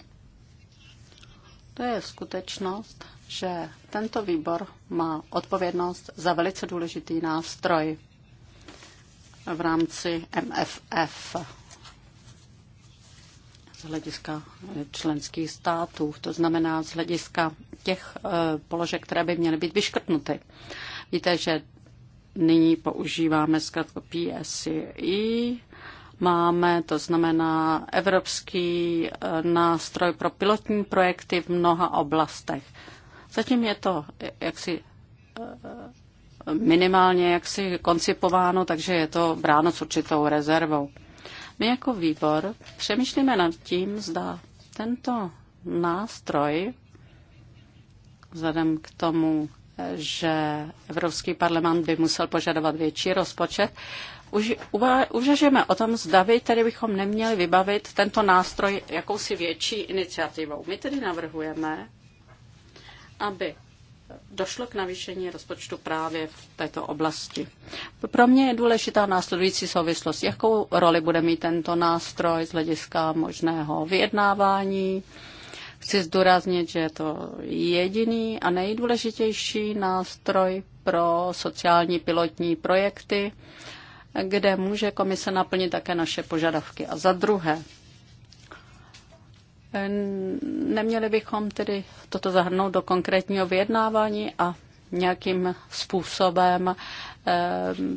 to je skutečnost, že tento výbor má odpovědnost za velice důležitý nástroj v rámci MFF z hlediska členských států, to znamená z hlediska těch eh, položek, které by měly být vyškrtnuty. Víte, že nyní používáme zkrátku PSCI, máme, to znamená Evropský eh, nástroj pro pilotní projekty v mnoha oblastech. Zatím je to eh, jaksi eh, minimálně jaksi koncipováno, takže je to bráno s určitou rezervou. My jako výbor přemýšlíme nad tím, zda tento nástroj, vzhledem k tomu, že Evropský parlament by musel požadovat větší rozpočet, už uvažujeme o tom, zda by tedy bychom neměli vybavit tento nástroj jakousi větší iniciativou. My tedy navrhujeme, aby došlo k navýšení rozpočtu právě v této oblasti. Pro mě je důležitá následující souvislost. Jakou roli bude mít tento nástroj z hlediska možného vyjednávání? Chci zdůraznit, že je to jediný a nejdůležitější nástroj pro sociální pilotní projekty, kde může komise naplnit také naše požadavky. A za druhé, Neměli bychom tedy toto zahrnout do konkrétního vyjednávání a nějakým způsobem eh,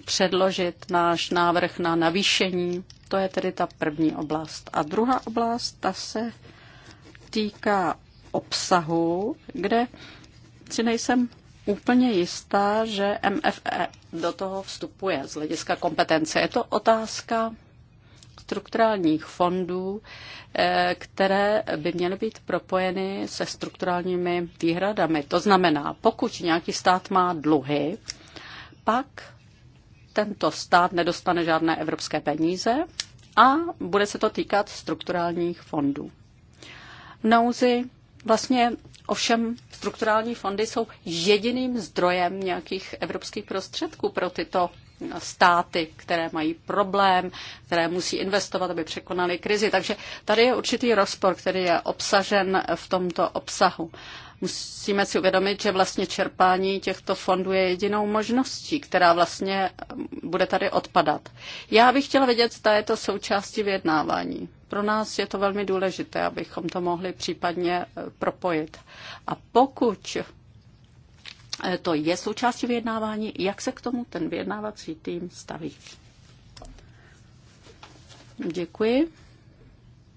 předložit náš návrh na navýšení. To je tedy ta první oblast. A druhá oblast, ta se týká obsahu, kde si nejsem úplně jistá, že MFE do toho vstupuje z hlediska kompetence. Je to otázka strukturálních fondů, eh, které by měly být propojeny se strukturálními výhradami. To znamená, pokud nějaký stát má dluhy, pak tento stát nedostane žádné evropské peníze a bude se to týkat strukturálních fondů. V nouzi vlastně Ovšem strukturální fondy jsou jediným zdrojem nějakých evropských prostředků pro tyto státy, které mají problém, které musí investovat, aby překonali krizi. Takže tady je určitý rozpor, který je obsažen v tomto obsahu. Musíme si uvědomit, že vlastně čerpání těchto fondů je jedinou možností, která vlastně bude tady odpadat. Já bych chtěla vědět, zda je to součástí vyjednávání. Pro nás je to velmi důležité, abychom to mohli případně eh, propojit. A pokud Eh, to je součástí vyjednávání. Jak se k tomu ten vyjednávací tým staví? Děkuji.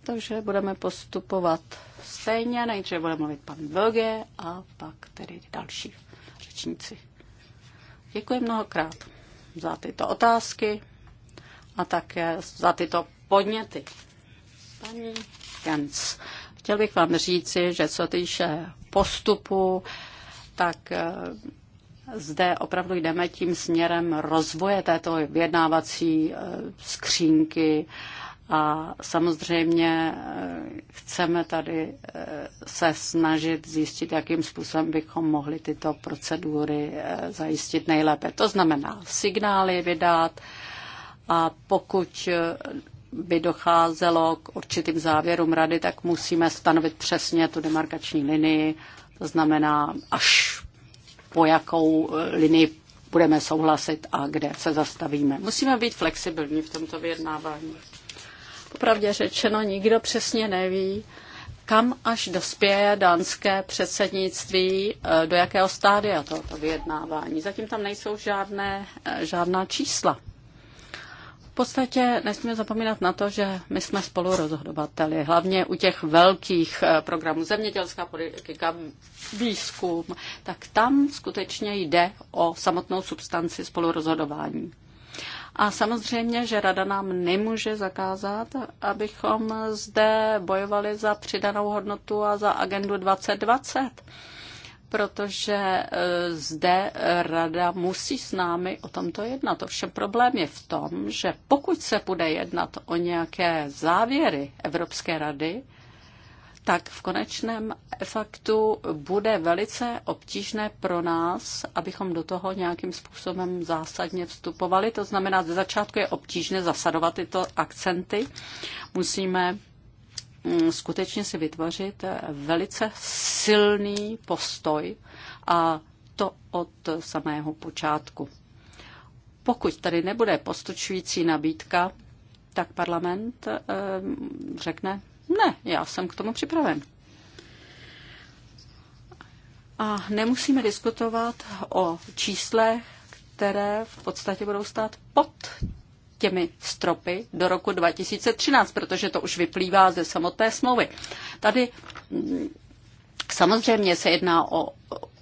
Takže budeme postupovat stejně. Nejdřív bude mluvit pan Vlge a pak tedy další řečníci. Děkuji mnohokrát za tyto otázky a také za tyto podněty. Paní Jens, chtěl bych vám říci, že co týče postupu, tak eh, zde opravdu jdeme tím směrem rozvoje této vyjednávací eh, skřínky a samozřejmě eh, chceme tady se snažit zjistit, jakým způsobem bychom mohli tyto procedury zajistit nejlépe. To znamená signály vydat a pokud by docházelo k určitým závěrům rady, tak musíme stanovit přesně tu demarkační linii to znamená až po jakou eh, linii budeme souhlasit a kde se zastavíme. Musíme být flexibilní v tomto vyjednávání. Popravdě řečeno, nikdo přesně neví, kam až dospěje dánské předsednictví, eh, do jakého stádia tohoto vyjednávání. Zatím tam nejsou žádné, eh, žádná čísla. V podstatě nesmíme zapomínat na to, že my jsme spolu rozhodovateli, hlavně u těch velkých eh, programů zemědělská politika, výzkum, tak tam skutečně jde o samotnou substanci spolurozhodování. A samozřejmě, že rada nám nemůže zakázat, abychom zde bojovali za přidanou hodnotu a za agendu 2020 protože eh, zde rada musí s námi o tomto jednat. Ovšem problém je v tom, že pokud se bude jednat o nějaké závěry Evropské rady, tak v konečném efektu bude velice obtížné pro nás, abychom do toho nějakým způsobem zásadně vstupovali. To znamená, ze začátku je obtížné zasadovat tyto akcenty. Musíme Mm, skutečně si vytvořit velice silný postoj a to od samého počátku. Pokud tady nebude postočující nabídka, tak parlament eh, řekne, ne, já jsem k tomu připraven. A nemusíme diskutovat o číslech, které v podstatě budou stát pod těmi stropy do roku 2013, protože to už vyplývá ze samotné smlouvy. Tady mm, samozřejmě se jedná o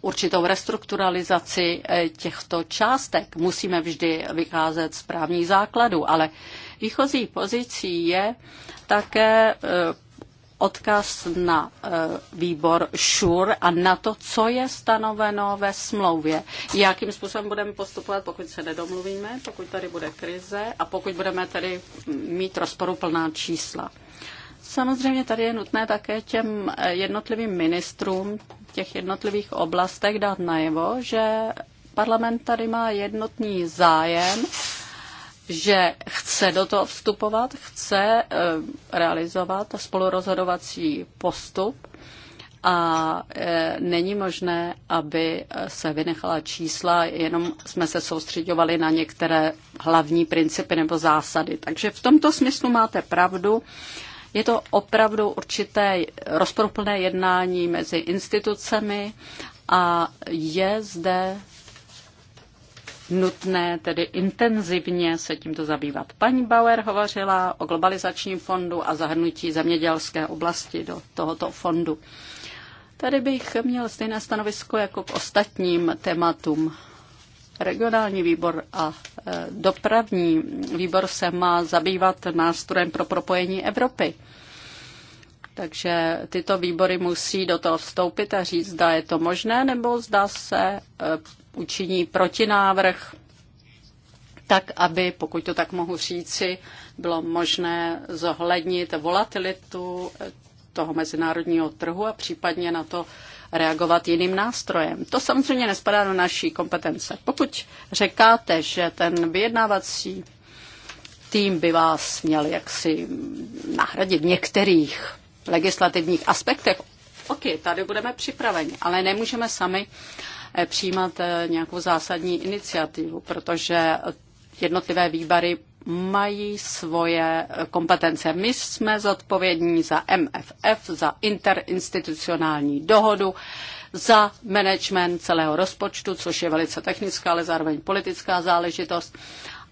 určitou restrukturalizaci eh, těchto částek. Musíme vždy vycházet z právních základů, ale výchozí pozicí je také eh, odkaz na eh, výbor ŠUR a na to, co je stanoveno ve smlouvě. Jakým způsobem budeme postupovat, pokud se nedomluvíme, pokud tady bude krize a pokud budeme tady mít rozporuplná čísla. Samozřejmě tady je nutné také těm eh, jednotlivým ministrům těch jednotlivých oblastech dát najevo, že parlament tady má jednotný zájem že chce do toho vstupovat, chce eh, realizovat spolurozhodovací postup a eh, není možné, aby se vynechala čísla, jenom jsme se soustředovali na některé hlavní principy nebo zásady. Takže v tomto smyslu máte pravdu. Je to opravdu určité rozporuplné jednání mezi institucemi a je zde nutné tedy intenzivně se tímto zabývat. Paní Bauer hovořila o globalizačním fondu a zahrnutí zemědělské oblasti do tohoto fondu. Tady bych měl stejné stanovisko jako k ostatním tématům. Regionální výbor a e, dopravní výbor se má zabývat nástrojem pro propojení Evropy. Takže tyto výbory musí do toho vstoupit a říct, zda je to možné, nebo zda se e, učiní protinávrh, tak aby, pokud to tak mohu říci, bylo možné zohlednit volatilitu toho mezinárodního trhu a případně na to reagovat jiným nástrojem. To samozřejmě nespadá do naší kompetence. Pokud říkáte, že ten vyjednávací tým by vás měl jaksi nahradit v některých legislativních aspektech, OK, tady budeme připraveni, ale nemůžeme sami Eh, přijímat eh, nějakou zásadní iniciativu, protože jednotlivé výbary mají svoje eh, kompetence. My jsme zodpovědní za MFF, za interinstitucionální dohodu, za management celého rozpočtu, což je velice technická, ale zároveň politická záležitost.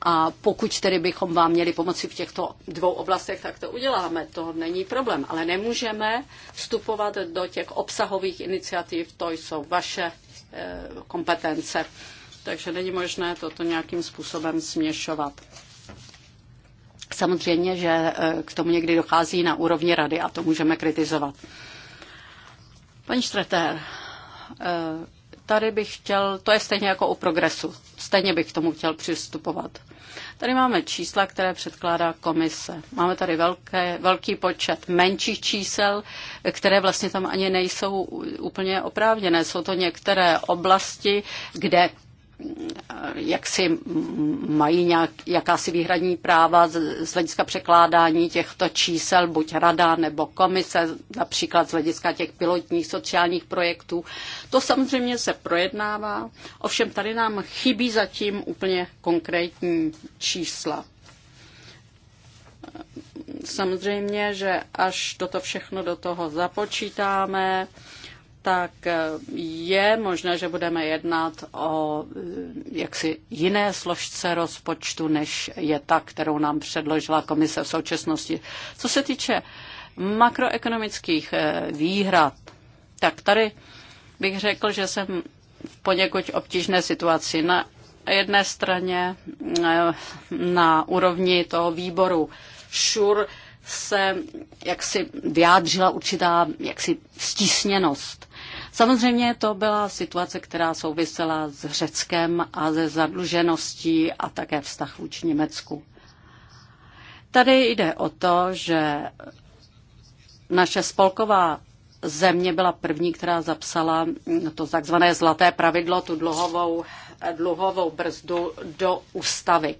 A pokud tedy bychom vám měli pomoci v těchto dvou oblastech, tak to uděláme, to není problém. Ale nemůžeme vstupovat do těch obsahových iniciativ, to jsou vaše Eh, kompetence. Takže není možné toto nějakým způsobem směšovat. Samozřejmě, že eh, k tomu někdy dochází na úrovni rady a to můžeme kritizovat. Paní Štretér, eh, tady bych chtěl, to je stejně jako u progresu stejně bych k tomu chtěl přistupovat. Tady máme čísla, které předkládá komise. Máme tady velké, velký počet menších čísel, které vlastně tam ani nejsou úplně oprávněné. Jsou to některé oblasti, kde jak si mají nějak, jakási výhradní práva z, z hlediska překládání těchto čísel, buď rada nebo komise, například z hlediska těch pilotních sociálních projektů. To samozřejmě se projednává, ovšem tady nám chybí zatím úplně konkrétní čísla. Samozřejmě, že až toto všechno do toho započítáme, tak je možné, že budeme jednat o eh, jaksi jiné složce rozpočtu, než je ta, kterou nám předložila komise v současnosti. Co se týče makroekonomických eh, výhrad, tak tady bych řekl, že jsem v poněkud obtížné situaci. Na jedné straně eh, na úrovni toho výboru ŠUR se jaksi vyjádřila určitá jaksi stísněnost. Samozřejmě to byla situace, která souvisela s Řeckem a ze zadlužeností a také vztah vůči Německu. Tady jde o to, že naše spolková země byla první, která zapsala to takzvané zlaté pravidlo, tu dluhovou, dluhovou brzdu do ústavy.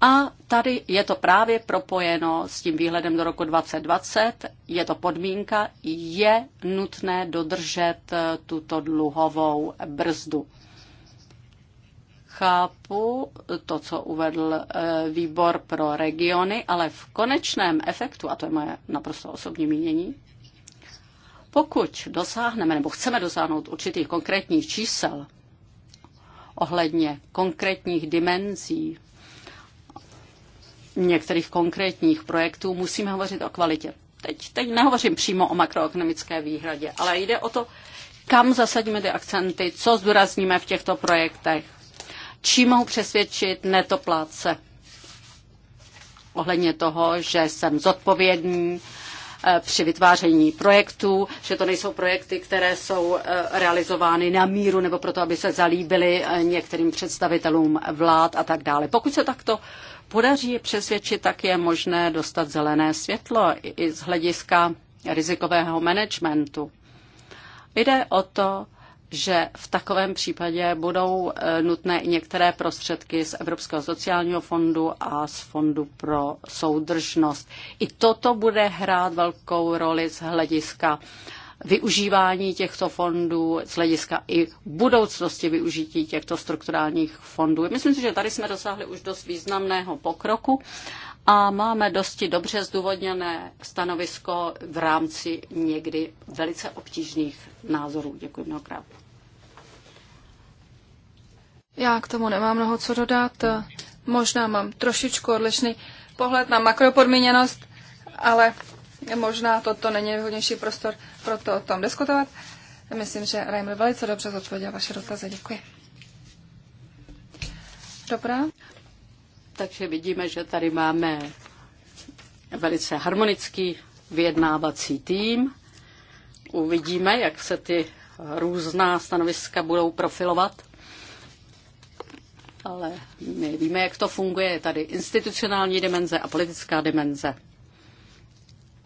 A tady je to právě propojeno s tím výhledem do roku 2020. Je to podmínka, je nutné dodržet eh, tuto dluhovou brzdu. Chápu to, co uvedl eh, výbor pro regiony, ale v konečném efektu, a to je moje naprosto osobní mínění, pokud dosáhneme nebo chceme dosáhnout určitých konkrétních čísel ohledně konkrétních dimenzí některých konkrétních projektů, musíme hovořit o kvalitě. Teď, teď nehovořím přímo o makroekonomické výhradě, ale jde o to, kam zasadíme ty akcenty, co zdůrazníme v těchto projektech, čím mohu přesvědčit netopláce ohledně toho, že jsem zodpovědný eh, při vytváření projektů, že to nejsou projekty, které jsou eh, realizovány na míru nebo proto, aby se zalíbily eh, některým představitelům vlád a tak dále. Pokud se takto podaří je přesvědčit, tak je možné dostat zelené světlo i z hlediska rizikového managementu. Jde o to, že v takovém případě budou e, nutné i některé prostředky z Evropského sociálního fondu a z Fondu pro soudržnost. I toto bude hrát velkou roli z hlediska uh, využívání těchto fondů, z hlediska i budoucnosti využití těchto strukturálních fondů. Myslím si, že tady jsme dosáhli už dost významného pokroku a máme dosti dobře zdůvodněné stanovisko v rámci někdy velice obtížných názorů. Děkuji mnohokrát. Já k tomu nemám mnoho co dodat. Možná mám trošičku odlišný pohled na makropodmíněnost, ale možná toto není nejvhodnější prostor pro to o tom diskutovat. Myslím, že Reimer velice dobře zodpověděl vaše dotazy. Děkuji. Dobrá. Takže vidíme, že tady máme velice harmonický vyjednávací tým. Uvidíme, jak se ty různá stanoviska budou profilovat. Ale my víme, jak to funguje. Je tady institucionální dimenze a politická dimenze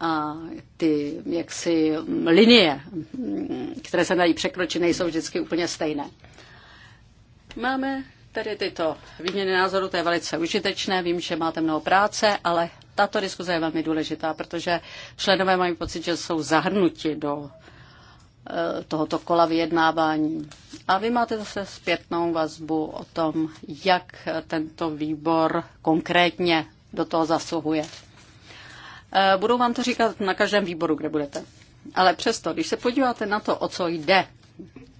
a ty jaksi linie, které se dají překročit, nejsou vždycky úplně stejné. Máme tady tyto výměny názorů, to je velice užitečné, vím, že máte mnoho práce, ale tato diskuze je velmi důležitá, protože členové mají pocit, že jsou zahrnuti do eh, tohoto kola vyjednávání. A vy máte zase zpětnou vazbu o tom, jak tento výbor konkrétně do toho zasluhuje. Eh, budou vám to říkat na každém výboru, kde budete. Ale přesto, když se podíváte na to, o co jde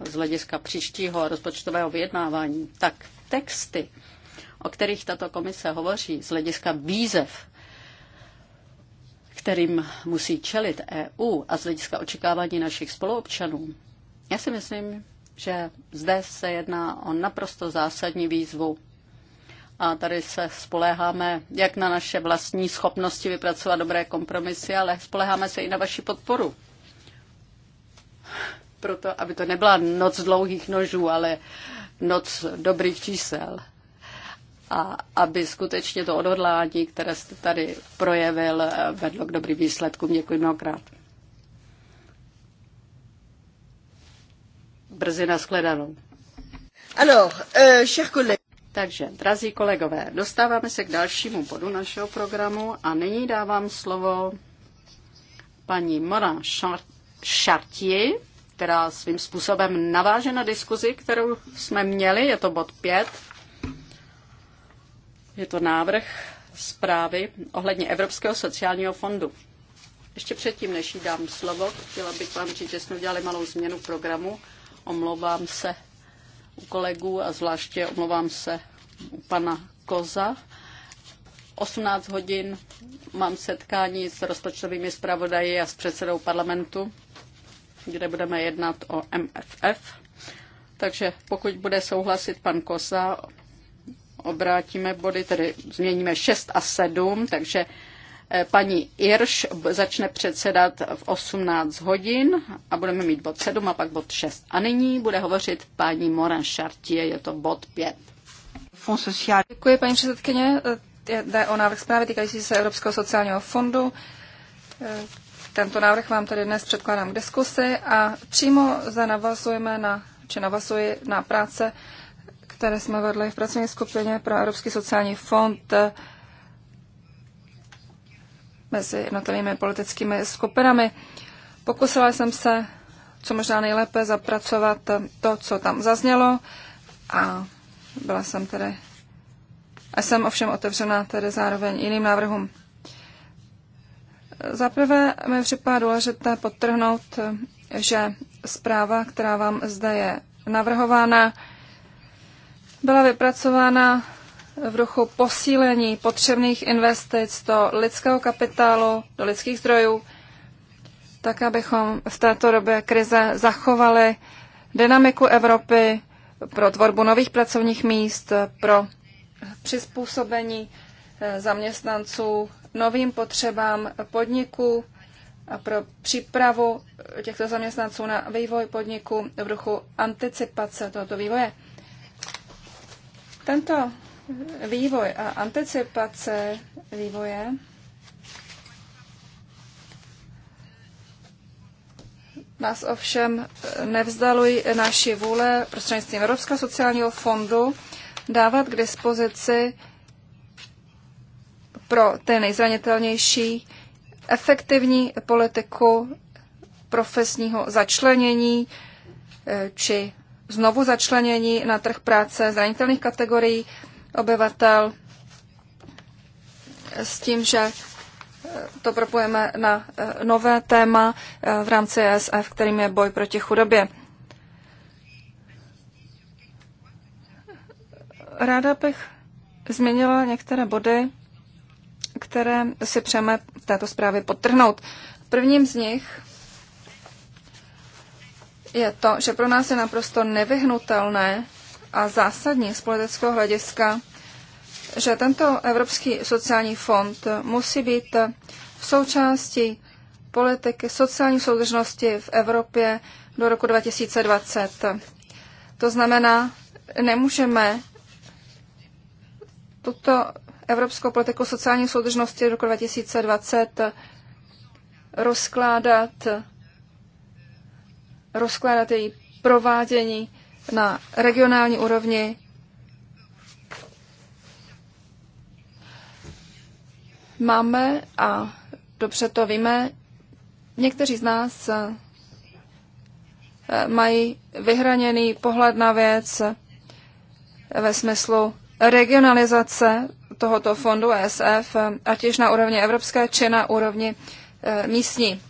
z hlediska příštího rozpočtového vyjednávání, tak texty, o kterých tato komise hovoří z hlediska výzev, kterým musí čelit EU a z hlediska očekávání našich spoluobčanů, já si myslím, že zde se jedná o naprosto zásadní výzvu a tady se spoléháme jak na naše vlastní schopnosti vypracovat dobré kompromisy, ale spoléháme se i na vaši podporu. Proto, aby to nebyla noc dlouhých nožů, ale noc dobrých čísel. A aby skutečně to odhodlání, které jste tady projevil, vedlo k dobrým výsledkům. Děkuji mnohokrát. Brzy nashledanou. Alors, euh, chers collègues. Takže, drazí kolegové, dostáváme se k dalšímu bodu našeho programu a nyní dávám slovo paní Mora Chartier, která svým způsobem naváže na diskuzi, kterou jsme měli, je to bod 5. Je to návrh zprávy ohledně Evropského sociálního fondu. Ještě předtím, než jí dám slovo, chtěla bych vám říct, že jsme udělali malou změnu programu. Omlouvám se u kolegů a zvláště omlouvám se u pana Koza. 18 hodin mám setkání s rozpočtovými zpravodaji a s předsedou parlamentu, kde budeme jednat o MFF. Takže pokud bude souhlasit pan Kosa, obrátíme body, tedy změníme 6 a 7, takže Eh, paní Irš začne předsedat v 18 hodin a budeme mít bod 7 a pak bod 6. A nyní bude hovořit paní Moran Chartier, je to bod 5. Děkuji, paní předsedkyně. Eh, jde o návrh zprávy týkající se Evropského sociálního fondu. Eh, tento návrh vám tady dnes předkládám k diskusi a přímo zanavazujeme na, či navazuji na práce, které jsme vedli v pracovní skupině pro Evropský sociální fond mezi jednotlivými politickými skupinami. Pokusila jsem se co možná nejlépe zapracovat to, co tam zaznělo a byla jsem tedy a jsem ovšem otevřená tedy zároveň jiným návrhům. Zaprvé mi připadá důležité podtrhnout, že zpráva, která vám zde je navrhována, byla vypracována v duchu posílení potřebných investic do lidského kapitálu, do lidských zdrojů, tak abychom v této době krize zachovali dynamiku Evropy pro tvorbu nových pracovních míst, pro přizpůsobení eh, zaměstnanců novým potřebám podniků a pro přípravu těchto zaměstnanců na vývoj podniku v duchu anticipace tohoto vývoje. Tento vývoj a anticipace vývoje nás ovšem nevzdalují naši vůle prostřednictvím Evropského sociálního fondu dávat k dispozici pro ty nejzranitelnější efektivní politiku profesního začlenění eh, či znovu začlenění na trh práce zranitelných kategorií obyvatel s tím, že eh, to propojeme na eh, nové téma eh, v rámci ESF, kterým je boj proti chudobě. Ráda bych změnila některé body, které si přeme v této zprávě potrhnout. Prvním z nich je to, že pro nás je naprosto nevyhnutelné a zásadní z politického hlediska, že tento Evropský sociální fond musí být v součástí politiky sociální soudržnosti v Evropě do roku 2020. To znamená, nemůžeme tuto evropskou politiku sociální soudržnosti do roku 2020 rozkládat, rozkládat její provádění na regionální úrovni máme a dobře to víme, někteří z nás eh, mají vyhraněný pohled na věc eh, ve smyslu regionalizace tohoto fondu ESF, eh, ať již na úrovni evropské, či na úrovni místní.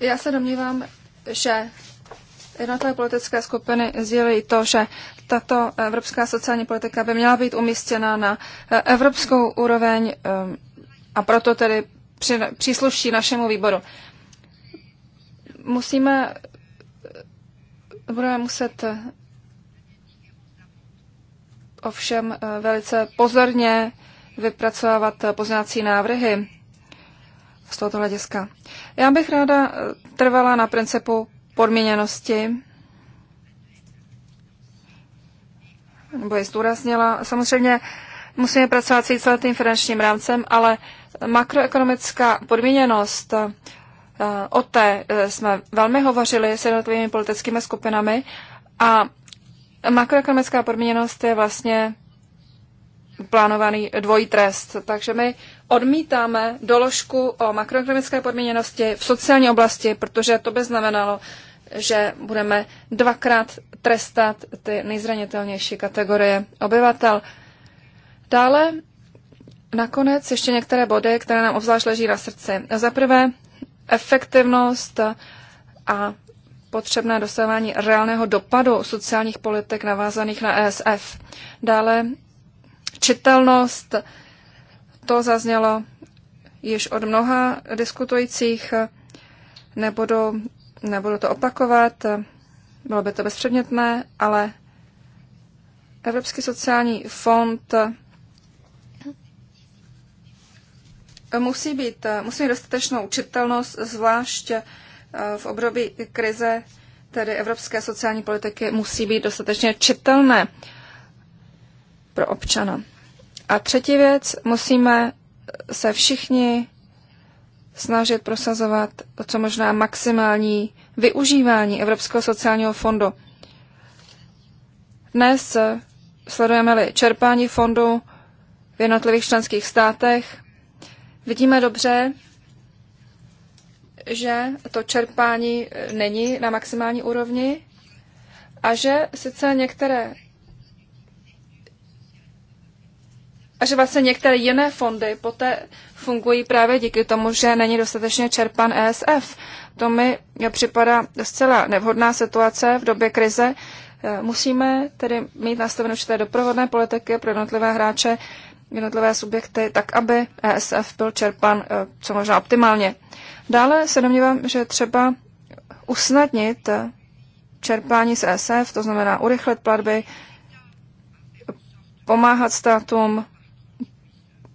Já se domnívám, že jednotlivé politické skupiny sdělují to, že tato evropská sociální politika by měla být umístěna na evropskou úroveň ehm, a proto tedy přísluší našemu výboru. Musíme, budeme muset eh, ovšem eh, velice pozorně vypracovávat eh, poznávací návrhy z tohoto hlediska. Já bych ráda eh, trvala na principu podměněnosti, nebo je zdůraznila. Samozřejmě musíme pracovat s celým finančním rámcem, ale makroekonomická podměněnost, eh, o té eh, jsme velmi hovořili s jednotlivými politickými skupinami a makroekonomická podměněnost je vlastně plánovaný dvojí trest. Takže my odmítáme doložku o makroekonomické podmíněnosti v sociální oblasti, protože to by znamenalo, že budeme dvakrát trestat ty nejzranitelnější kategorie obyvatel. Dále nakonec ještě některé body, které nám obzvlášť leží na srdci. Za prvé efektivnost a potřebné dosahování reálného dopadu sociálních politik navázaných na ESF. Dále čitelnost. To zaznělo již od mnoha diskutujících. Nebudu, nebudu to opakovat, bylo by to bezpředmětné, ale Evropský sociální fond musí, být, musí mít dostatečnou čitelnost, zvlášť eh, v období krize, tedy evropské sociální politiky musí být dostatečně čitelné pro občana. A třetí věc, musíme se všichni snažit prosazovat co možná maximální využívání Evropského sociálního fondu. Dnes sledujeme-li čerpání fondu v jednotlivých členských státech, vidíme dobře, že to čerpání není na maximální úrovni a že sice některé a že vlastně některé jiné fondy poté fungují právě díky tomu, že není dostatečně čerpan ESF. To mi připadá zcela nevhodná situace v době krize. E, musíme tedy mít nastavenou určité doprovodné politiky pro jednotlivé hráče, jednotlivé subjekty, tak aby ESF byl čerpan e, co možná optimálně. Dále se domnívám, že třeba usnadnit e, čerpání z ESF, to znamená urychlit platby, pomáhat státům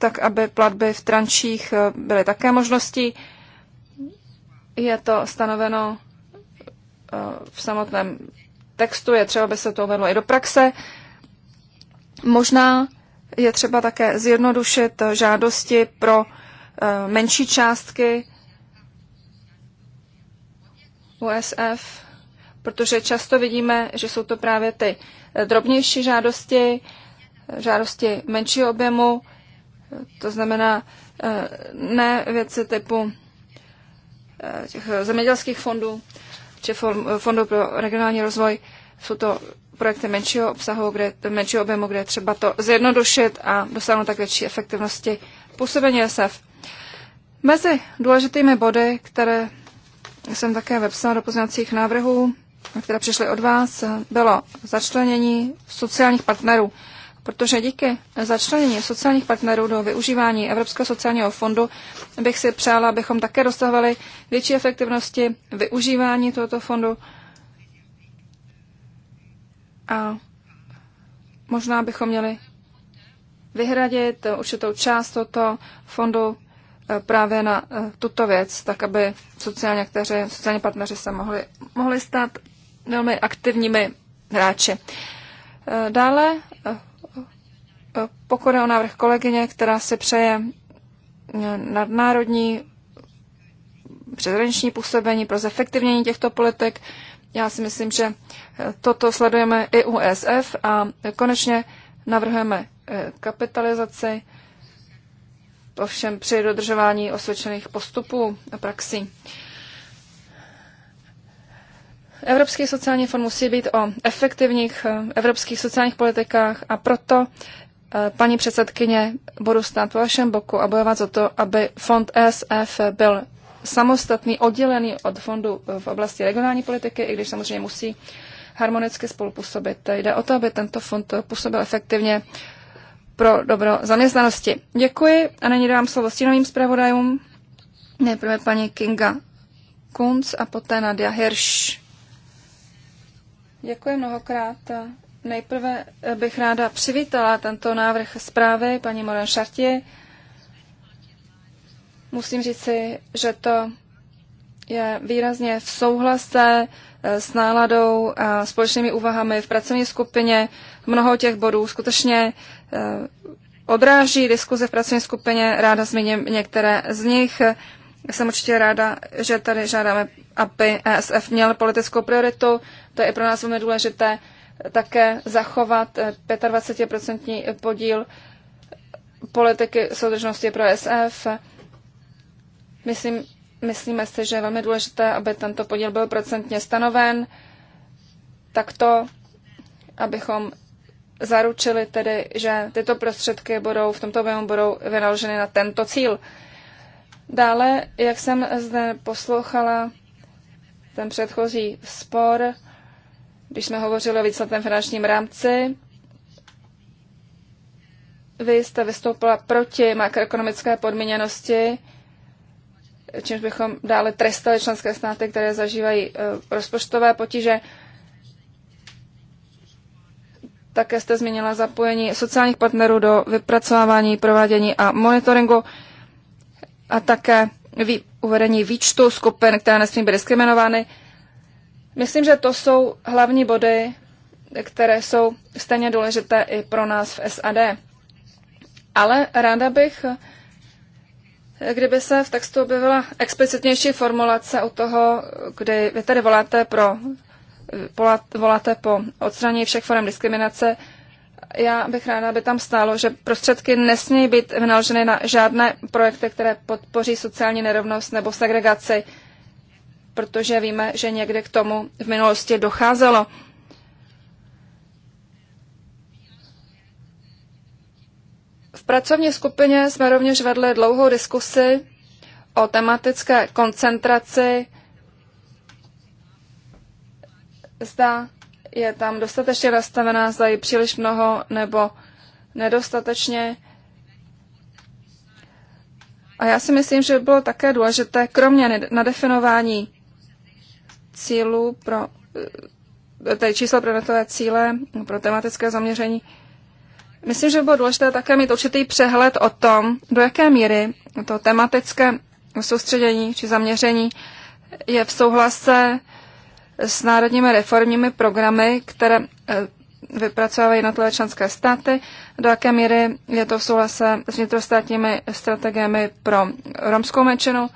tak aby platby v trančích eh, byly také možností. Je to stanoveno eh, v samotném textu, je třeba, aby se to uvedlo i do praxe. Možná je třeba také zjednodušit žádosti pro eh, menší částky USF, protože často vidíme, že jsou to právě ty drobnější žádosti, žádosti menšího objemu, to znamená eh, ne věci typu eh, těch zemědělských fondů či fondů pro regionální rozvoj. Jsou to projekty menšího obsahu, kde, menšího objemu, kde je třeba to zjednodušit a dosáhnout tak větší efektivnosti působení SF. Mezi důležitými body, které jsem také vepsala do pozměňovacích návrhů, které přišly od vás, bylo začlenění sociálních partnerů protože díky začlenění sociálních partnerů do využívání Evropského sociálního fondu bych si přála, abychom také dosahovali větší efektivnosti využívání tohoto fondu a možná bychom měli vyhradit určitou část tohoto fondu eh, právě na eh, tuto věc, tak aby sociální kteři, sociální partneři se mohli, mohli stát velmi aktivními hráči. Eh, dále pokud je o návrh kolegyně, která si přeje eh, nadnárodní přezraniční působení pro zefektivnění těchto politik, já si myslím, že eh, toto sledujeme i u ESF a konečně navrhujeme eh, kapitalizaci, ovšem při dodržování osvědčených postupů a praxí. Evropský sociální fond musí být o efektivních evropských sociálních politikách a proto paní předsedkyně, budu stát po vašem boku a bojovat za to, aby fond ESF byl samostatný, oddělený od fondu v oblasti regionální politiky, i když samozřejmě musí harmonicky spolupůsobit. Jde o to, aby tento fond působil efektivně pro dobro zaměstnanosti. Děkuji a nyní dávám slovo stínovým zpravodajům. Nejprve paní Kinga Kunc a poté Nadia Hirsch. Děkuji mnohokrát Nejprve bych ráda přivítala tento návrh zprávy paní Moran Šartě. Musím říci, že to je výrazně v souhlase eh, s náladou a společnými úvahami v pracovní skupině. Mnoho těch bodů skutečně eh, odráží diskuze v pracovní skupině. Ráda zmíním některé z nich. Jsem určitě ráda, že tady žádáme, aby ESF měl politickou prioritu. To je i pro nás velmi důležité také zachovat 25% eh, podíl politiky soudržnosti pro SF. Myslím, myslíme si, že je velmi důležité, aby tento podíl byl procentně stanoven, takto, abychom zaručili tedy, že tyto prostředky budou v tomto objemu budou vynaloženy na tento cíl. Dále, jak jsem zde poslouchala ten předchozí spor, když jsme hovořili o víceletém finančním rámci, vy jste vystoupila proti makroekonomické podmíněnosti, čímž bychom dále trestali členské státy, které zažívají eh, rozpočtové potíže. Také jste zmínila zapojení sociálních partnerů do vypracovávání, provádění a monitoringu a také uvedení výčtu skupin, které nesmí být diskriminovány. Myslím, že to jsou hlavní body, které jsou stejně důležité i pro nás v SAD. Ale ráda bych, kdyby se v textu objevila explicitnější formulace o toho, kdy vy tady voláte, pro, voláte po odstranění všech forem diskriminace, já bych ráda, aby tam stálo, že prostředky nesmí být vynaloženy na žádné projekty, které podpoří sociální nerovnost nebo segregaci protože víme, že někde k tomu v minulosti docházelo. V pracovní skupině jsme rovněž vedli dlouhou diskusi o tematické koncentraci. Zda je tam dostatečně nastavená, zda je příliš mnoho nebo nedostatečně. A já si myslím, že by bylo také důležité, kromě nadefinování cílu pro eh, tedy číslo pro jednotlivé cíle, pro tematické zaměření. Myslím, že by bylo důležité také mít určitý přehled o tom, do jaké míry to tematické soustředění či zaměření je v souhlase s národními reformními programy, které eh, vypracovávají jednotlivé členské státy, do jaké míry je to v souhlase s vnitrostátními strategiemi pro romskou menšinu,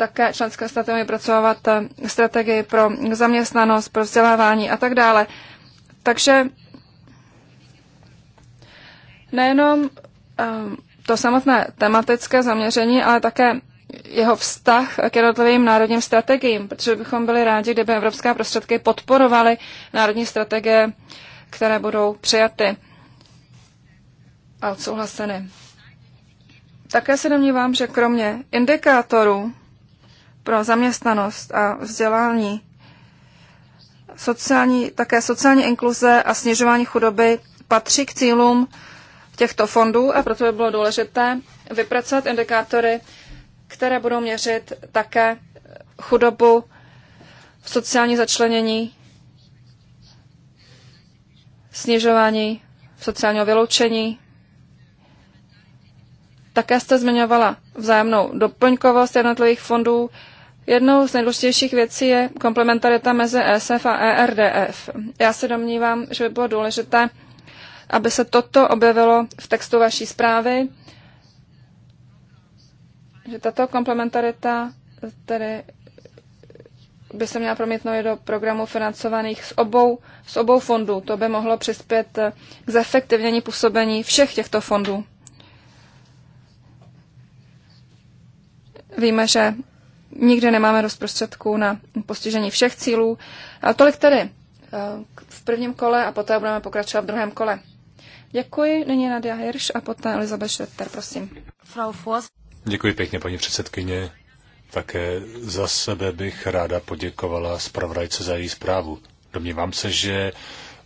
také členské státy mají pracovat eh, strategii pro zaměstnanost, pro vzdělávání a tak dále. Takže nejenom eh, to samotné tematické zaměření, ale také jeho vztah k jednotlivým národním strategiím, protože bychom byli rádi, kdyby evropské prostředky podporovaly národní strategie, které budou přijaty a odsouhlaseny. Také se domnívám, že kromě indikátorů pro zaměstnanost a vzdělání, sociální, také sociální inkluze a snižování chudoby patří k cílům těchto fondů a proto by bylo důležité vypracovat indikátory, které budou měřit také chudobu, sociální začlenění, snižování sociálního vyloučení. Také jste zmiňovala vzájemnou doplňkovost jednotlivých fondů, Jednou z nejdůležitějších věcí je komplementarita mezi ESF a ERDF. Já se domnívám, že by bylo důležité, aby se toto objevilo v textu vaší zprávy, že tato komplementarita tedy by se měla promítnout do programů financovaných s obou, s obou fondů. To by mohlo přispět k zefektivnění působení všech těchto fondů. Víme, že Nikde nemáme dost prostředků na postižení všech cílů. A tolik tedy eh, v prvním kole a poté budeme pokračovat v druhém kole. Děkuji, nyní Nadia Hirsch a poté Elizabeth Schroeder, prosím. Frau Voss. Děkuji pěkně, paní předsedkyně. Také za sebe bych ráda poděkovala zpravodajce za její zprávu. Domnívám se, že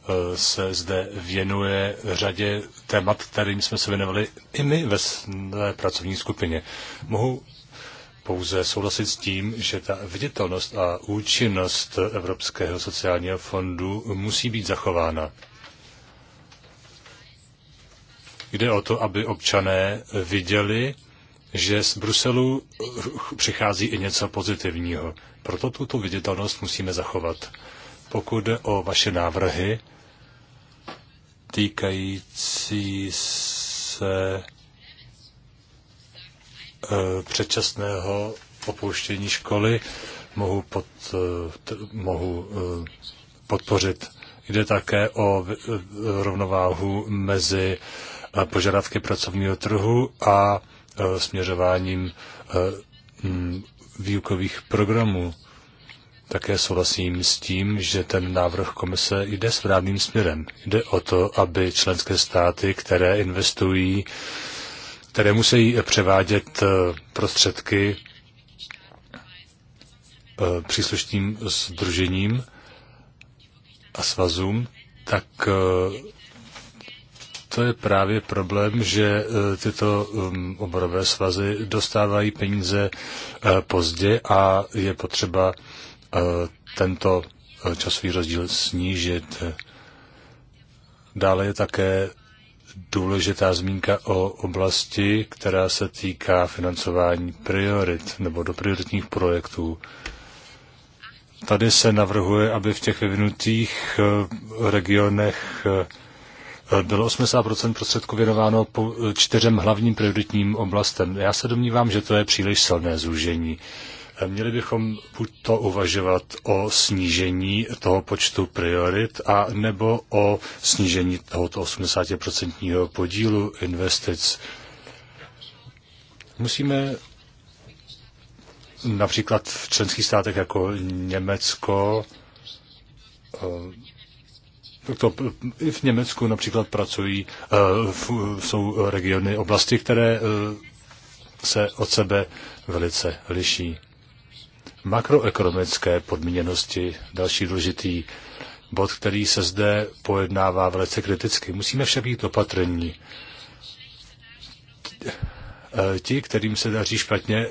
eh, se zde věnuje řadě témat, kterým jsme se věnovali i my ve své pracovní skupině. Mohu pouze souhlasit s tím, že ta viditelnost a účinnost Evropského sociálního fondu musí být zachována. Jde o to, aby občané viděli, že z Bruselu přichází i něco pozitivního. Proto tuto viditelnost musíme zachovat. Pokud jde o vaše návrhy týkající se Eh, předčasného opouštění školy mohu, pod, eh, mohu eh, podpořit. Jde také o rovnováhu mezi požadavky pracovního trhu a směřováním mm, výukových programů. Také souhlasím s tím, že ten návrh komise jde správným směrem. Jde o to, aby členské státy, které investují které musí převádět eh, prostředky eh, příslušným združením a svazům, tak eh, to je právě problém, že tyto hm, oborové svazy dostávají peníze pozdě a je potřeba tento časový rozdíl snížit. Dále je také důležitá zmínka o oblasti, která se týká financování priorit nebo do prioritních projektů. Tady se navrhuje, aby v těch vyvinutých eh, regionech eh, bylo 80% prostředků věnováno po eh, čtyřem hlavním prioritním oblastem. Já se domnívám, že to je příliš silné zúžení. Měli bychom buď to uvažovat o snížení toho počtu priorit a nebo o snížení tohoto 80% podílu investic. Musíme například v členských státech jako Německo eh, to, I v Německu například pracují, eh, jsou regiony, oblasti, které eh, se od sebe velice liší makroekonomické podmíněnosti, další důležitý bod, který se zde pojednává velice kriticky. Musíme však být opatrní. Ti, kterým se daří špatně,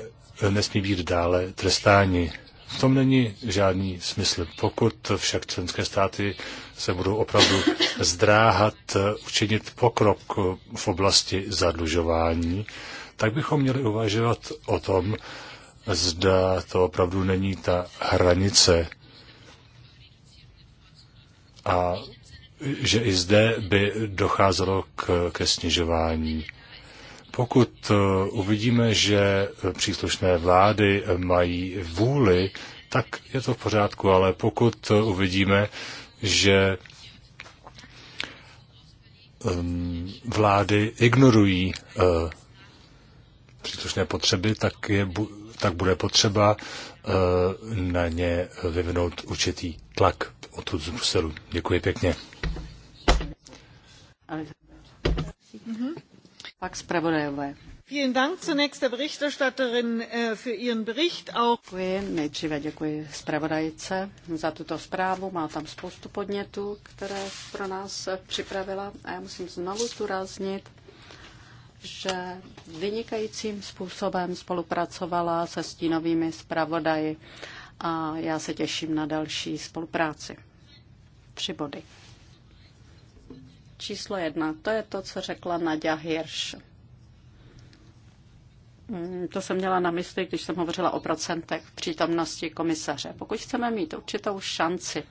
nesmí být dále trestáni. V tom není žádný smysl. Pokud však členské státy se budou opravdu zdráhat učinit pokrok v oblasti zadlužování, tak bychom měli uvažovat o tom, zda to opravdu není ta hranice a že i zde by docházelo k, ke snižování. Pokud eh, uvidíme, že příslušné vlády mají vůli, tak je to v pořádku, ale pokud eh, uvidíme, že ehm, vlády ignorují eh, příslušné potřeby, tak je tak bude potřeba uh, na ně vyvinout určitý tlak odtud z Bruselu. Děkuji pěkně. Mhm. Pak zpravodajové. Vielen Dank zunächst der Berichterstatterin äh, für ihren Bericht. Auch děkuji, nejdříve děkuji zpravodajce za tuto zprávu. Má tam spoustu podnětů, které pro nás připravila a já musím znovu zdůraznit, že vynikajícím způsobem spolupracovala se stínovými zpravodaji a já se těším na další spolupráci. Tři body. Číslo jedna, to je to, co řekla Nadia Hirsch. Mm, to jsem měla na mysli, když jsem hovořila o procentech v přítomnosti komisaře. Pokud chceme mít určitou šanci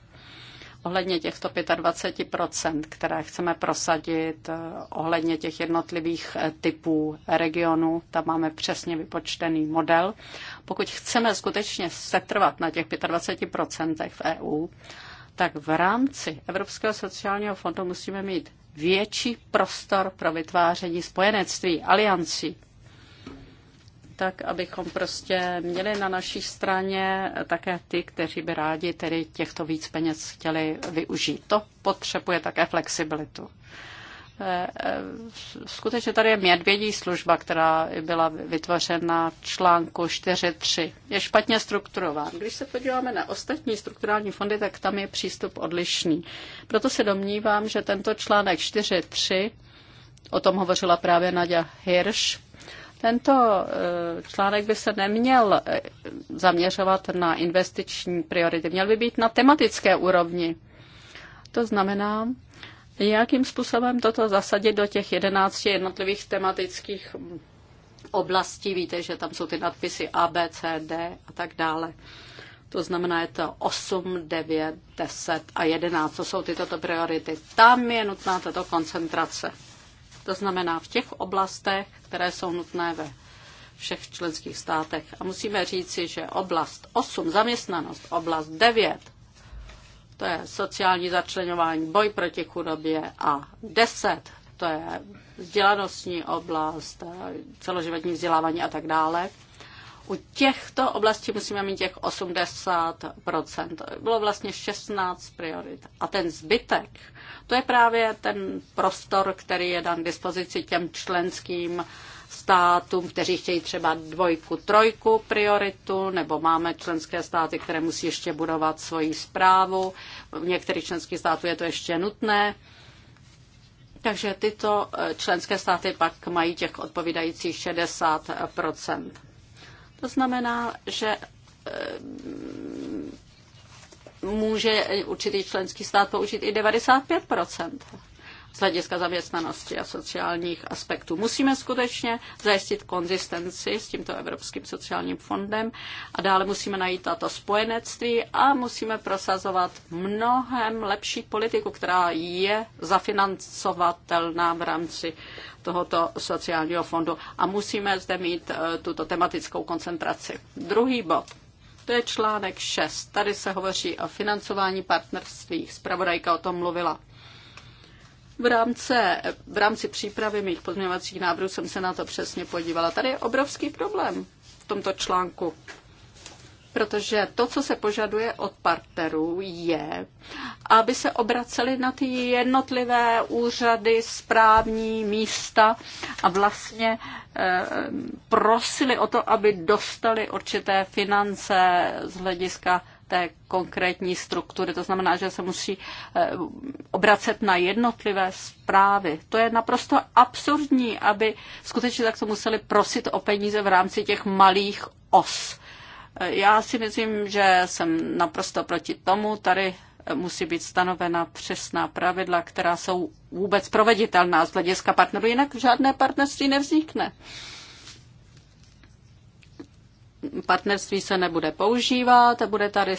ohledně těchto 25 které chceme prosadit, eh, ohledně těch jednotlivých eh, typů regionu, tam máme přesně vypočtený model. Pokud chceme skutečně setrvat na těch 25 v EU, tak v rámci Evropského sociálního fondu musíme mít větší prostor pro vytváření spojenectví, aliancí tak abychom prostě měli na naší straně také ty, kteří by rádi tedy těchto víc peněz chtěli využít. To potřebuje také flexibilitu. Eh, eh, skutečně tady je medvědí služba, která byla vytvořena v článku 4.3. Je špatně strukturován. Když se podíváme na ostatní strukturální fondy, tak tam je přístup odlišný. Proto se domnívám, že tento článek 4.3, o tom hovořila právě Nadia Hirsch, tento eh, článek by se neměl eh, zaměřovat na investiční priority, měl by být na tematické úrovni. To znamená, jakým způsobem toto zasadit do těch jedenácti jednotlivých tematických oblastí. Víte, že tam jsou ty nadpisy A, B, C, D a tak dále. To znamená, je to 8, 9, 10 a 11. To jsou tyto priority. Tam je nutná tato koncentrace. To znamená v těch oblastech, které jsou nutné ve všech členských státech. A musíme říci, že oblast 8, zaměstnanost, oblast 9, to je sociální začlenování, boj proti chudobě a 10, to je vzdělanostní oblast, celoživotní vzdělávání a tak dále. U těchto oblastí musíme mít těch 80%. Bylo vlastně 16 priorit. A ten zbytek, to je právě ten prostor, který je dan dispozici těm členským státům, kteří chtějí třeba dvojku, trojku prioritu, nebo máme členské státy, které musí ještě budovat svoji zprávu. V některých členských států je to ještě nutné. Takže tyto eh, členské státy pak mají těch odpovídajících 60 To znamená, že eh, může určitý členský stát použít i 95 z hlediska zaměstnanosti a sociálních aspektů. Musíme skutečně zajistit konzistenci s tímto Evropským sociálním fondem a dále musíme najít tato spojenectví a musíme prosazovat mnohem lepší politiku, která je zafinancovatelná v rámci tohoto sociálního fondu a musíme zde mít eh, tuto tematickou koncentraci. Druhý bod to je článek 6. Tady se hovoří o financování partnerství. Spravodajka o tom mluvila. V rámci, v rámci přípravy mých pozměňovacích návrhů jsem se na to přesně podívala. Tady je obrovský problém v tomto článku protože to, co se požaduje od partnerů, je, aby se obraceli na ty jednotlivé úřady, správní místa a vlastně eh, prosili o to, aby dostali určité finance z hlediska té konkrétní struktury. To znamená, že se musí eh, obracet na jednotlivé zprávy. To je naprosto absurdní, aby skutečně takto museli prosit o peníze v rámci těch malých os. Já si myslím, že jsem naprosto proti tomu. Tady musí být stanovena přesná pravidla, která jsou vůbec proveditelná z hlediska partnerů, jinak žádné partnerství nevznikne. Partnerství se nebude používat, bude tady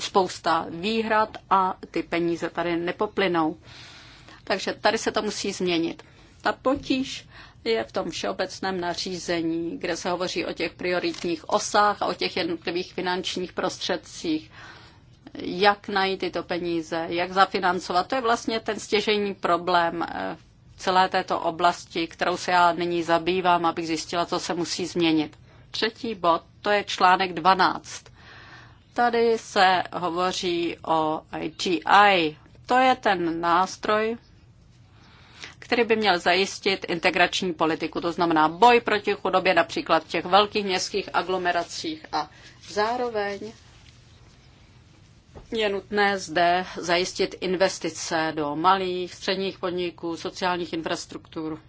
spousta výhrad a ty peníze tady nepoplynou. Takže tady se to musí změnit. Ta potíž je v tom všeobecném nařízení, kde se hovoří o těch prioritních osách a o těch jednotlivých finančních prostředcích. Jak najít tyto peníze, jak zafinancovat, to je vlastně ten stěžení problém eh, v celé této oblasti, kterou se já nyní zabývám, abych zjistila, co se musí změnit. Třetí bod, to je článek 12. Tady se hovoří o IGI. To je ten nástroj, který by měl zajistit integrační politiku, to znamená boj proti chudobě například v těch velkých městských aglomeracích a zároveň je nutné zde zajistit investice do malých, středních podniků, sociálních infrastruktur,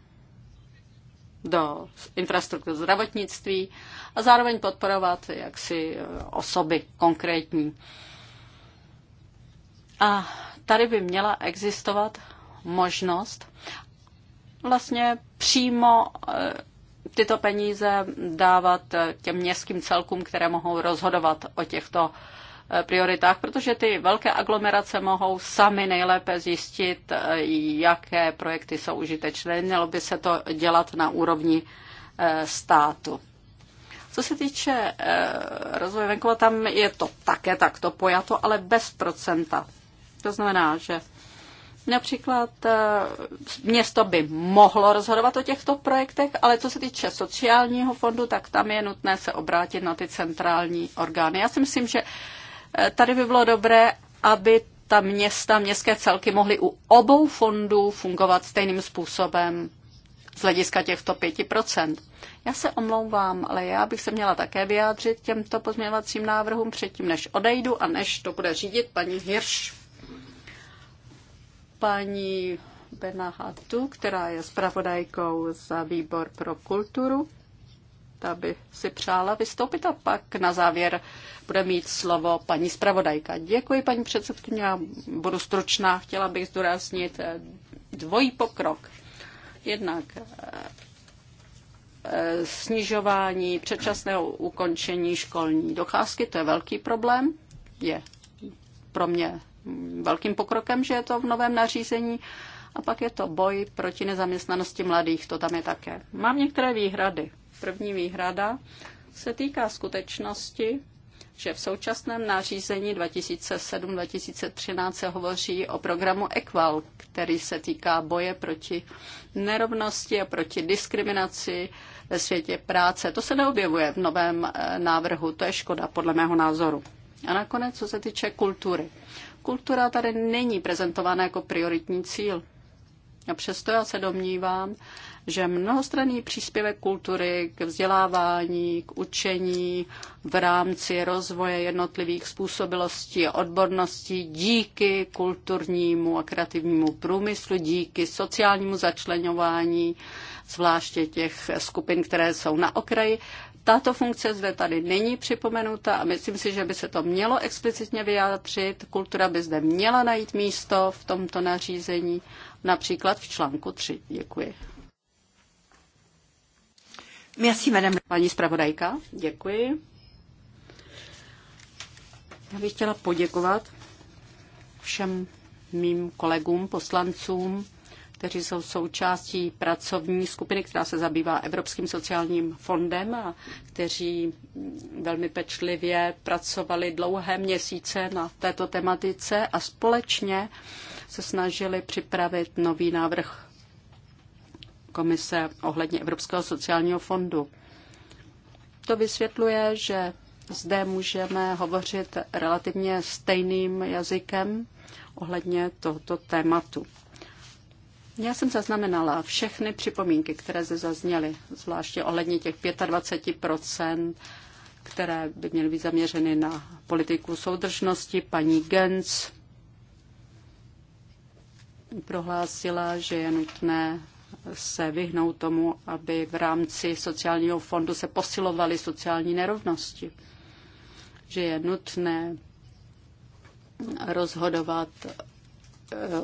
do infrastruktur zdravotnictví a zároveň podporovat jaksi eh, osoby konkrétní. A tady by měla existovat možnost, vlastně přímo eh, tyto peníze dávat eh, těm městským celkům, které mohou rozhodovat o těchto eh, prioritách, protože ty velké aglomerace mohou sami nejlépe zjistit, jaké projekty jsou užitečné. Mělo by se to dělat na úrovni státu. Co se týče rozvoje venkova, tam je to také takto pojato, ale bez procenta. To znamená, že Například eh, město by mohlo rozhodovat o těchto projektech, ale co se týče sociálního fondu, tak tam je nutné se obrátit na ty centrální orgány. Já si myslím, že eh, tady by bylo dobré, aby ta města, městské celky mohly u obou fondů fungovat stejným způsobem z hlediska těchto 5%. Já se omlouvám, ale já bych se měla také vyjádřit těmto pozměňovacím návrhům předtím, než odejdu a než to bude řídit paní Hirš paní Bena Hatu, která je zpravodajkou za výbor pro kulturu. Ta by si přála vystoupit a pak na závěr bude mít slovo paní zpravodajka. Děkuji, paní předsedkyně, já budu stručná. Chtěla bych zdůraznit dvojí pokrok. Jednak eh, eh, snižování předčasného ukončení školní docházky, to je velký problém, je pro mě velkým pokrokem, že je to v novém nařízení. A pak je to boj proti nezaměstnanosti mladých, to tam je také. Mám některé výhrady. První výhrada se týká skutečnosti, že v současném nařízení 2007-2013 se hovoří o programu EQUAL, který se týká boje proti nerovnosti a proti diskriminaci ve světě práce. To se neobjevuje v novém eh, návrhu, to je škoda podle mého názoru. A nakonec, co se týče kultury. Kultura tady není prezentována jako prioritní cíl. A přesto já se domnívám, že mnohostranný příspěvek kultury k vzdělávání, k učení v rámci rozvoje jednotlivých způsobilostí a odborností díky kulturnímu a kreativnímu průmyslu, díky sociálnímu začlenování, zvláště těch skupin, které jsou na okraji, tato funkce zde tady není připomenuta a myslím si, že by se to mělo explicitně vyjádřit. Kultura by zde měla najít místo v tomto nařízení, například v článku 3. Děkuji. Merci, madame. Paní zpravodajka, děkuji. Já bych chtěla poděkovat všem mým kolegům, poslancům kteří jsou součástí pracovní skupiny, která se zabývá Evropským sociálním fondem a kteří velmi pečlivě pracovali dlouhé měsíce na této tematice a společně se snažili připravit nový návrh komise ohledně Evropského sociálního fondu. To vysvětluje, že zde můžeme hovořit relativně stejným jazykem ohledně tohoto tématu. Já jsem zaznamenala všechny připomínky, které se zazněly, zvláště ohledně těch 25 které by měly být zaměřeny na politiku soudržnosti. Paní Gens prohlásila, že je nutné se vyhnout tomu, aby v rámci sociálního fondu se posilovaly sociální nerovnosti. Že je nutné rozhodovat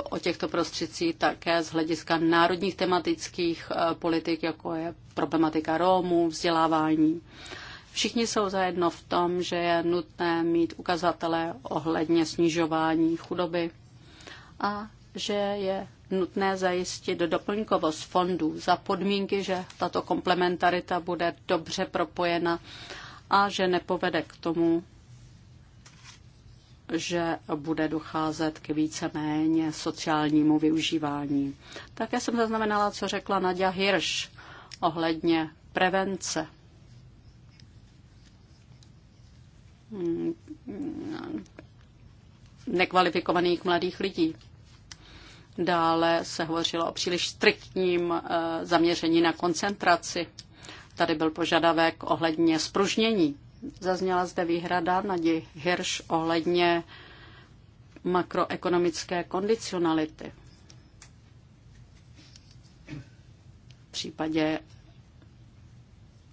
o těchto prostředcích také z hlediska národních tematických eh, politik, jako je problematika Rómů, vzdělávání. Všichni jsou zajedno v tom, že je nutné mít ukazatele ohledně snižování chudoby a že je nutné zajistit doplňkovost fondů za podmínky, že tato komplementarita bude dobře propojena a že nepovede k tomu, že bude docházet k víceméně sociálnímu využívání. Také jsem zaznamenala, co řekla Nadia Hirsch ohledně prevence. Hmm. nekvalifikovaných mladých lidí. Dále se hovořilo o příliš striktním eh, zaměření na koncentraci. Tady byl požadavek ohledně spružnění Zazněla zde výhrada Nadi Hirš ohledně makroekonomické kondicionality. V případě,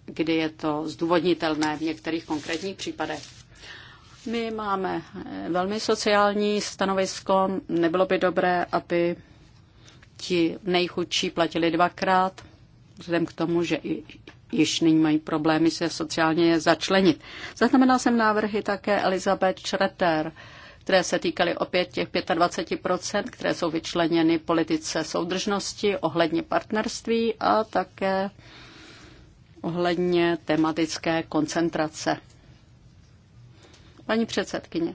kdy je to zdůvodnitelné v některých konkrétních případech. My máme eh, velmi sociální stanovisko. Nebylo by dobré, aby ti nejchudší platili dvakrát, vzhledem k tomu, že i již nyní mají problémy se sociálně začlenit. Zaznamenal jsem návrhy také Elizabeth Schroeder, které se týkaly opět těch 25%, které jsou vyčleněny politice soudržnosti ohledně partnerství a také ohledně tematické koncentrace. Paní předsedkyně,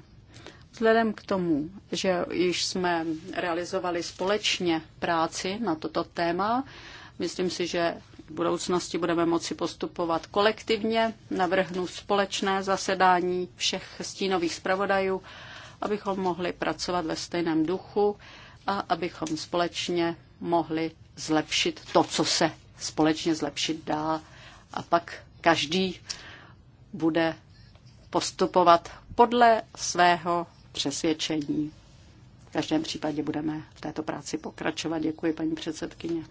vzhledem k tomu, že již jsme realizovali společně práci na toto téma, myslím si, že v budoucnosti budeme moci postupovat kolektivně. Navrhnu společné zasedání všech stínových zpravodajů, abychom mohli pracovat ve stejném duchu a abychom společně mohli zlepšit to, co se společně zlepšit dá. A pak každý bude postupovat podle svého přesvědčení. V každém případě budeme v této práci pokračovat. Děkuji, paní předsedkyně.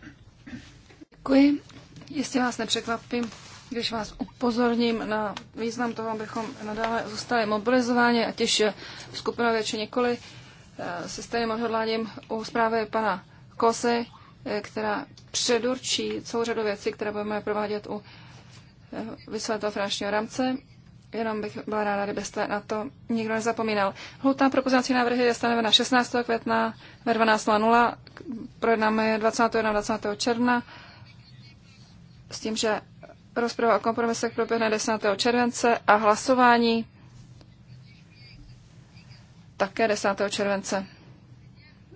Děkuji. Jestli vás nepřekvapím, když vás upozorním na význam toho, abychom nadále zůstali mobilizováni, ať už skupina či nikoli, eh, se stejným odhodláním u zprávy pana Kosy, eh, která předurčí celou řadu věcí, které budeme provádět u eh, vysvětla finančního rámce. Jenom bych byla ráda, kdybyste na to nikdo nezapomínal. Hlutá pro návrhy je stanovena 16. května ve 12.00. Projednáme je 21. 20. června s tím, že rozprava o kompromisech proběhne 10. července a hlasování také 10. července.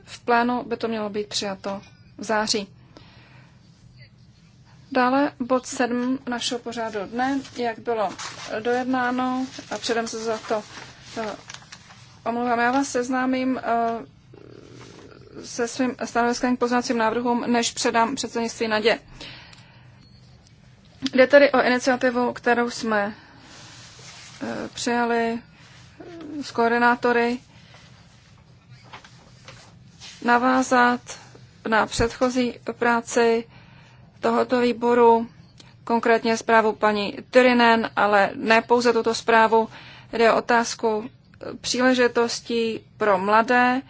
V plénu by to mělo být přijato v září. Dále bod 7 našeho pořádu dne, jak bylo dojednáno a předem se za to eh, omluvám. Já vás seznámím eh, se svým stanoviskem k poznacím návrhům, než předám předsednictví Nadě. Jde tady o iniciativu, kterou jsme e, přijali e, s koordinátory navázat na předchozí práci tohoto výboru, konkrétně zprávu paní Tyrinen, ale ne pouze tuto zprávu, jde o otázku e, příležitostí pro mladé,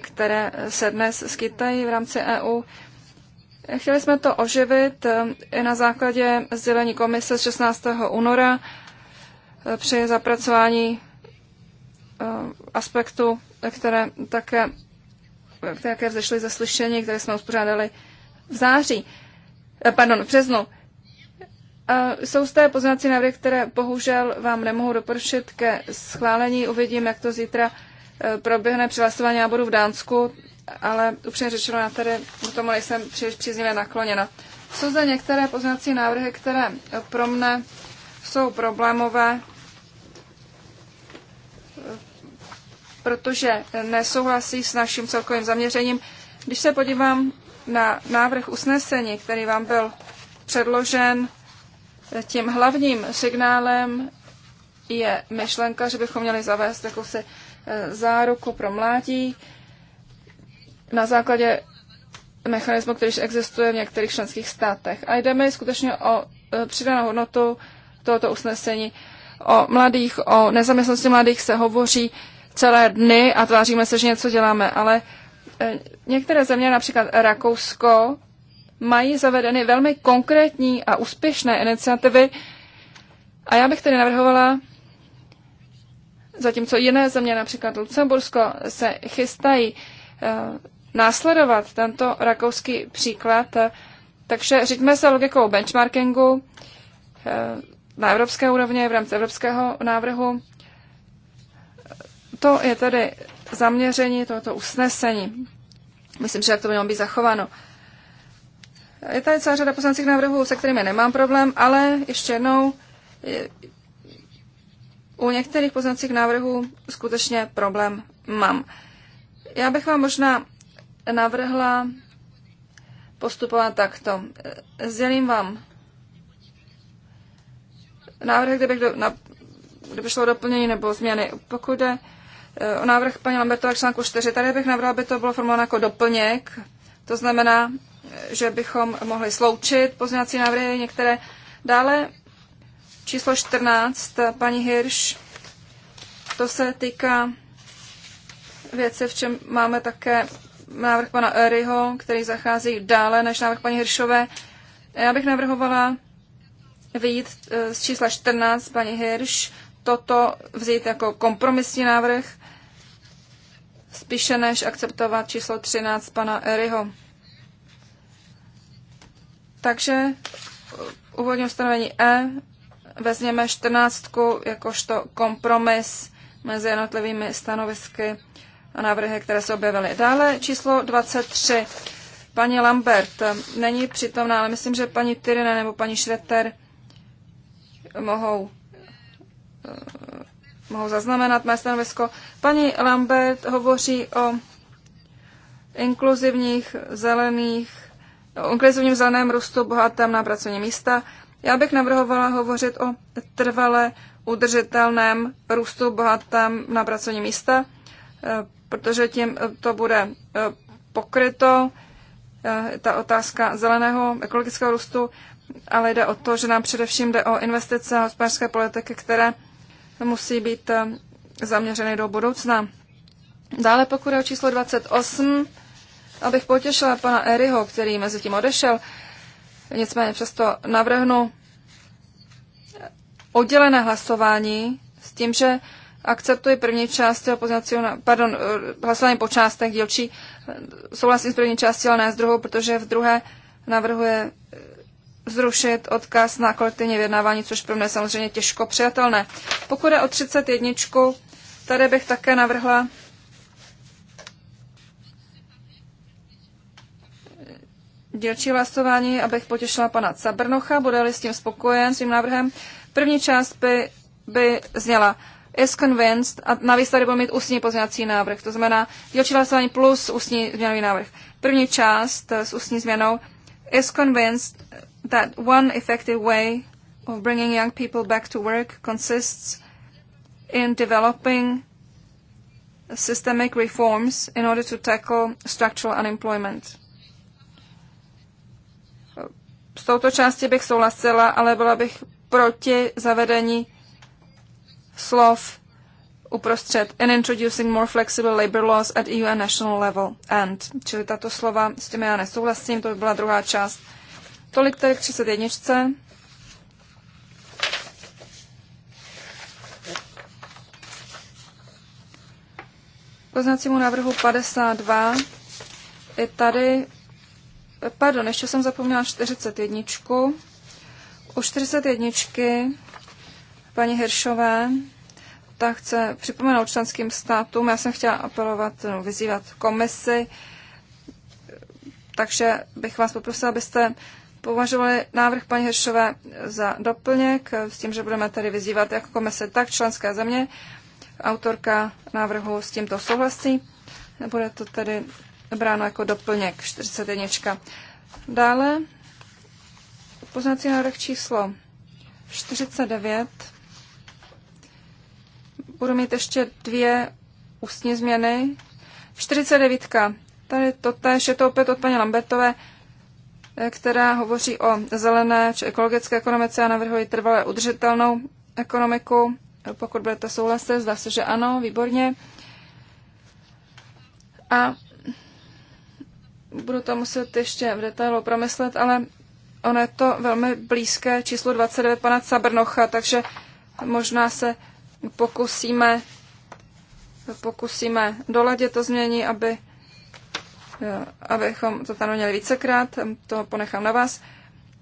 které se dnes skytají v rámci EU. Chtěli jsme to oživit eh, i na základě sdělení komise z 16. února eh, při zapracování eh, aspektu, které také které vzešly ze slyšení, které jsme uspořádali v září, pardon, v březnu. Jsou té poznací návrhy, které bohužel vám nemohu doporučit ke schválení. Uvidím, jak to zítra proběhne při hlasování náboru v Dánsku ale upřímně řečeno, já tady k tomu nejsem příliš příznivě nakloněna. Jsou zde některé pozměňovací návrhy, které pro mne jsou problémové, protože nesouhlasí s naším celkovým zaměřením. Když se podívám na návrh usnesení, který vám byl předložen, tím hlavním signálem je myšlenka, že bychom měli zavést jakousi e, záruku pro mládí, na základě mechanismu, který existuje v některých členských státech. A jdeme skutečně o e, přidanou hodnotu tohoto usnesení. O mladých, o nezaměstnosti mladých se hovoří celé dny a tváříme se, že něco děláme, ale e, některé země, například Rakousko, mají zavedeny velmi konkrétní a úspěšné iniciativy a já bych tedy navrhovala, zatímco jiné země, například Lucembursko, se chystají e, následovat tento rakouský příklad. Takže řiďme se logikou benchmarkingu eh, na evropské úrovni v rámci evropského návrhu. To je tedy zaměření tohoto usnesení. Myslím, že jak to mělo být zachováno. Je tady celá řada poslancích návrhů, se kterými nemám problém, ale ještě jednou u některých poslancích návrhů skutečně problém mám. Já bych vám možná navrhla postupovat takto. Sdělím vám návrh, kde, bych do, na, kde by šlo doplnění nebo změny. Pokud jde eh, o návrh paní Lambertova článku 4, tady bych navrhla, aby to bylo formulováno jako doplněk. To znamená, eh, že bychom mohli sloučit pozměňovací návrhy některé. Dále číslo 14, paní Hirš, to se týká věci, v čem máme také návrh pana Eryho, který zachází dále než návrh paní Hiršové. Já bych navrhovala vyjít e, z čísla 14 paní Hirš, toto vzít jako kompromisní návrh, spíše než akceptovat číslo 13 pana Eryho. Takže úvodní ustanovení E vezměme 14 jakožto kompromis mezi jednotlivými stanovisky a návrhy, které se objevily. Dále číslo 23. Paní Lambert není přítomná, ale myslím, že paní Tyrina nebo paní Šreter mohou, eh, mohou zaznamenat mé stanovisko. Paní Lambert hovoří o inkluzivních zelených, o inkluzivním zeleném růstu bohatém na pracovní místa. Já bych navrhovala hovořit o trvale udržitelném růstu bohatém na pracovní místa eh, protože tím eh, to bude eh, pokryto, eh, ta otázka zeleného ekologického růstu, ale jde o to, že nám především jde o investice a hospodářské politiky, které musí být zaměřeny do budoucna. Dále pokud je o číslo 28, abych potěšila pana Eryho, který mezi tím odešel, nicméně přesto navrhnu oddělené hlasování s tím, že akceptuji první část toho poznacího, pardon, eh, hlasování po částech dílčí. Souhlasím s první částí, ale ne s druhou, protože v druhé navrhuje eh, zrušit odkaz na kolektivní vyjednávání, což pro mě je samozřejmě těžko přijatelné. Pokud je o 31, tady bych také navrhla eh, dělčí hlasování, abych potěšila pana Cabrnocha, bude-li s tím spokojen, svým návrhem. První část by, by zněla is convinced, a navíc tady budeme mít ústní pozměňovací návrh, to znamená dělčí hlasování plus ústní změnový návrh. První část eh, s ústní změnou is convinced that one effective way of bringing young people back to work consists in developing systemic reforms in order to tackle structural unemployment. Eh, s touto části bych souhlasila, ale byla bych proti zavedení slov uprostřed and introducing more flexible labor laws at EU and national level and. Čili tato slova, s těmi já nesouhlasím, to by byla druhá část. Tolik tedy k 31. Poznacímu návrhu 52 je tady, pardon, ještě jsem zapomněla 41. U 41 paní Hiršové, ta chce připomenout členským státům. Já jsem chtěla apelovat, no, vyzývat komisi, takže bych vás poprosila, abyste považovali návrh paní Hiršové za doplněk, s tím, že budeme tady vyzývat jak komise, tak členské země. Autorka návrhu s tímto souhlasí. Bude to tedy bráno jako doplněk 41. Dále poznací návrh číslo 49 budu mít ještě dvě ústní změny. 49. Tady to tež, je to opět od paní Lambertové, eh, která hovoří o zelené či ekologické ekonomice a navrhuji trvalé udržitelnou ekonomiku. Pokud budete souhlasit, zdá se, že ano, výborně. A budu to muset ještě v detailu promyslet, ale ono je to velmi blízké číslo 29 pana Cabrnocha, takže možná se pokusíme, pokusíme doladit to změní, aby, eh, abychom to tam měli vícekrát, to ponechám na vás.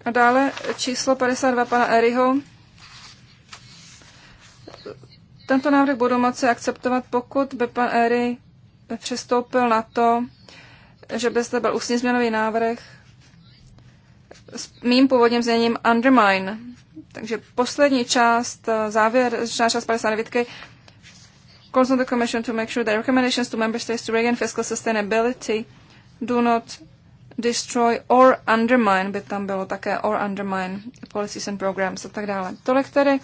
A dále číslo 52 pana Eriho. Tento návrh budu moci akceptovat, pokud by pan Eri přistoupil na to, že by zde byl ústní změnový návrh s mým původním zněním undermine. Takže poslední část, eh, závěr, závěrečná část 59. Consult the Commission to make sure that recommendations to member states to regain fiscal sustainability do not destroy or undermine, by tam bylo také or undermine policies and programs a tak dále. Tolik tedy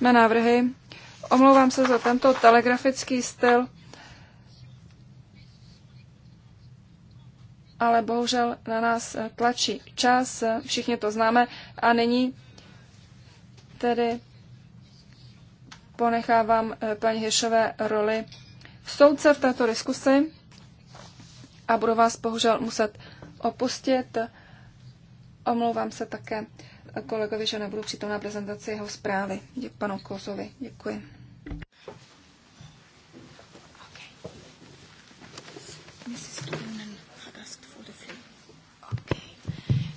mé návrhy. Omlouvám se za tento telegrafický styl, ale bohužel na nás eh, tlačí čas, eh, všichni to známe a nyní tedy ponechávám eh, paní Hešové roli v soudce v této diskusi a budu vás bohužel muset opustit. Omlouvám se také kolegovi, že nebudu přítomna prezentaci jeho zprávy. Dě, panu Kozovi. Děkuji.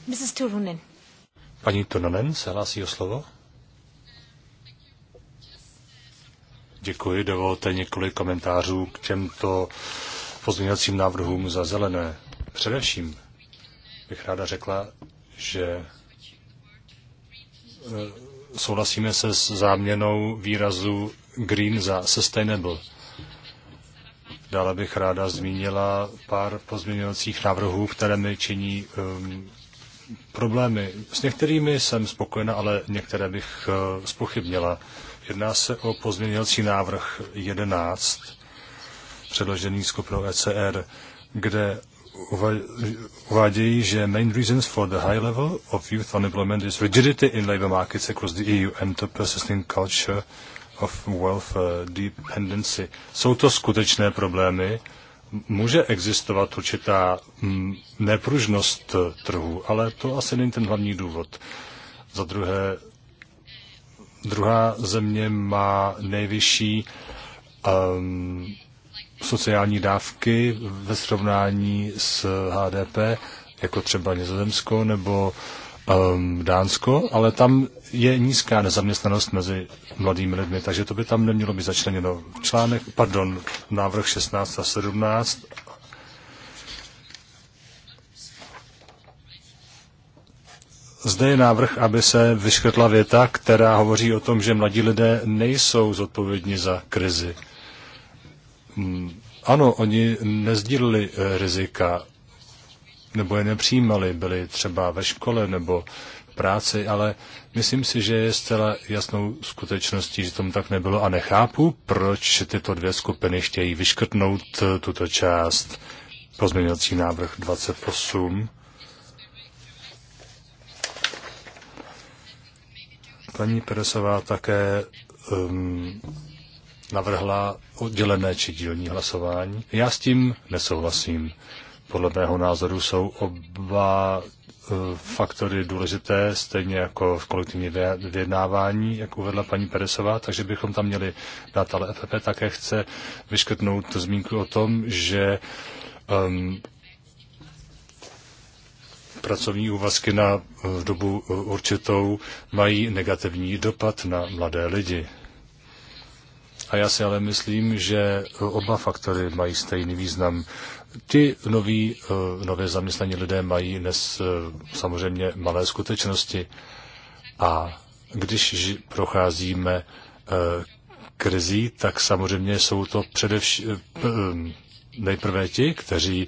Mrs. Paní Turunen se hlásí o slovo. Děkuji, dovolte několik komentářů k těmto pozměňovacím návrhům za zelené. Především bych ráda řekla, že e, souhlasíme se s záměnou výrazu green za sustainable. Dále bych ráda zmínila pár pozměňovacích návrhů, které mi činí um, problémy. S některými jsem spokojena, ale některé bych uh, spochybnila. Uh, Jedná se o pozměňovací návrh 11, předložený skupinou ECR, kde uvádějí, že main reasons for the high level of youth unemployment is rigidity in labor markets across the EU and the persisting culture of wealth dependency. Jsou to skutečné problémy. Může existovat určitá mm, nepružnost trhu, ale to asi není ten hlavní důvod. Za druhé, Druhá země má nejvyšší um, sociální dávky ve srovnání s HDP, jako třeba Nizozemsko nebo um, Dánsko, ale tam je nízká nezaměstnanost mezi mladými lidmi, takže to by tam nemělo být začleněno. Článek, pardon, návrh 16 a 17 Zde je návrh, aby se vyškrtla věta, která hovoří o tom, že mladí lidé nejsou zodpovědní za krizi. Hmm, ano, oni nezdílili eh, rizika, nebo je nepřijímali, byli třeba ve škole nebo práci, ale myslím si, že je zcela jasnou skutečností, že tomu tak nebylo a nechápu, proč tyto dvě skupiny chtějí vyškrtnout eh, tuto část. Pozměňovací návrh 28. Paní Peresová také um, navrhla oddělené či dílní hlasování. Já s tím nesouhlasím. Podle mého názoru jsou oba uh, faktory důležité, stejně jako v kolektivní vyjednávání, jak uvedla paní Peresová, takže bychom tam měli dát, ale FFP také chce vyškrtnout zmínku o tom, že um, pracovní úvazky na eh, dobu eh, určitou mají negativní dopad na mladé lidi. A já si ale myslím, že eh, oba faktory mají stejný význam. Ti noví, nově zaměstnaní lidé mají dnes samozřejmě malé skutečnosti. A když procházíme krizí, tak samozřejmě jsou to především nejprve ti, kteří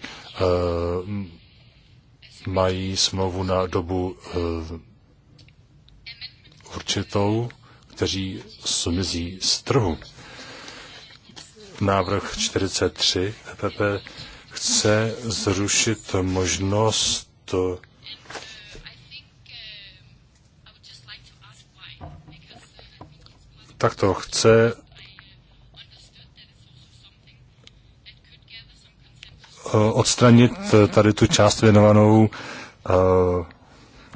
mají smlouvu na dobu eh, určitou, kteří smizí z trhu. Návrh 43 EPP chce zrušit možnost eh, takto chce Eh, odstranit eh, tady tu část věnovanou eh,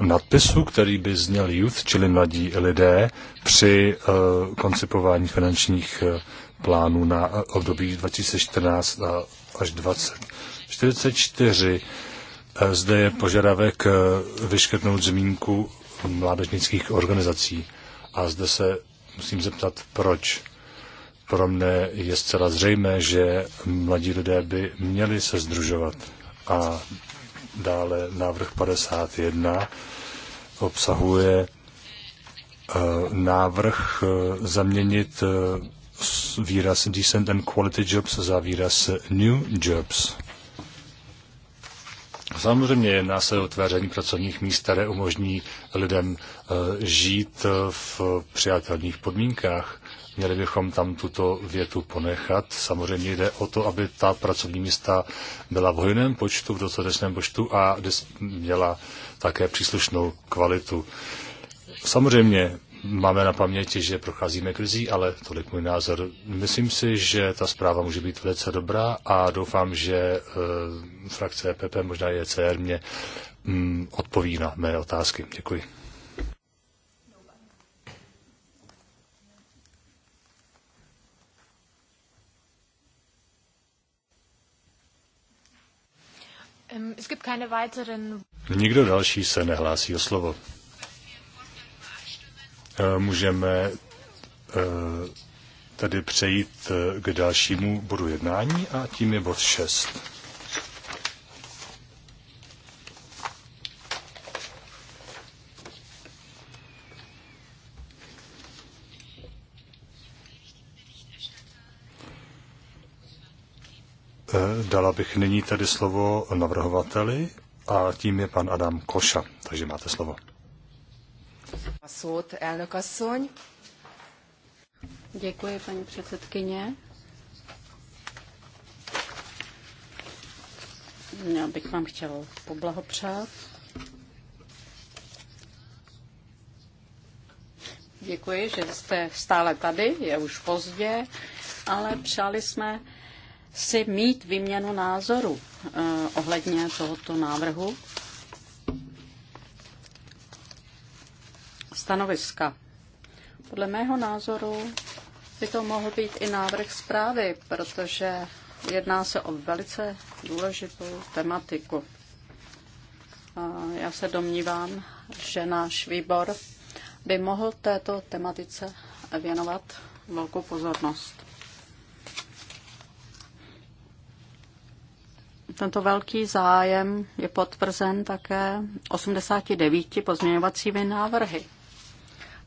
nadpisu, který by zněl youth, čili mladí lidé, při koncipování finančních plánů na období 2014 až 20. 44. Zde je požadavek vyškrtnout zmínku mládežnických organizací. A zde se musím zeptat, proč pro mne je zcela zřejmé, že mladí lidé by měli se združovat. A dále návrh 51 obsahuje eh, návrh eh, zaměnit eh, výraz decent and quality jobs za výraz new jobs. Samozřejmě jedná se o tvéření pracovních míst, které umožní lidem žít v přijatelných podmínkách. Měli bychom tam tuto větu ponechat. Samozřejmě jde o to, aby ta pracovní místa byla v hojném počtu, v dostatečném počtu a měla také příslušnou kvalitu. Samozřejmě máme na paměti, že procházíme krizí, ale tolik můj názor. Myslím si, že ta zpráva může být velice dobrá a doufám, že e, frakce PP, e možná i ECR mě m, mm, odpoví na mé otázky. Děkuji. Ähm, es gibt keine weiteren... Nikdo další se nehlásí o slovo. Äh, můžeme äh, tady přejít äh, k dalšímu bodu jednání a tím je bod 6. Eh, dala bych nyní tedy slovo navrhovateli a tím je pan Adam Koša. Takže máte slovo. Děkuji, paní předsedkyně. Já bych vám chtěl poblahopřát. Děkuji, že jste stále tady, je už pozdě, ale přáli jsme si mít výměnu názoru eh, ohledně tohoto návrhu stanoviska. Podle mého názoru by to mohl být i návrh zprávy, protože jedná se o velice důležitou tematiku. A já se domnívám, že náš výbor by mohl této tematice věnovat velkou pozornost. Tento velký zájem je potvrzen také 89 pozměňovacími návrhy.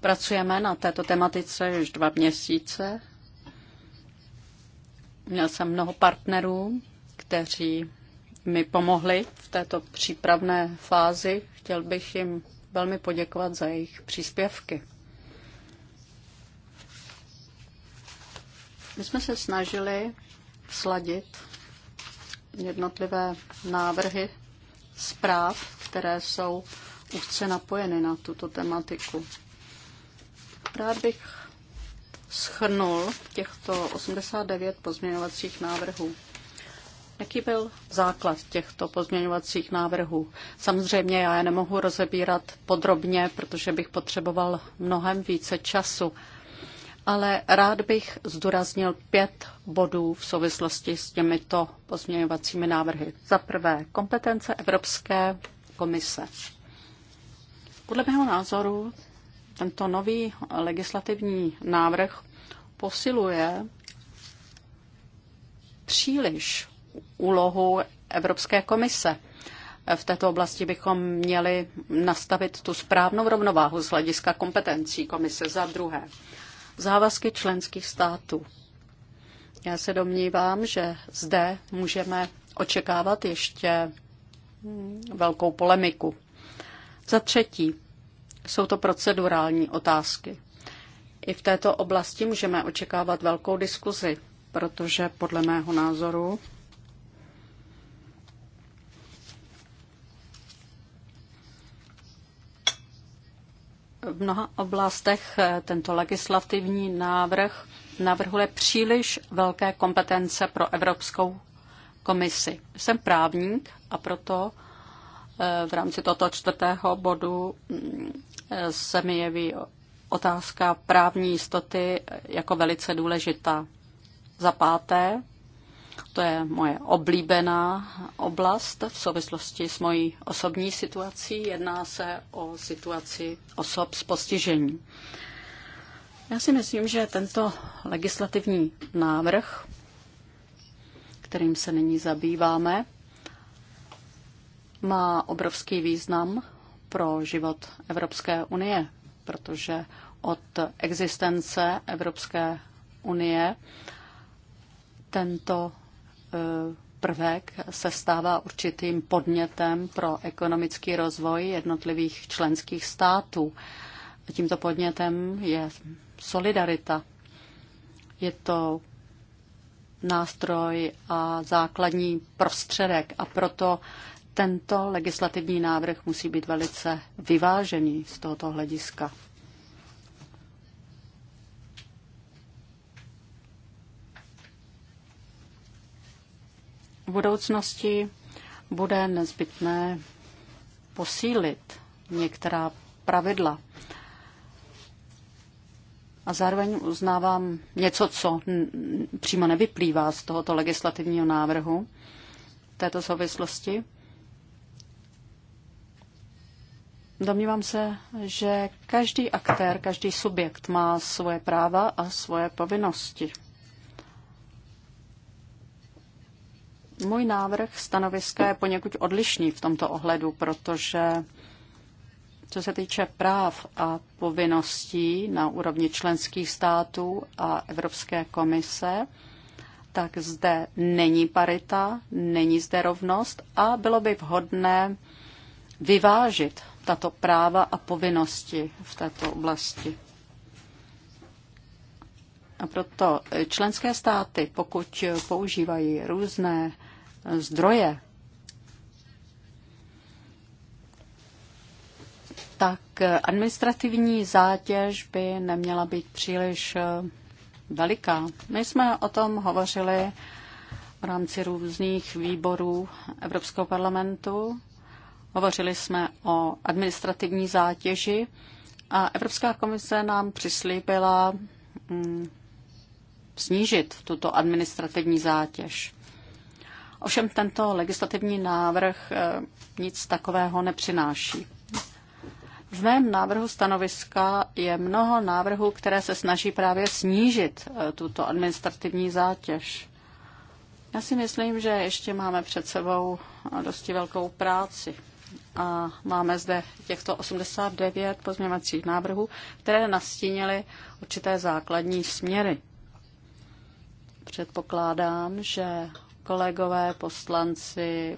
Pracujeme na této tematice už dva měsíce. Měl jsem mnoho partnerů, kteří mi pomohli v této přípravné fázi. Chtěl bych jim velmi poděkovat za jejich příspěvky. My jsme se snažili sladit jednotlivé návrhy zpráv, které jsou úzce napojeny na tuto tematiku. Rád bych schrnul těchto 89 pozměňovacích návrhů. Jaký byl základ těchto pozměňovacích návrhů? Samozřejmě já je nemohu rozebírat podrobně, protože bych potřeboval mnohem více času ale rád bych zdůraznil pět bodů v souvislosti s těmito pozměňovacími návrhy. Za prvé, kompetence Evropské komise. Podle mého názoru tento nový legislativní návrh posiluje příliš úlohu Evropské komise. V této oblasti bychom měli nastavit tu správnou rovnováhu z hlediska kompetencí komise za druhé závazky členských států. Já se domnívám, že zde můžeme očekávat ještě hm, velkou polemiku. Za třetí, jsou to procedurální otázky. I v této oblasti můžeme očekávat velkou diskuzi, protože podle mého názoru v mnoha oblastech eh, tento legislativní návrh navrhuje příliš velké kompetence pro Evropskou komisi. Jsem právník a proto eh, v rámci tohoto čtvrtého bodu mm, eh, se mi jeví otázka právní jistoty jako velice důležitá. Za páté, to je moje oblíbená oblast v souvislosti s mojí osobní situací. Jedná se o situaci osob s postižením. Já si myslím, že tento legislativní návrh, kterým se nyní zabýváme, má obrovský význam pro život Evropské unie, protože od existence Evropské unie tento prvek se stává určitým podnětem pro ekonomický rozvoj jednotlivých členských států. Tímto podnětem je solidarita. Je to nástroj a základní prostředek a proto tento legislativní návrh musí být velice vyvážený z tohoto hlediska. V budoucnosti bude nezbytné posílit některá pravidla. A zároveň uznávám něco, co přímo nevyplývá z tohoto legislativního návrhu této souvislosti. Domnívám se, že každý aktér, každý subjekt má svoje práva a svoje povinnosti. Můj návrh stanoviska je poněkud odlišný v tomto ohledu, protože co se týče práv a povinností na úrovni členských států a Evropské komise, tak zde není parita, není zde rovnost a bylo by vhodné vyvážit tato práva a povinnosti v této oblasti. A proto členské státy, pokud používají různé zdroje, tak administrativní zátěž by neměla být příliš eh, veliká. My jsme o tom hovořili v rámci různých výborů Evropského parlamentu. Hovořili jsme o administrativní zátěži a Evropská komise nám přislíbila mm, snížit tuto administrativní zátěž. Ovšem tento legislativní návrh eh, nic takového nepřináší. V mém návrhu stanoviska je mnoho návrhů, které se snaží právě snížit eh, tuto administrativní zátěž. Já si myslím, že ještě máme před sebou eh, dosti velkou práci. A máme zde těchto 89 pozměňovacích návrhů, které nastínily určité základní směry. Předpokládám, že kolegové poslanci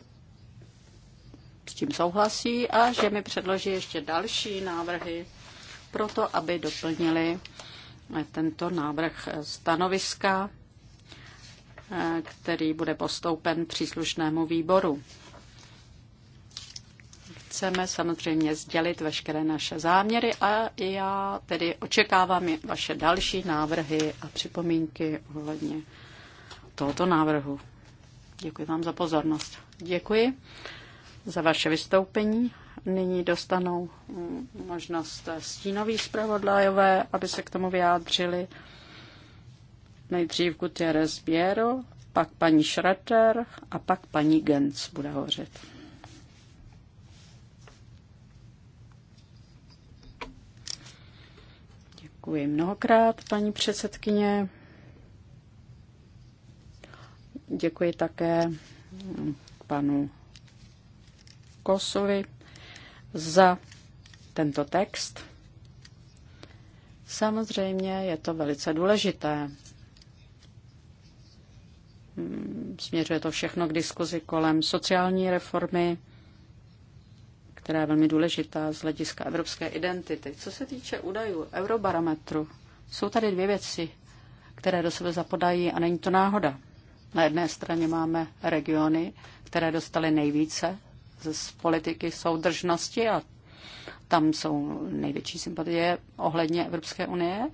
s tím souhlasí a že mi předloží ještě další návrhy pro to, aby doplnili eh, tento návrh stanoviska, eh, který bude postoupen příslušnému výboru. Chceme samozřejmě sdělit veškeré naše záměry a já tedy očekávám vaše další návrhy a připomínky ohledně tohoto návrhu. Děkuji vám za pozornost. Děkuji za vaše vystoupení. Nyní dostanou mm, možnost stínový zpravodajové, aby se k tomu vyjádřili. Nejdřív Gutierrez Biero, pak paní Schroeter a pak paní Gens bude hovořit. Děkuji mnohokrát, paní předsedkyně. Děkuji také panu Kosovi za tento text. Samozřejmě je to velice důležité. Směřuje to všechno k diskuzi kolem sociální reformy, která je velmi důležitá z hlediska evropské identity. Co se týče údajů eurobarometru, jsou tady dvě věci, které do sebe zapodají a není to náhoda. Na jedné straně máme regiony, které dostaly nejvíce z politiky soudržnosti a tam jsou největší sympatie ohledně Evropské unie.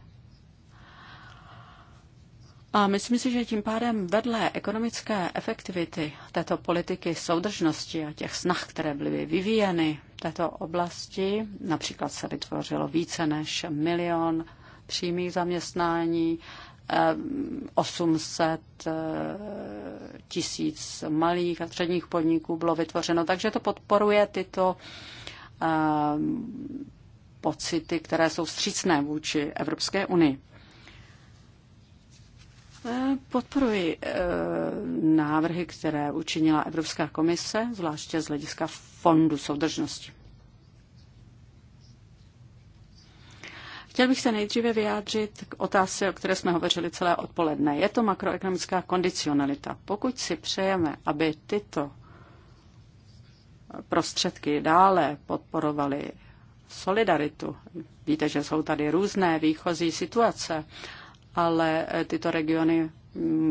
A myslím si, že tím pádem vedle ekonomické efektivity této politiky soudržnosti a těch snah, které byly vyvíjeny v této oblasti, například se vytvořilo více než milion přímých zaměstnání, 800 eh, tisíc malých a středních podniků bylo vytvořeno. Takže to podporuje tyto eh, pocity, které jsou vstřícné vůči Evropské unii. Eh, podporuji návrhy, které učinila Evropská komise, zvláště z hlediska fondu soudržnosti. Chtěl bych se nejdříve vyjádřit k otázce, o které jsme hovořili celé odpoledne. Je to makroekonomická kondicionalita. Pokud si přejeme, aby tyto prostředky dále podporovaly solidaritu, víte, že jsou tady různé výchozí situace, ale tyto regiony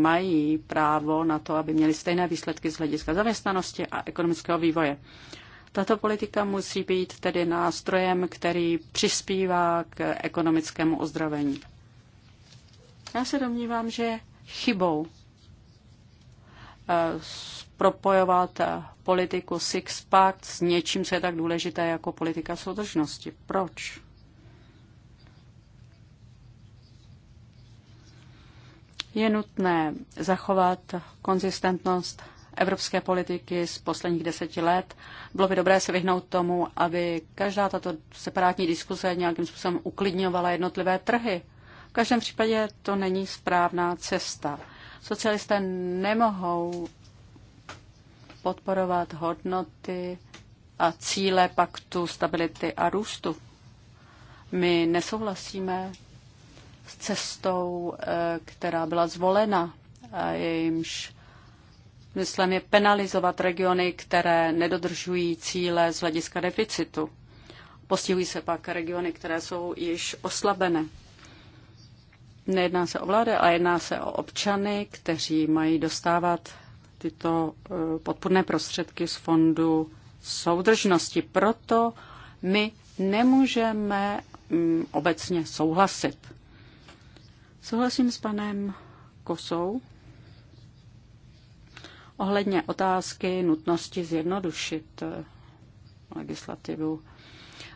mají právo na to, aby měly stejné výsledky z hlediska zaměstnanosti a ekonomického vývoje. Tato politika musí být tedy nástrojem, který přispívá k ekonomickému ozdravení. Já se domnívám, že chybou eh, propojovat eh, politiku six-pack s něčím, co je tak důležité jako politika soudržnosti. Proč? Je nutné zachovat konzistentnost evropské politiky z posledních deseti let. Bylo by dobré se vyhnout tomu, aby každá tato separátní diskuse nějakým způsobem uklidňovala jednotlivé trhy. V každém případě to není správná cesta. Socialisté nemohou podporovat hodnoty a cíle paktu stability a růstu. My nesouhlasíme s cestou, eh, která byla zvolena a jejímž Smyslem je penalizovat regiony, které nedodržují cíle z hlediska deficitu. Postihují se pak regiony, které jsou již oslabené. Nejedná se o vlády, ale jedná se o občany, kteří mají dostávat tyto eh, podpůrné prostředky z fondu soudržnosti. Proto my nemůžeme mm, obecně souhlasit. Souhlasím s panem Kosou ohledně otázky nutnosti zjednodušit eh, legislativu.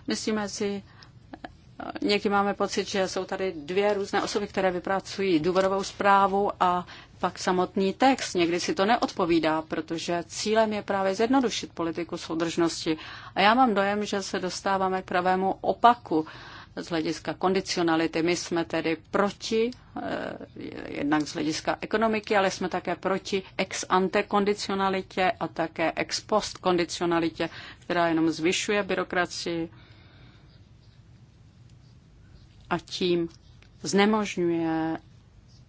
Myslíme si, eh, někdy máme pocit, že jsou tady dvě různé osoby, které vypracují důvodovou zprávu a pak samotný text. Někdy si to neodpovídá, protože cílem je právě zjednodušit politiku soudržnosti. A já mám dojem, že se dostáváme k pravému opaku z hlediska kondicionality. My jsme tedy proti, eh, jednak z hlediska ekonomiky, ale jsme také proti ex ante kondicionalitě a také ex post kondicionalitě, která jenom zvyšuje byrokracii a tím znemožňuje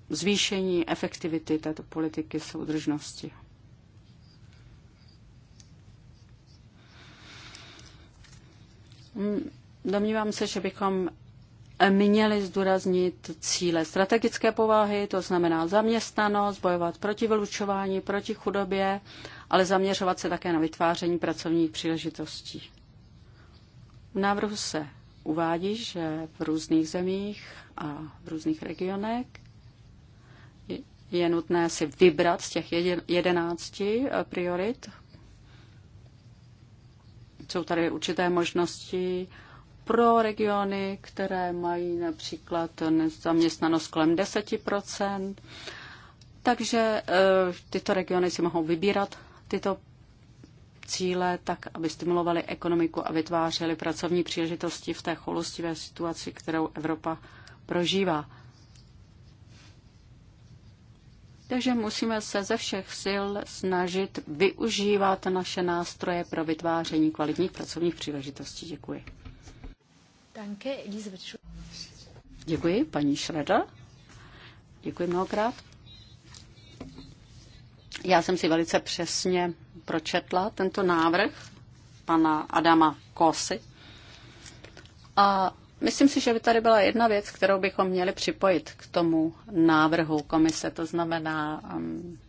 zvýšení efektivity této politiky soudržnosti. Hmm Domnívám se, že bychom eh, měli zdůraznit cíle strategické povahy, to znamená zaměstnanost, bojovat proti vylučování, proti chudobě, ale zaměřovat se také na vytváření pracovních příležitostí. V návrhu se uvádí, že v různých zemích a v různých regionech je nutné si vybrat z těch jedenácti eh, priorit. Jsou tady určité možnosti pro regiony, které mají například nezaměstnanost kolem 10%. Takže eh, tyto regiony si mohou vybírat tyto cíle tak, aby stimulovali ekonomiku a vytvářeli pracovní příležitosti v té cholostivé situaci, kterou Evropa prožívá. Takže musíme se ze všech sil snažit využívat naše nástroje pro vytváření kvalitních pracovních příležitostí. Děkuji. Danke, Elisabeth Děkuji, paní Šreda. Děkuji mnohokrát. Já jsem si velice přesně pročetla tento návrh pana Adama Kosy. A myslím si, že by tady byla jedna věc, kterou bychom měli připojit k tomu návrhu komise, to znamená um,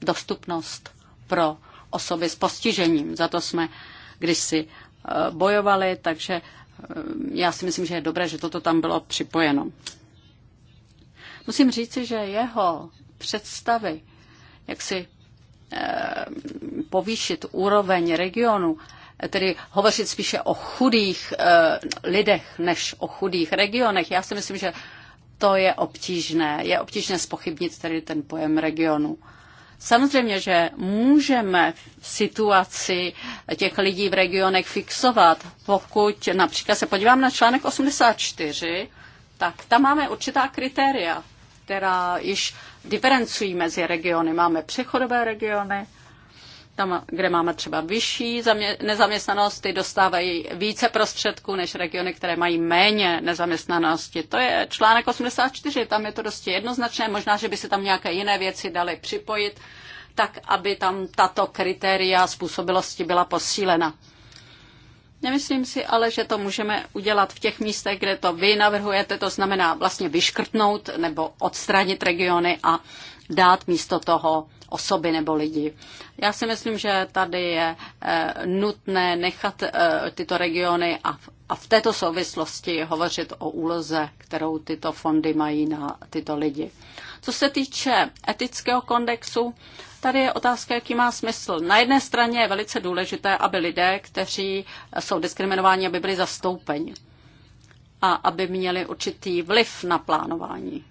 dostupnost pro osoby s postižením. Za to jsme kdysi uh, bojovali, takže Ehm, já si myslím, že je dobré, že toto tam bylo připojeno. Musím říci, že jeho představy, jak si ehm, povýšit úroveň regionu, tedy hovořit spíše o chudých ehm, lidech než o chudých regionech. Já si myslím, že to je obtížné. Je obtížné spochybnit tedy ten pojem regionu. Samozřejmě, že můžeme situaci těch lidí v regionech fixovat. Pokud například se podívám na článek 84, tak tam máme určitá kritéria, která již diferencují mezi regiony. Máme přechodové regiony, tam, kde máme třeba vyšší nezaměstnanost, ty dostávají více prostředků než regiony, které mají méně nezaměstnanosti. To je článek 84, tam je to dosti jednoznačné. Možná, že by se tam nějaké jiné věci daly připojit, tak aby tam tato kritéria způsobilosti byla posílena. Nemyslím si ale, že to můžeme udělat v těch místech, kde to vy navrhujete, to znamená vlastně vyškrtnout nebo odstranit regiony a dát místo toho osoby nebo lidi. Já si myslím, že tady je eh, nutné nechat eh, tyto regiony a v, a v této souvislosti hovořit o úloze, kterou tyto fondy mají na tyto lidi. Co se týče etického kondexu, tady je otázka, jaký má smysl. Na jedné straně je velice důležité, aby lidé, kteří jsou diskriminováni, aby byli zastoupeni a aby měli určitý vliv na plánování.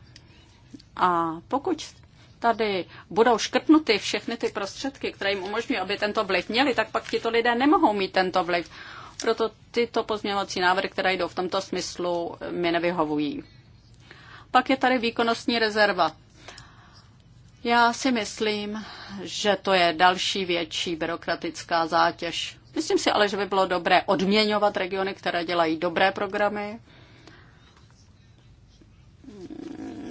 A pokud tady budou škrtnuty všechny ty prostředky, které jim umožňují, aby tento vliv měli, tak pak tito lidé nemohou mít tento vliv. Proto tyto pozměňovací návrhy, které jdou v tomto smyslu, mi nevyhovují. Pak je tady výkonnostní rezerva. Já si myslím, že to je další větší byrokratická zátěž. Myslím si ale, že by bylo dobré odměňovat regiony, které dělají dobré programy,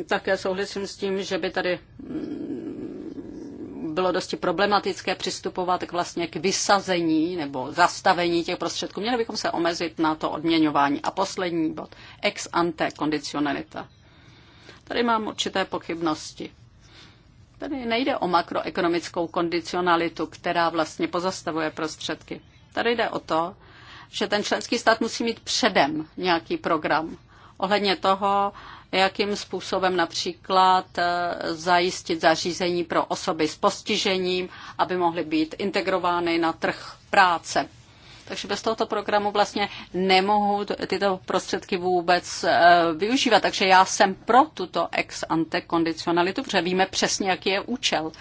Také souhlasím s tím, že by tady mm, bylo dosti problematické přistupovat k vlastně k vysazení nebo zastavení těch prostředků. Měli bychom se omezit na to odměňování. A poslední bod, ex ante kondicionalita. Tady mám určité pochybnosti. Tady nejde o makroekonomickou kondicionalitu, která vlastně pozastavuje prostředky. Tady jde o to, že ten členský stát musí mít předem nějaký program ohledně toho, jakým způsobem například eh, zajistit zařízení pro osoby s postižením, aby mohly být integrovány na trh práce. Takže bez tohoto programu vlastně nemohu tyto prostředky vůbec eh, využívat. Takže já jsem pro tuto ex ante kondicionalitu, protože víme přesně, jaký je účel.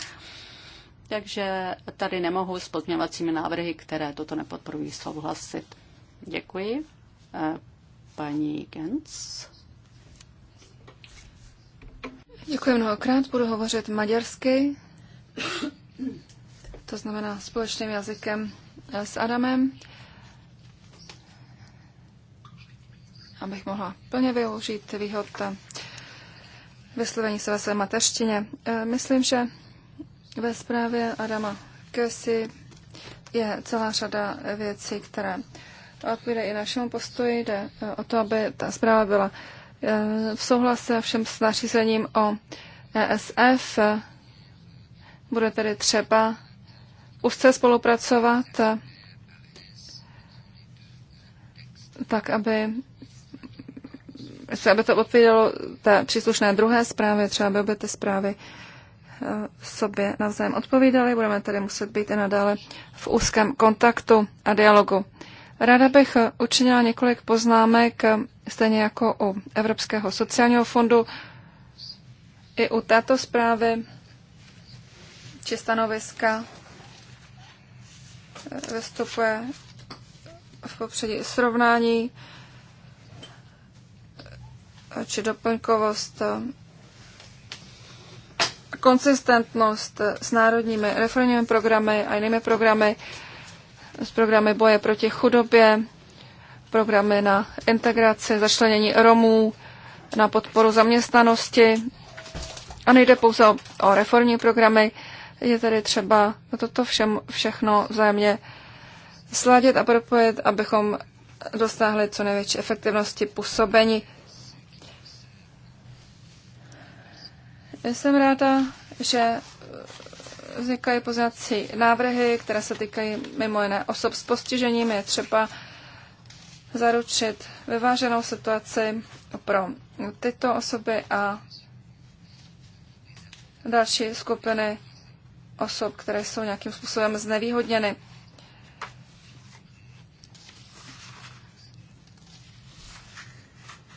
Takže tady nemohu s pozměňovacími návrhy, které toto nepodporují, souhlasit. Děkuji. Eh, paní Gens. Děkuji mnohokrát, budu hovořit maďarsky, to znamená společným jazykem eh, s Adamem, abych mohla plně využít výhod eh, vyslovení se ve své mateřštině. Eh, myslím, že ve zprávě Adama Kösi je celá řada věcí, které odpovídají i našemu postoji. Jde o to, aby ta zpráva byla v souhlase všem s nařízením o ESF. Bude tedy třeba úzce spolupracovat tak, aby aby to odpovědělo té příslušné druhé zprávy, třeba by obě ty zprávy eh, sobě navzájem odpovídaly. Budeme tedy muset být i nadále v úzkém kontaktu a dialogu. Ráda bych učinila několik poznámek, stejně jako u Evropského sociálního fondu. I u této zprávy či stanoviska vystupuje v popředí srovnání či doplňkovost konsistentnost s národními reformními programy a jinými programy s programy boje proti chudobě, programy na integraci, začlenění Romů, na podporu zaměstnanosti. A nejde pouze o, o reformní programy, je tady třeba toto všem, všechno vzájemně sladit a propojit, abychom dosáhli co největší efektivnosti působení. Jsem ráda, že vznikají poznací návrhy, které se týkají mimo jiné osob s postižením. Je třeba zaručit vyváženou situaci pro tyto osoby a další skupiny osob, které jsou nějakým způsobem znevýhodněny.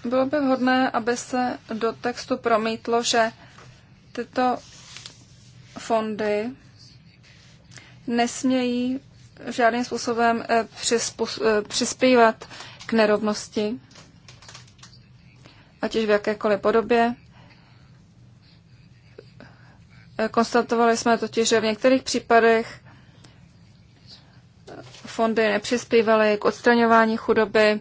Bylo by vhodné, aby se do textu promítlo, že tyto fondy nesmějí žádným způsobem eh, eh, přispívat k nerovnosti, ať už v jakékoliv podobě. Eh, konstatovali jsme totiž, že v některých případech fondy nepřispívaly k odstraňování chudoby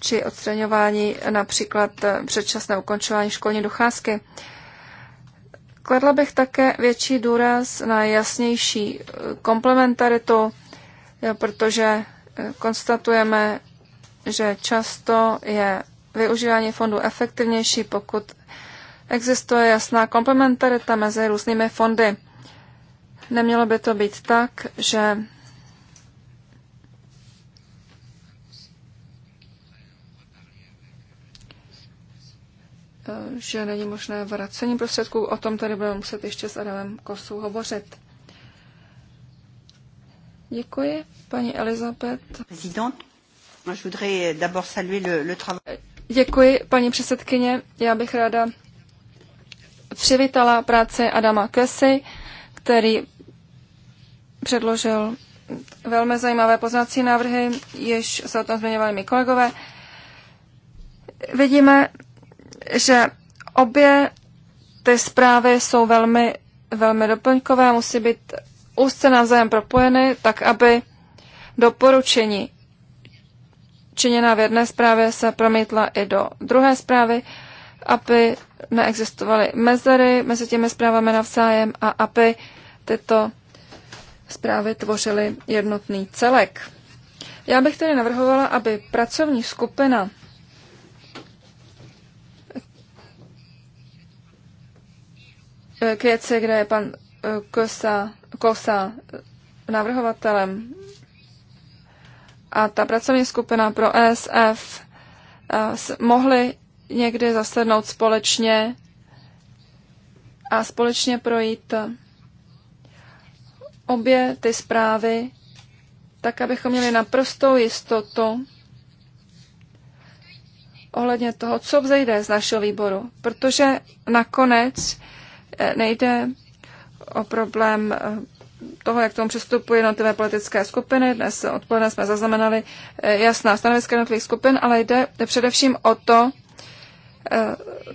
či odstraňování například předčasné ukončování školní docházky. Kladla bych také větší důraz na jasnější eh, komplementaritu, eh, protože eh, konstatujeme, že často je využívání fondů efektivnější, pokud existuje jasná komplementarita mezi různými fondy. Nemělo by to být tak, že že není možné vracení prostředků. O tom tady budeme muset ještě s Adamem Kosou hovořit. Děkuji, paní Elizabeth. Děkuji, paní předsedkyně. Já bych ráda přivítala práci Adama Kesy, který předložil velmi zajímavé poznací návrhy, jež se o tom zmiňovali mi kolegové. Vidíme, že obě ty zprávy jsou velmi, velmi doplňkové, musí být úzce navzájem propojeny, tak aby doporučení činěná v jedné zprávě se promítla i do druhé zprávy, aby neexistovaly mezery mezi těmi zprávami navzájem a aby tyto zprávy tvořily jednotný celek. Já bych tedy navrhovala, aby pracovní skupina Eh, k věci, kde je pan eh, Kosa, Kosa eh, navrhovatelem. A ta pracovní skupina pro ESF mohly někdy zasednout společně a společně projít obě ty zprávy, tak abychom měli naprostou jistotu ohledně toho, co vzejde z našeho výboru. Protože nakonec Eh, nejde o problém eh, toho, jak tomu přistupují jednotlivé politické skupiny. Dnes odpoledne jsme zaznamenali eh, jasná stanoviska jednotlivých skupin, ale jde především o to,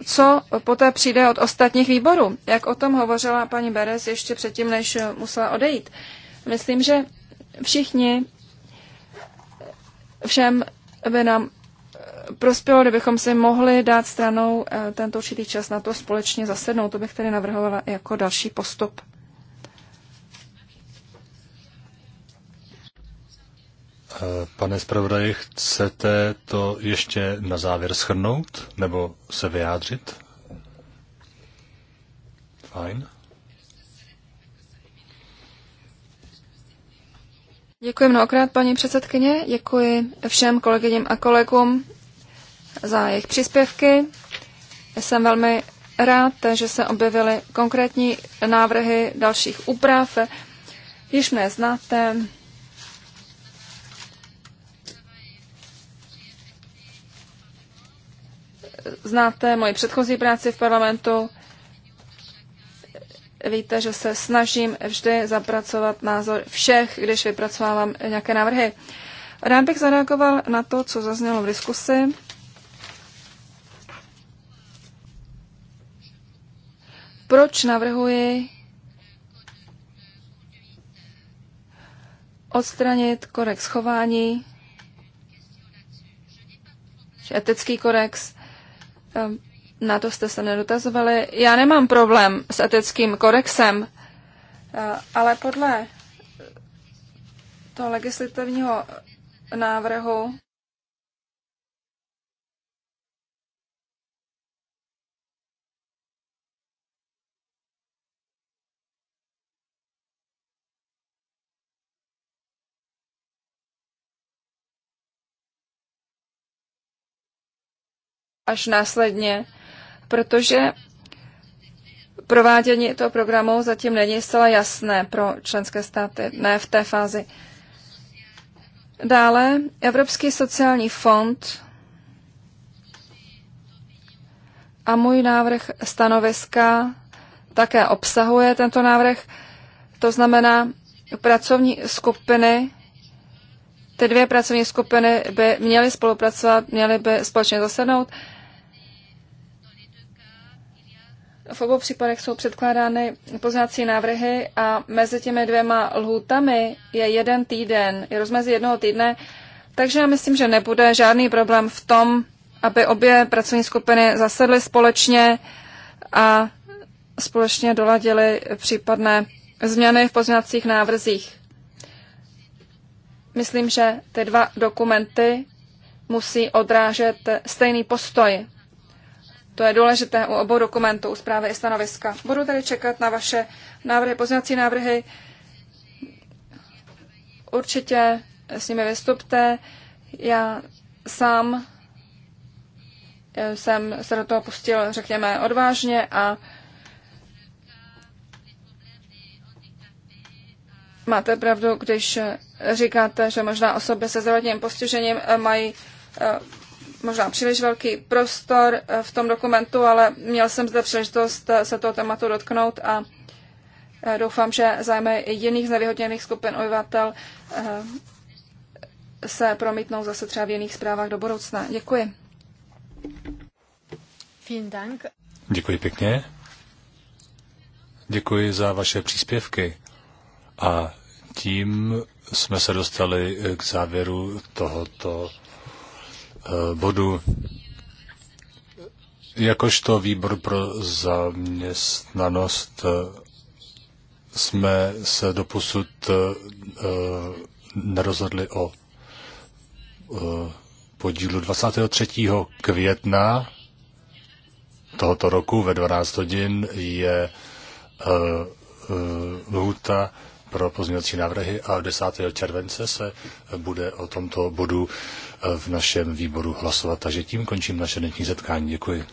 co poté přijde od ostatních výborů. Jak o tom hovořila paní Beres ještě předtím, než musela odejít. Myslím, že všichni, všem by nám prospělo, kdybychom si mohli dát stranou eh, tento určitý čas na to společně zasednout. To bych tedy navrhovala jako další postup. Eh, pane zpravodaji, chcete to ještě na závěr schrnout nebo se vyjádřit? Fajn. Děkuji mnohokrát, paní předsedkyně, děkuji všem kolegyním a kolegům za jejich příspěvky. Jsem velmi rád, že se objevily konkrétní návrhy dalších úprav. Již mne znáte. Znáte moji předchozí práci v parlamentu. Víte, že se snažím vždy zapracovat názor všech, když vypracovávám nějaké návrhy. Rád bych zareagoval na to, co zaznělo v diskusi. Proč navrhuji odstranit korex chování, či etický korex. Ehm, na to jste se nedotazovali. Já nemám problém s etickým korexem, eh, ale podle toho legislativního návrhu až následně, protože provádění toho programu zatím není zcela jasné pro členské státy, ne v té fázi. Dále Evropský sociální fond a můj návrh stanoviska také obsahuje tento návrh, to znamená pracovní skupiny, ty dvě pracovní skupiny by měly spolupracovat, měly by společně zasednout V obou případech jsou předkládány poznací návrhy a mezi těmi dvěma lhůtami je jeden týden, je rozmezí jednoho týdne, takže já myslím, že nebude žádný problém v tom, aby obě pracovní skupiny zasedly společně a společně doladily případné změny v pozměňovacích návrzích. Myslím, že ty dva dokumenty musí odrážet stejný postoj to je důležité u obou dokumentů, u zprávy i stanoviska. Budu tedy čekat na vaše návrhy, pozměňovací návrhy. Určitě s nimi vystupte. Já sám eh, jsem se do toho pustil, řekněme, odvážně a máte pravdu, když říkáte, že možná osoby se zdravotním postižením eh, mají eh, možná příliš velký prostor eh, v tom dokumentu, ale měl jsem zde příležitost eh, se toho tématu dotknout a eh, doufám, že zájmy i jiných znevýhodněných skupin obyvatel se promítnou zase třeba v jiných zprávách do budoucna. Děkuji. Děkuji pěkně. Děkuji za vaše příspěvky. A tím jsme se dostali k závěru tohoto Eh, bodu Jakožto výbor pro zaměstnanost eh, jsme se doposud eh, nerozhodli o podílu 23. května tohoto roku ve 12 hodin je lhůta pro pozměňovací návrhy a 10. července se bude o tomto bodu v našem výboru hlasovat. Takže tím končím naše dnešní setkání. Děkuji.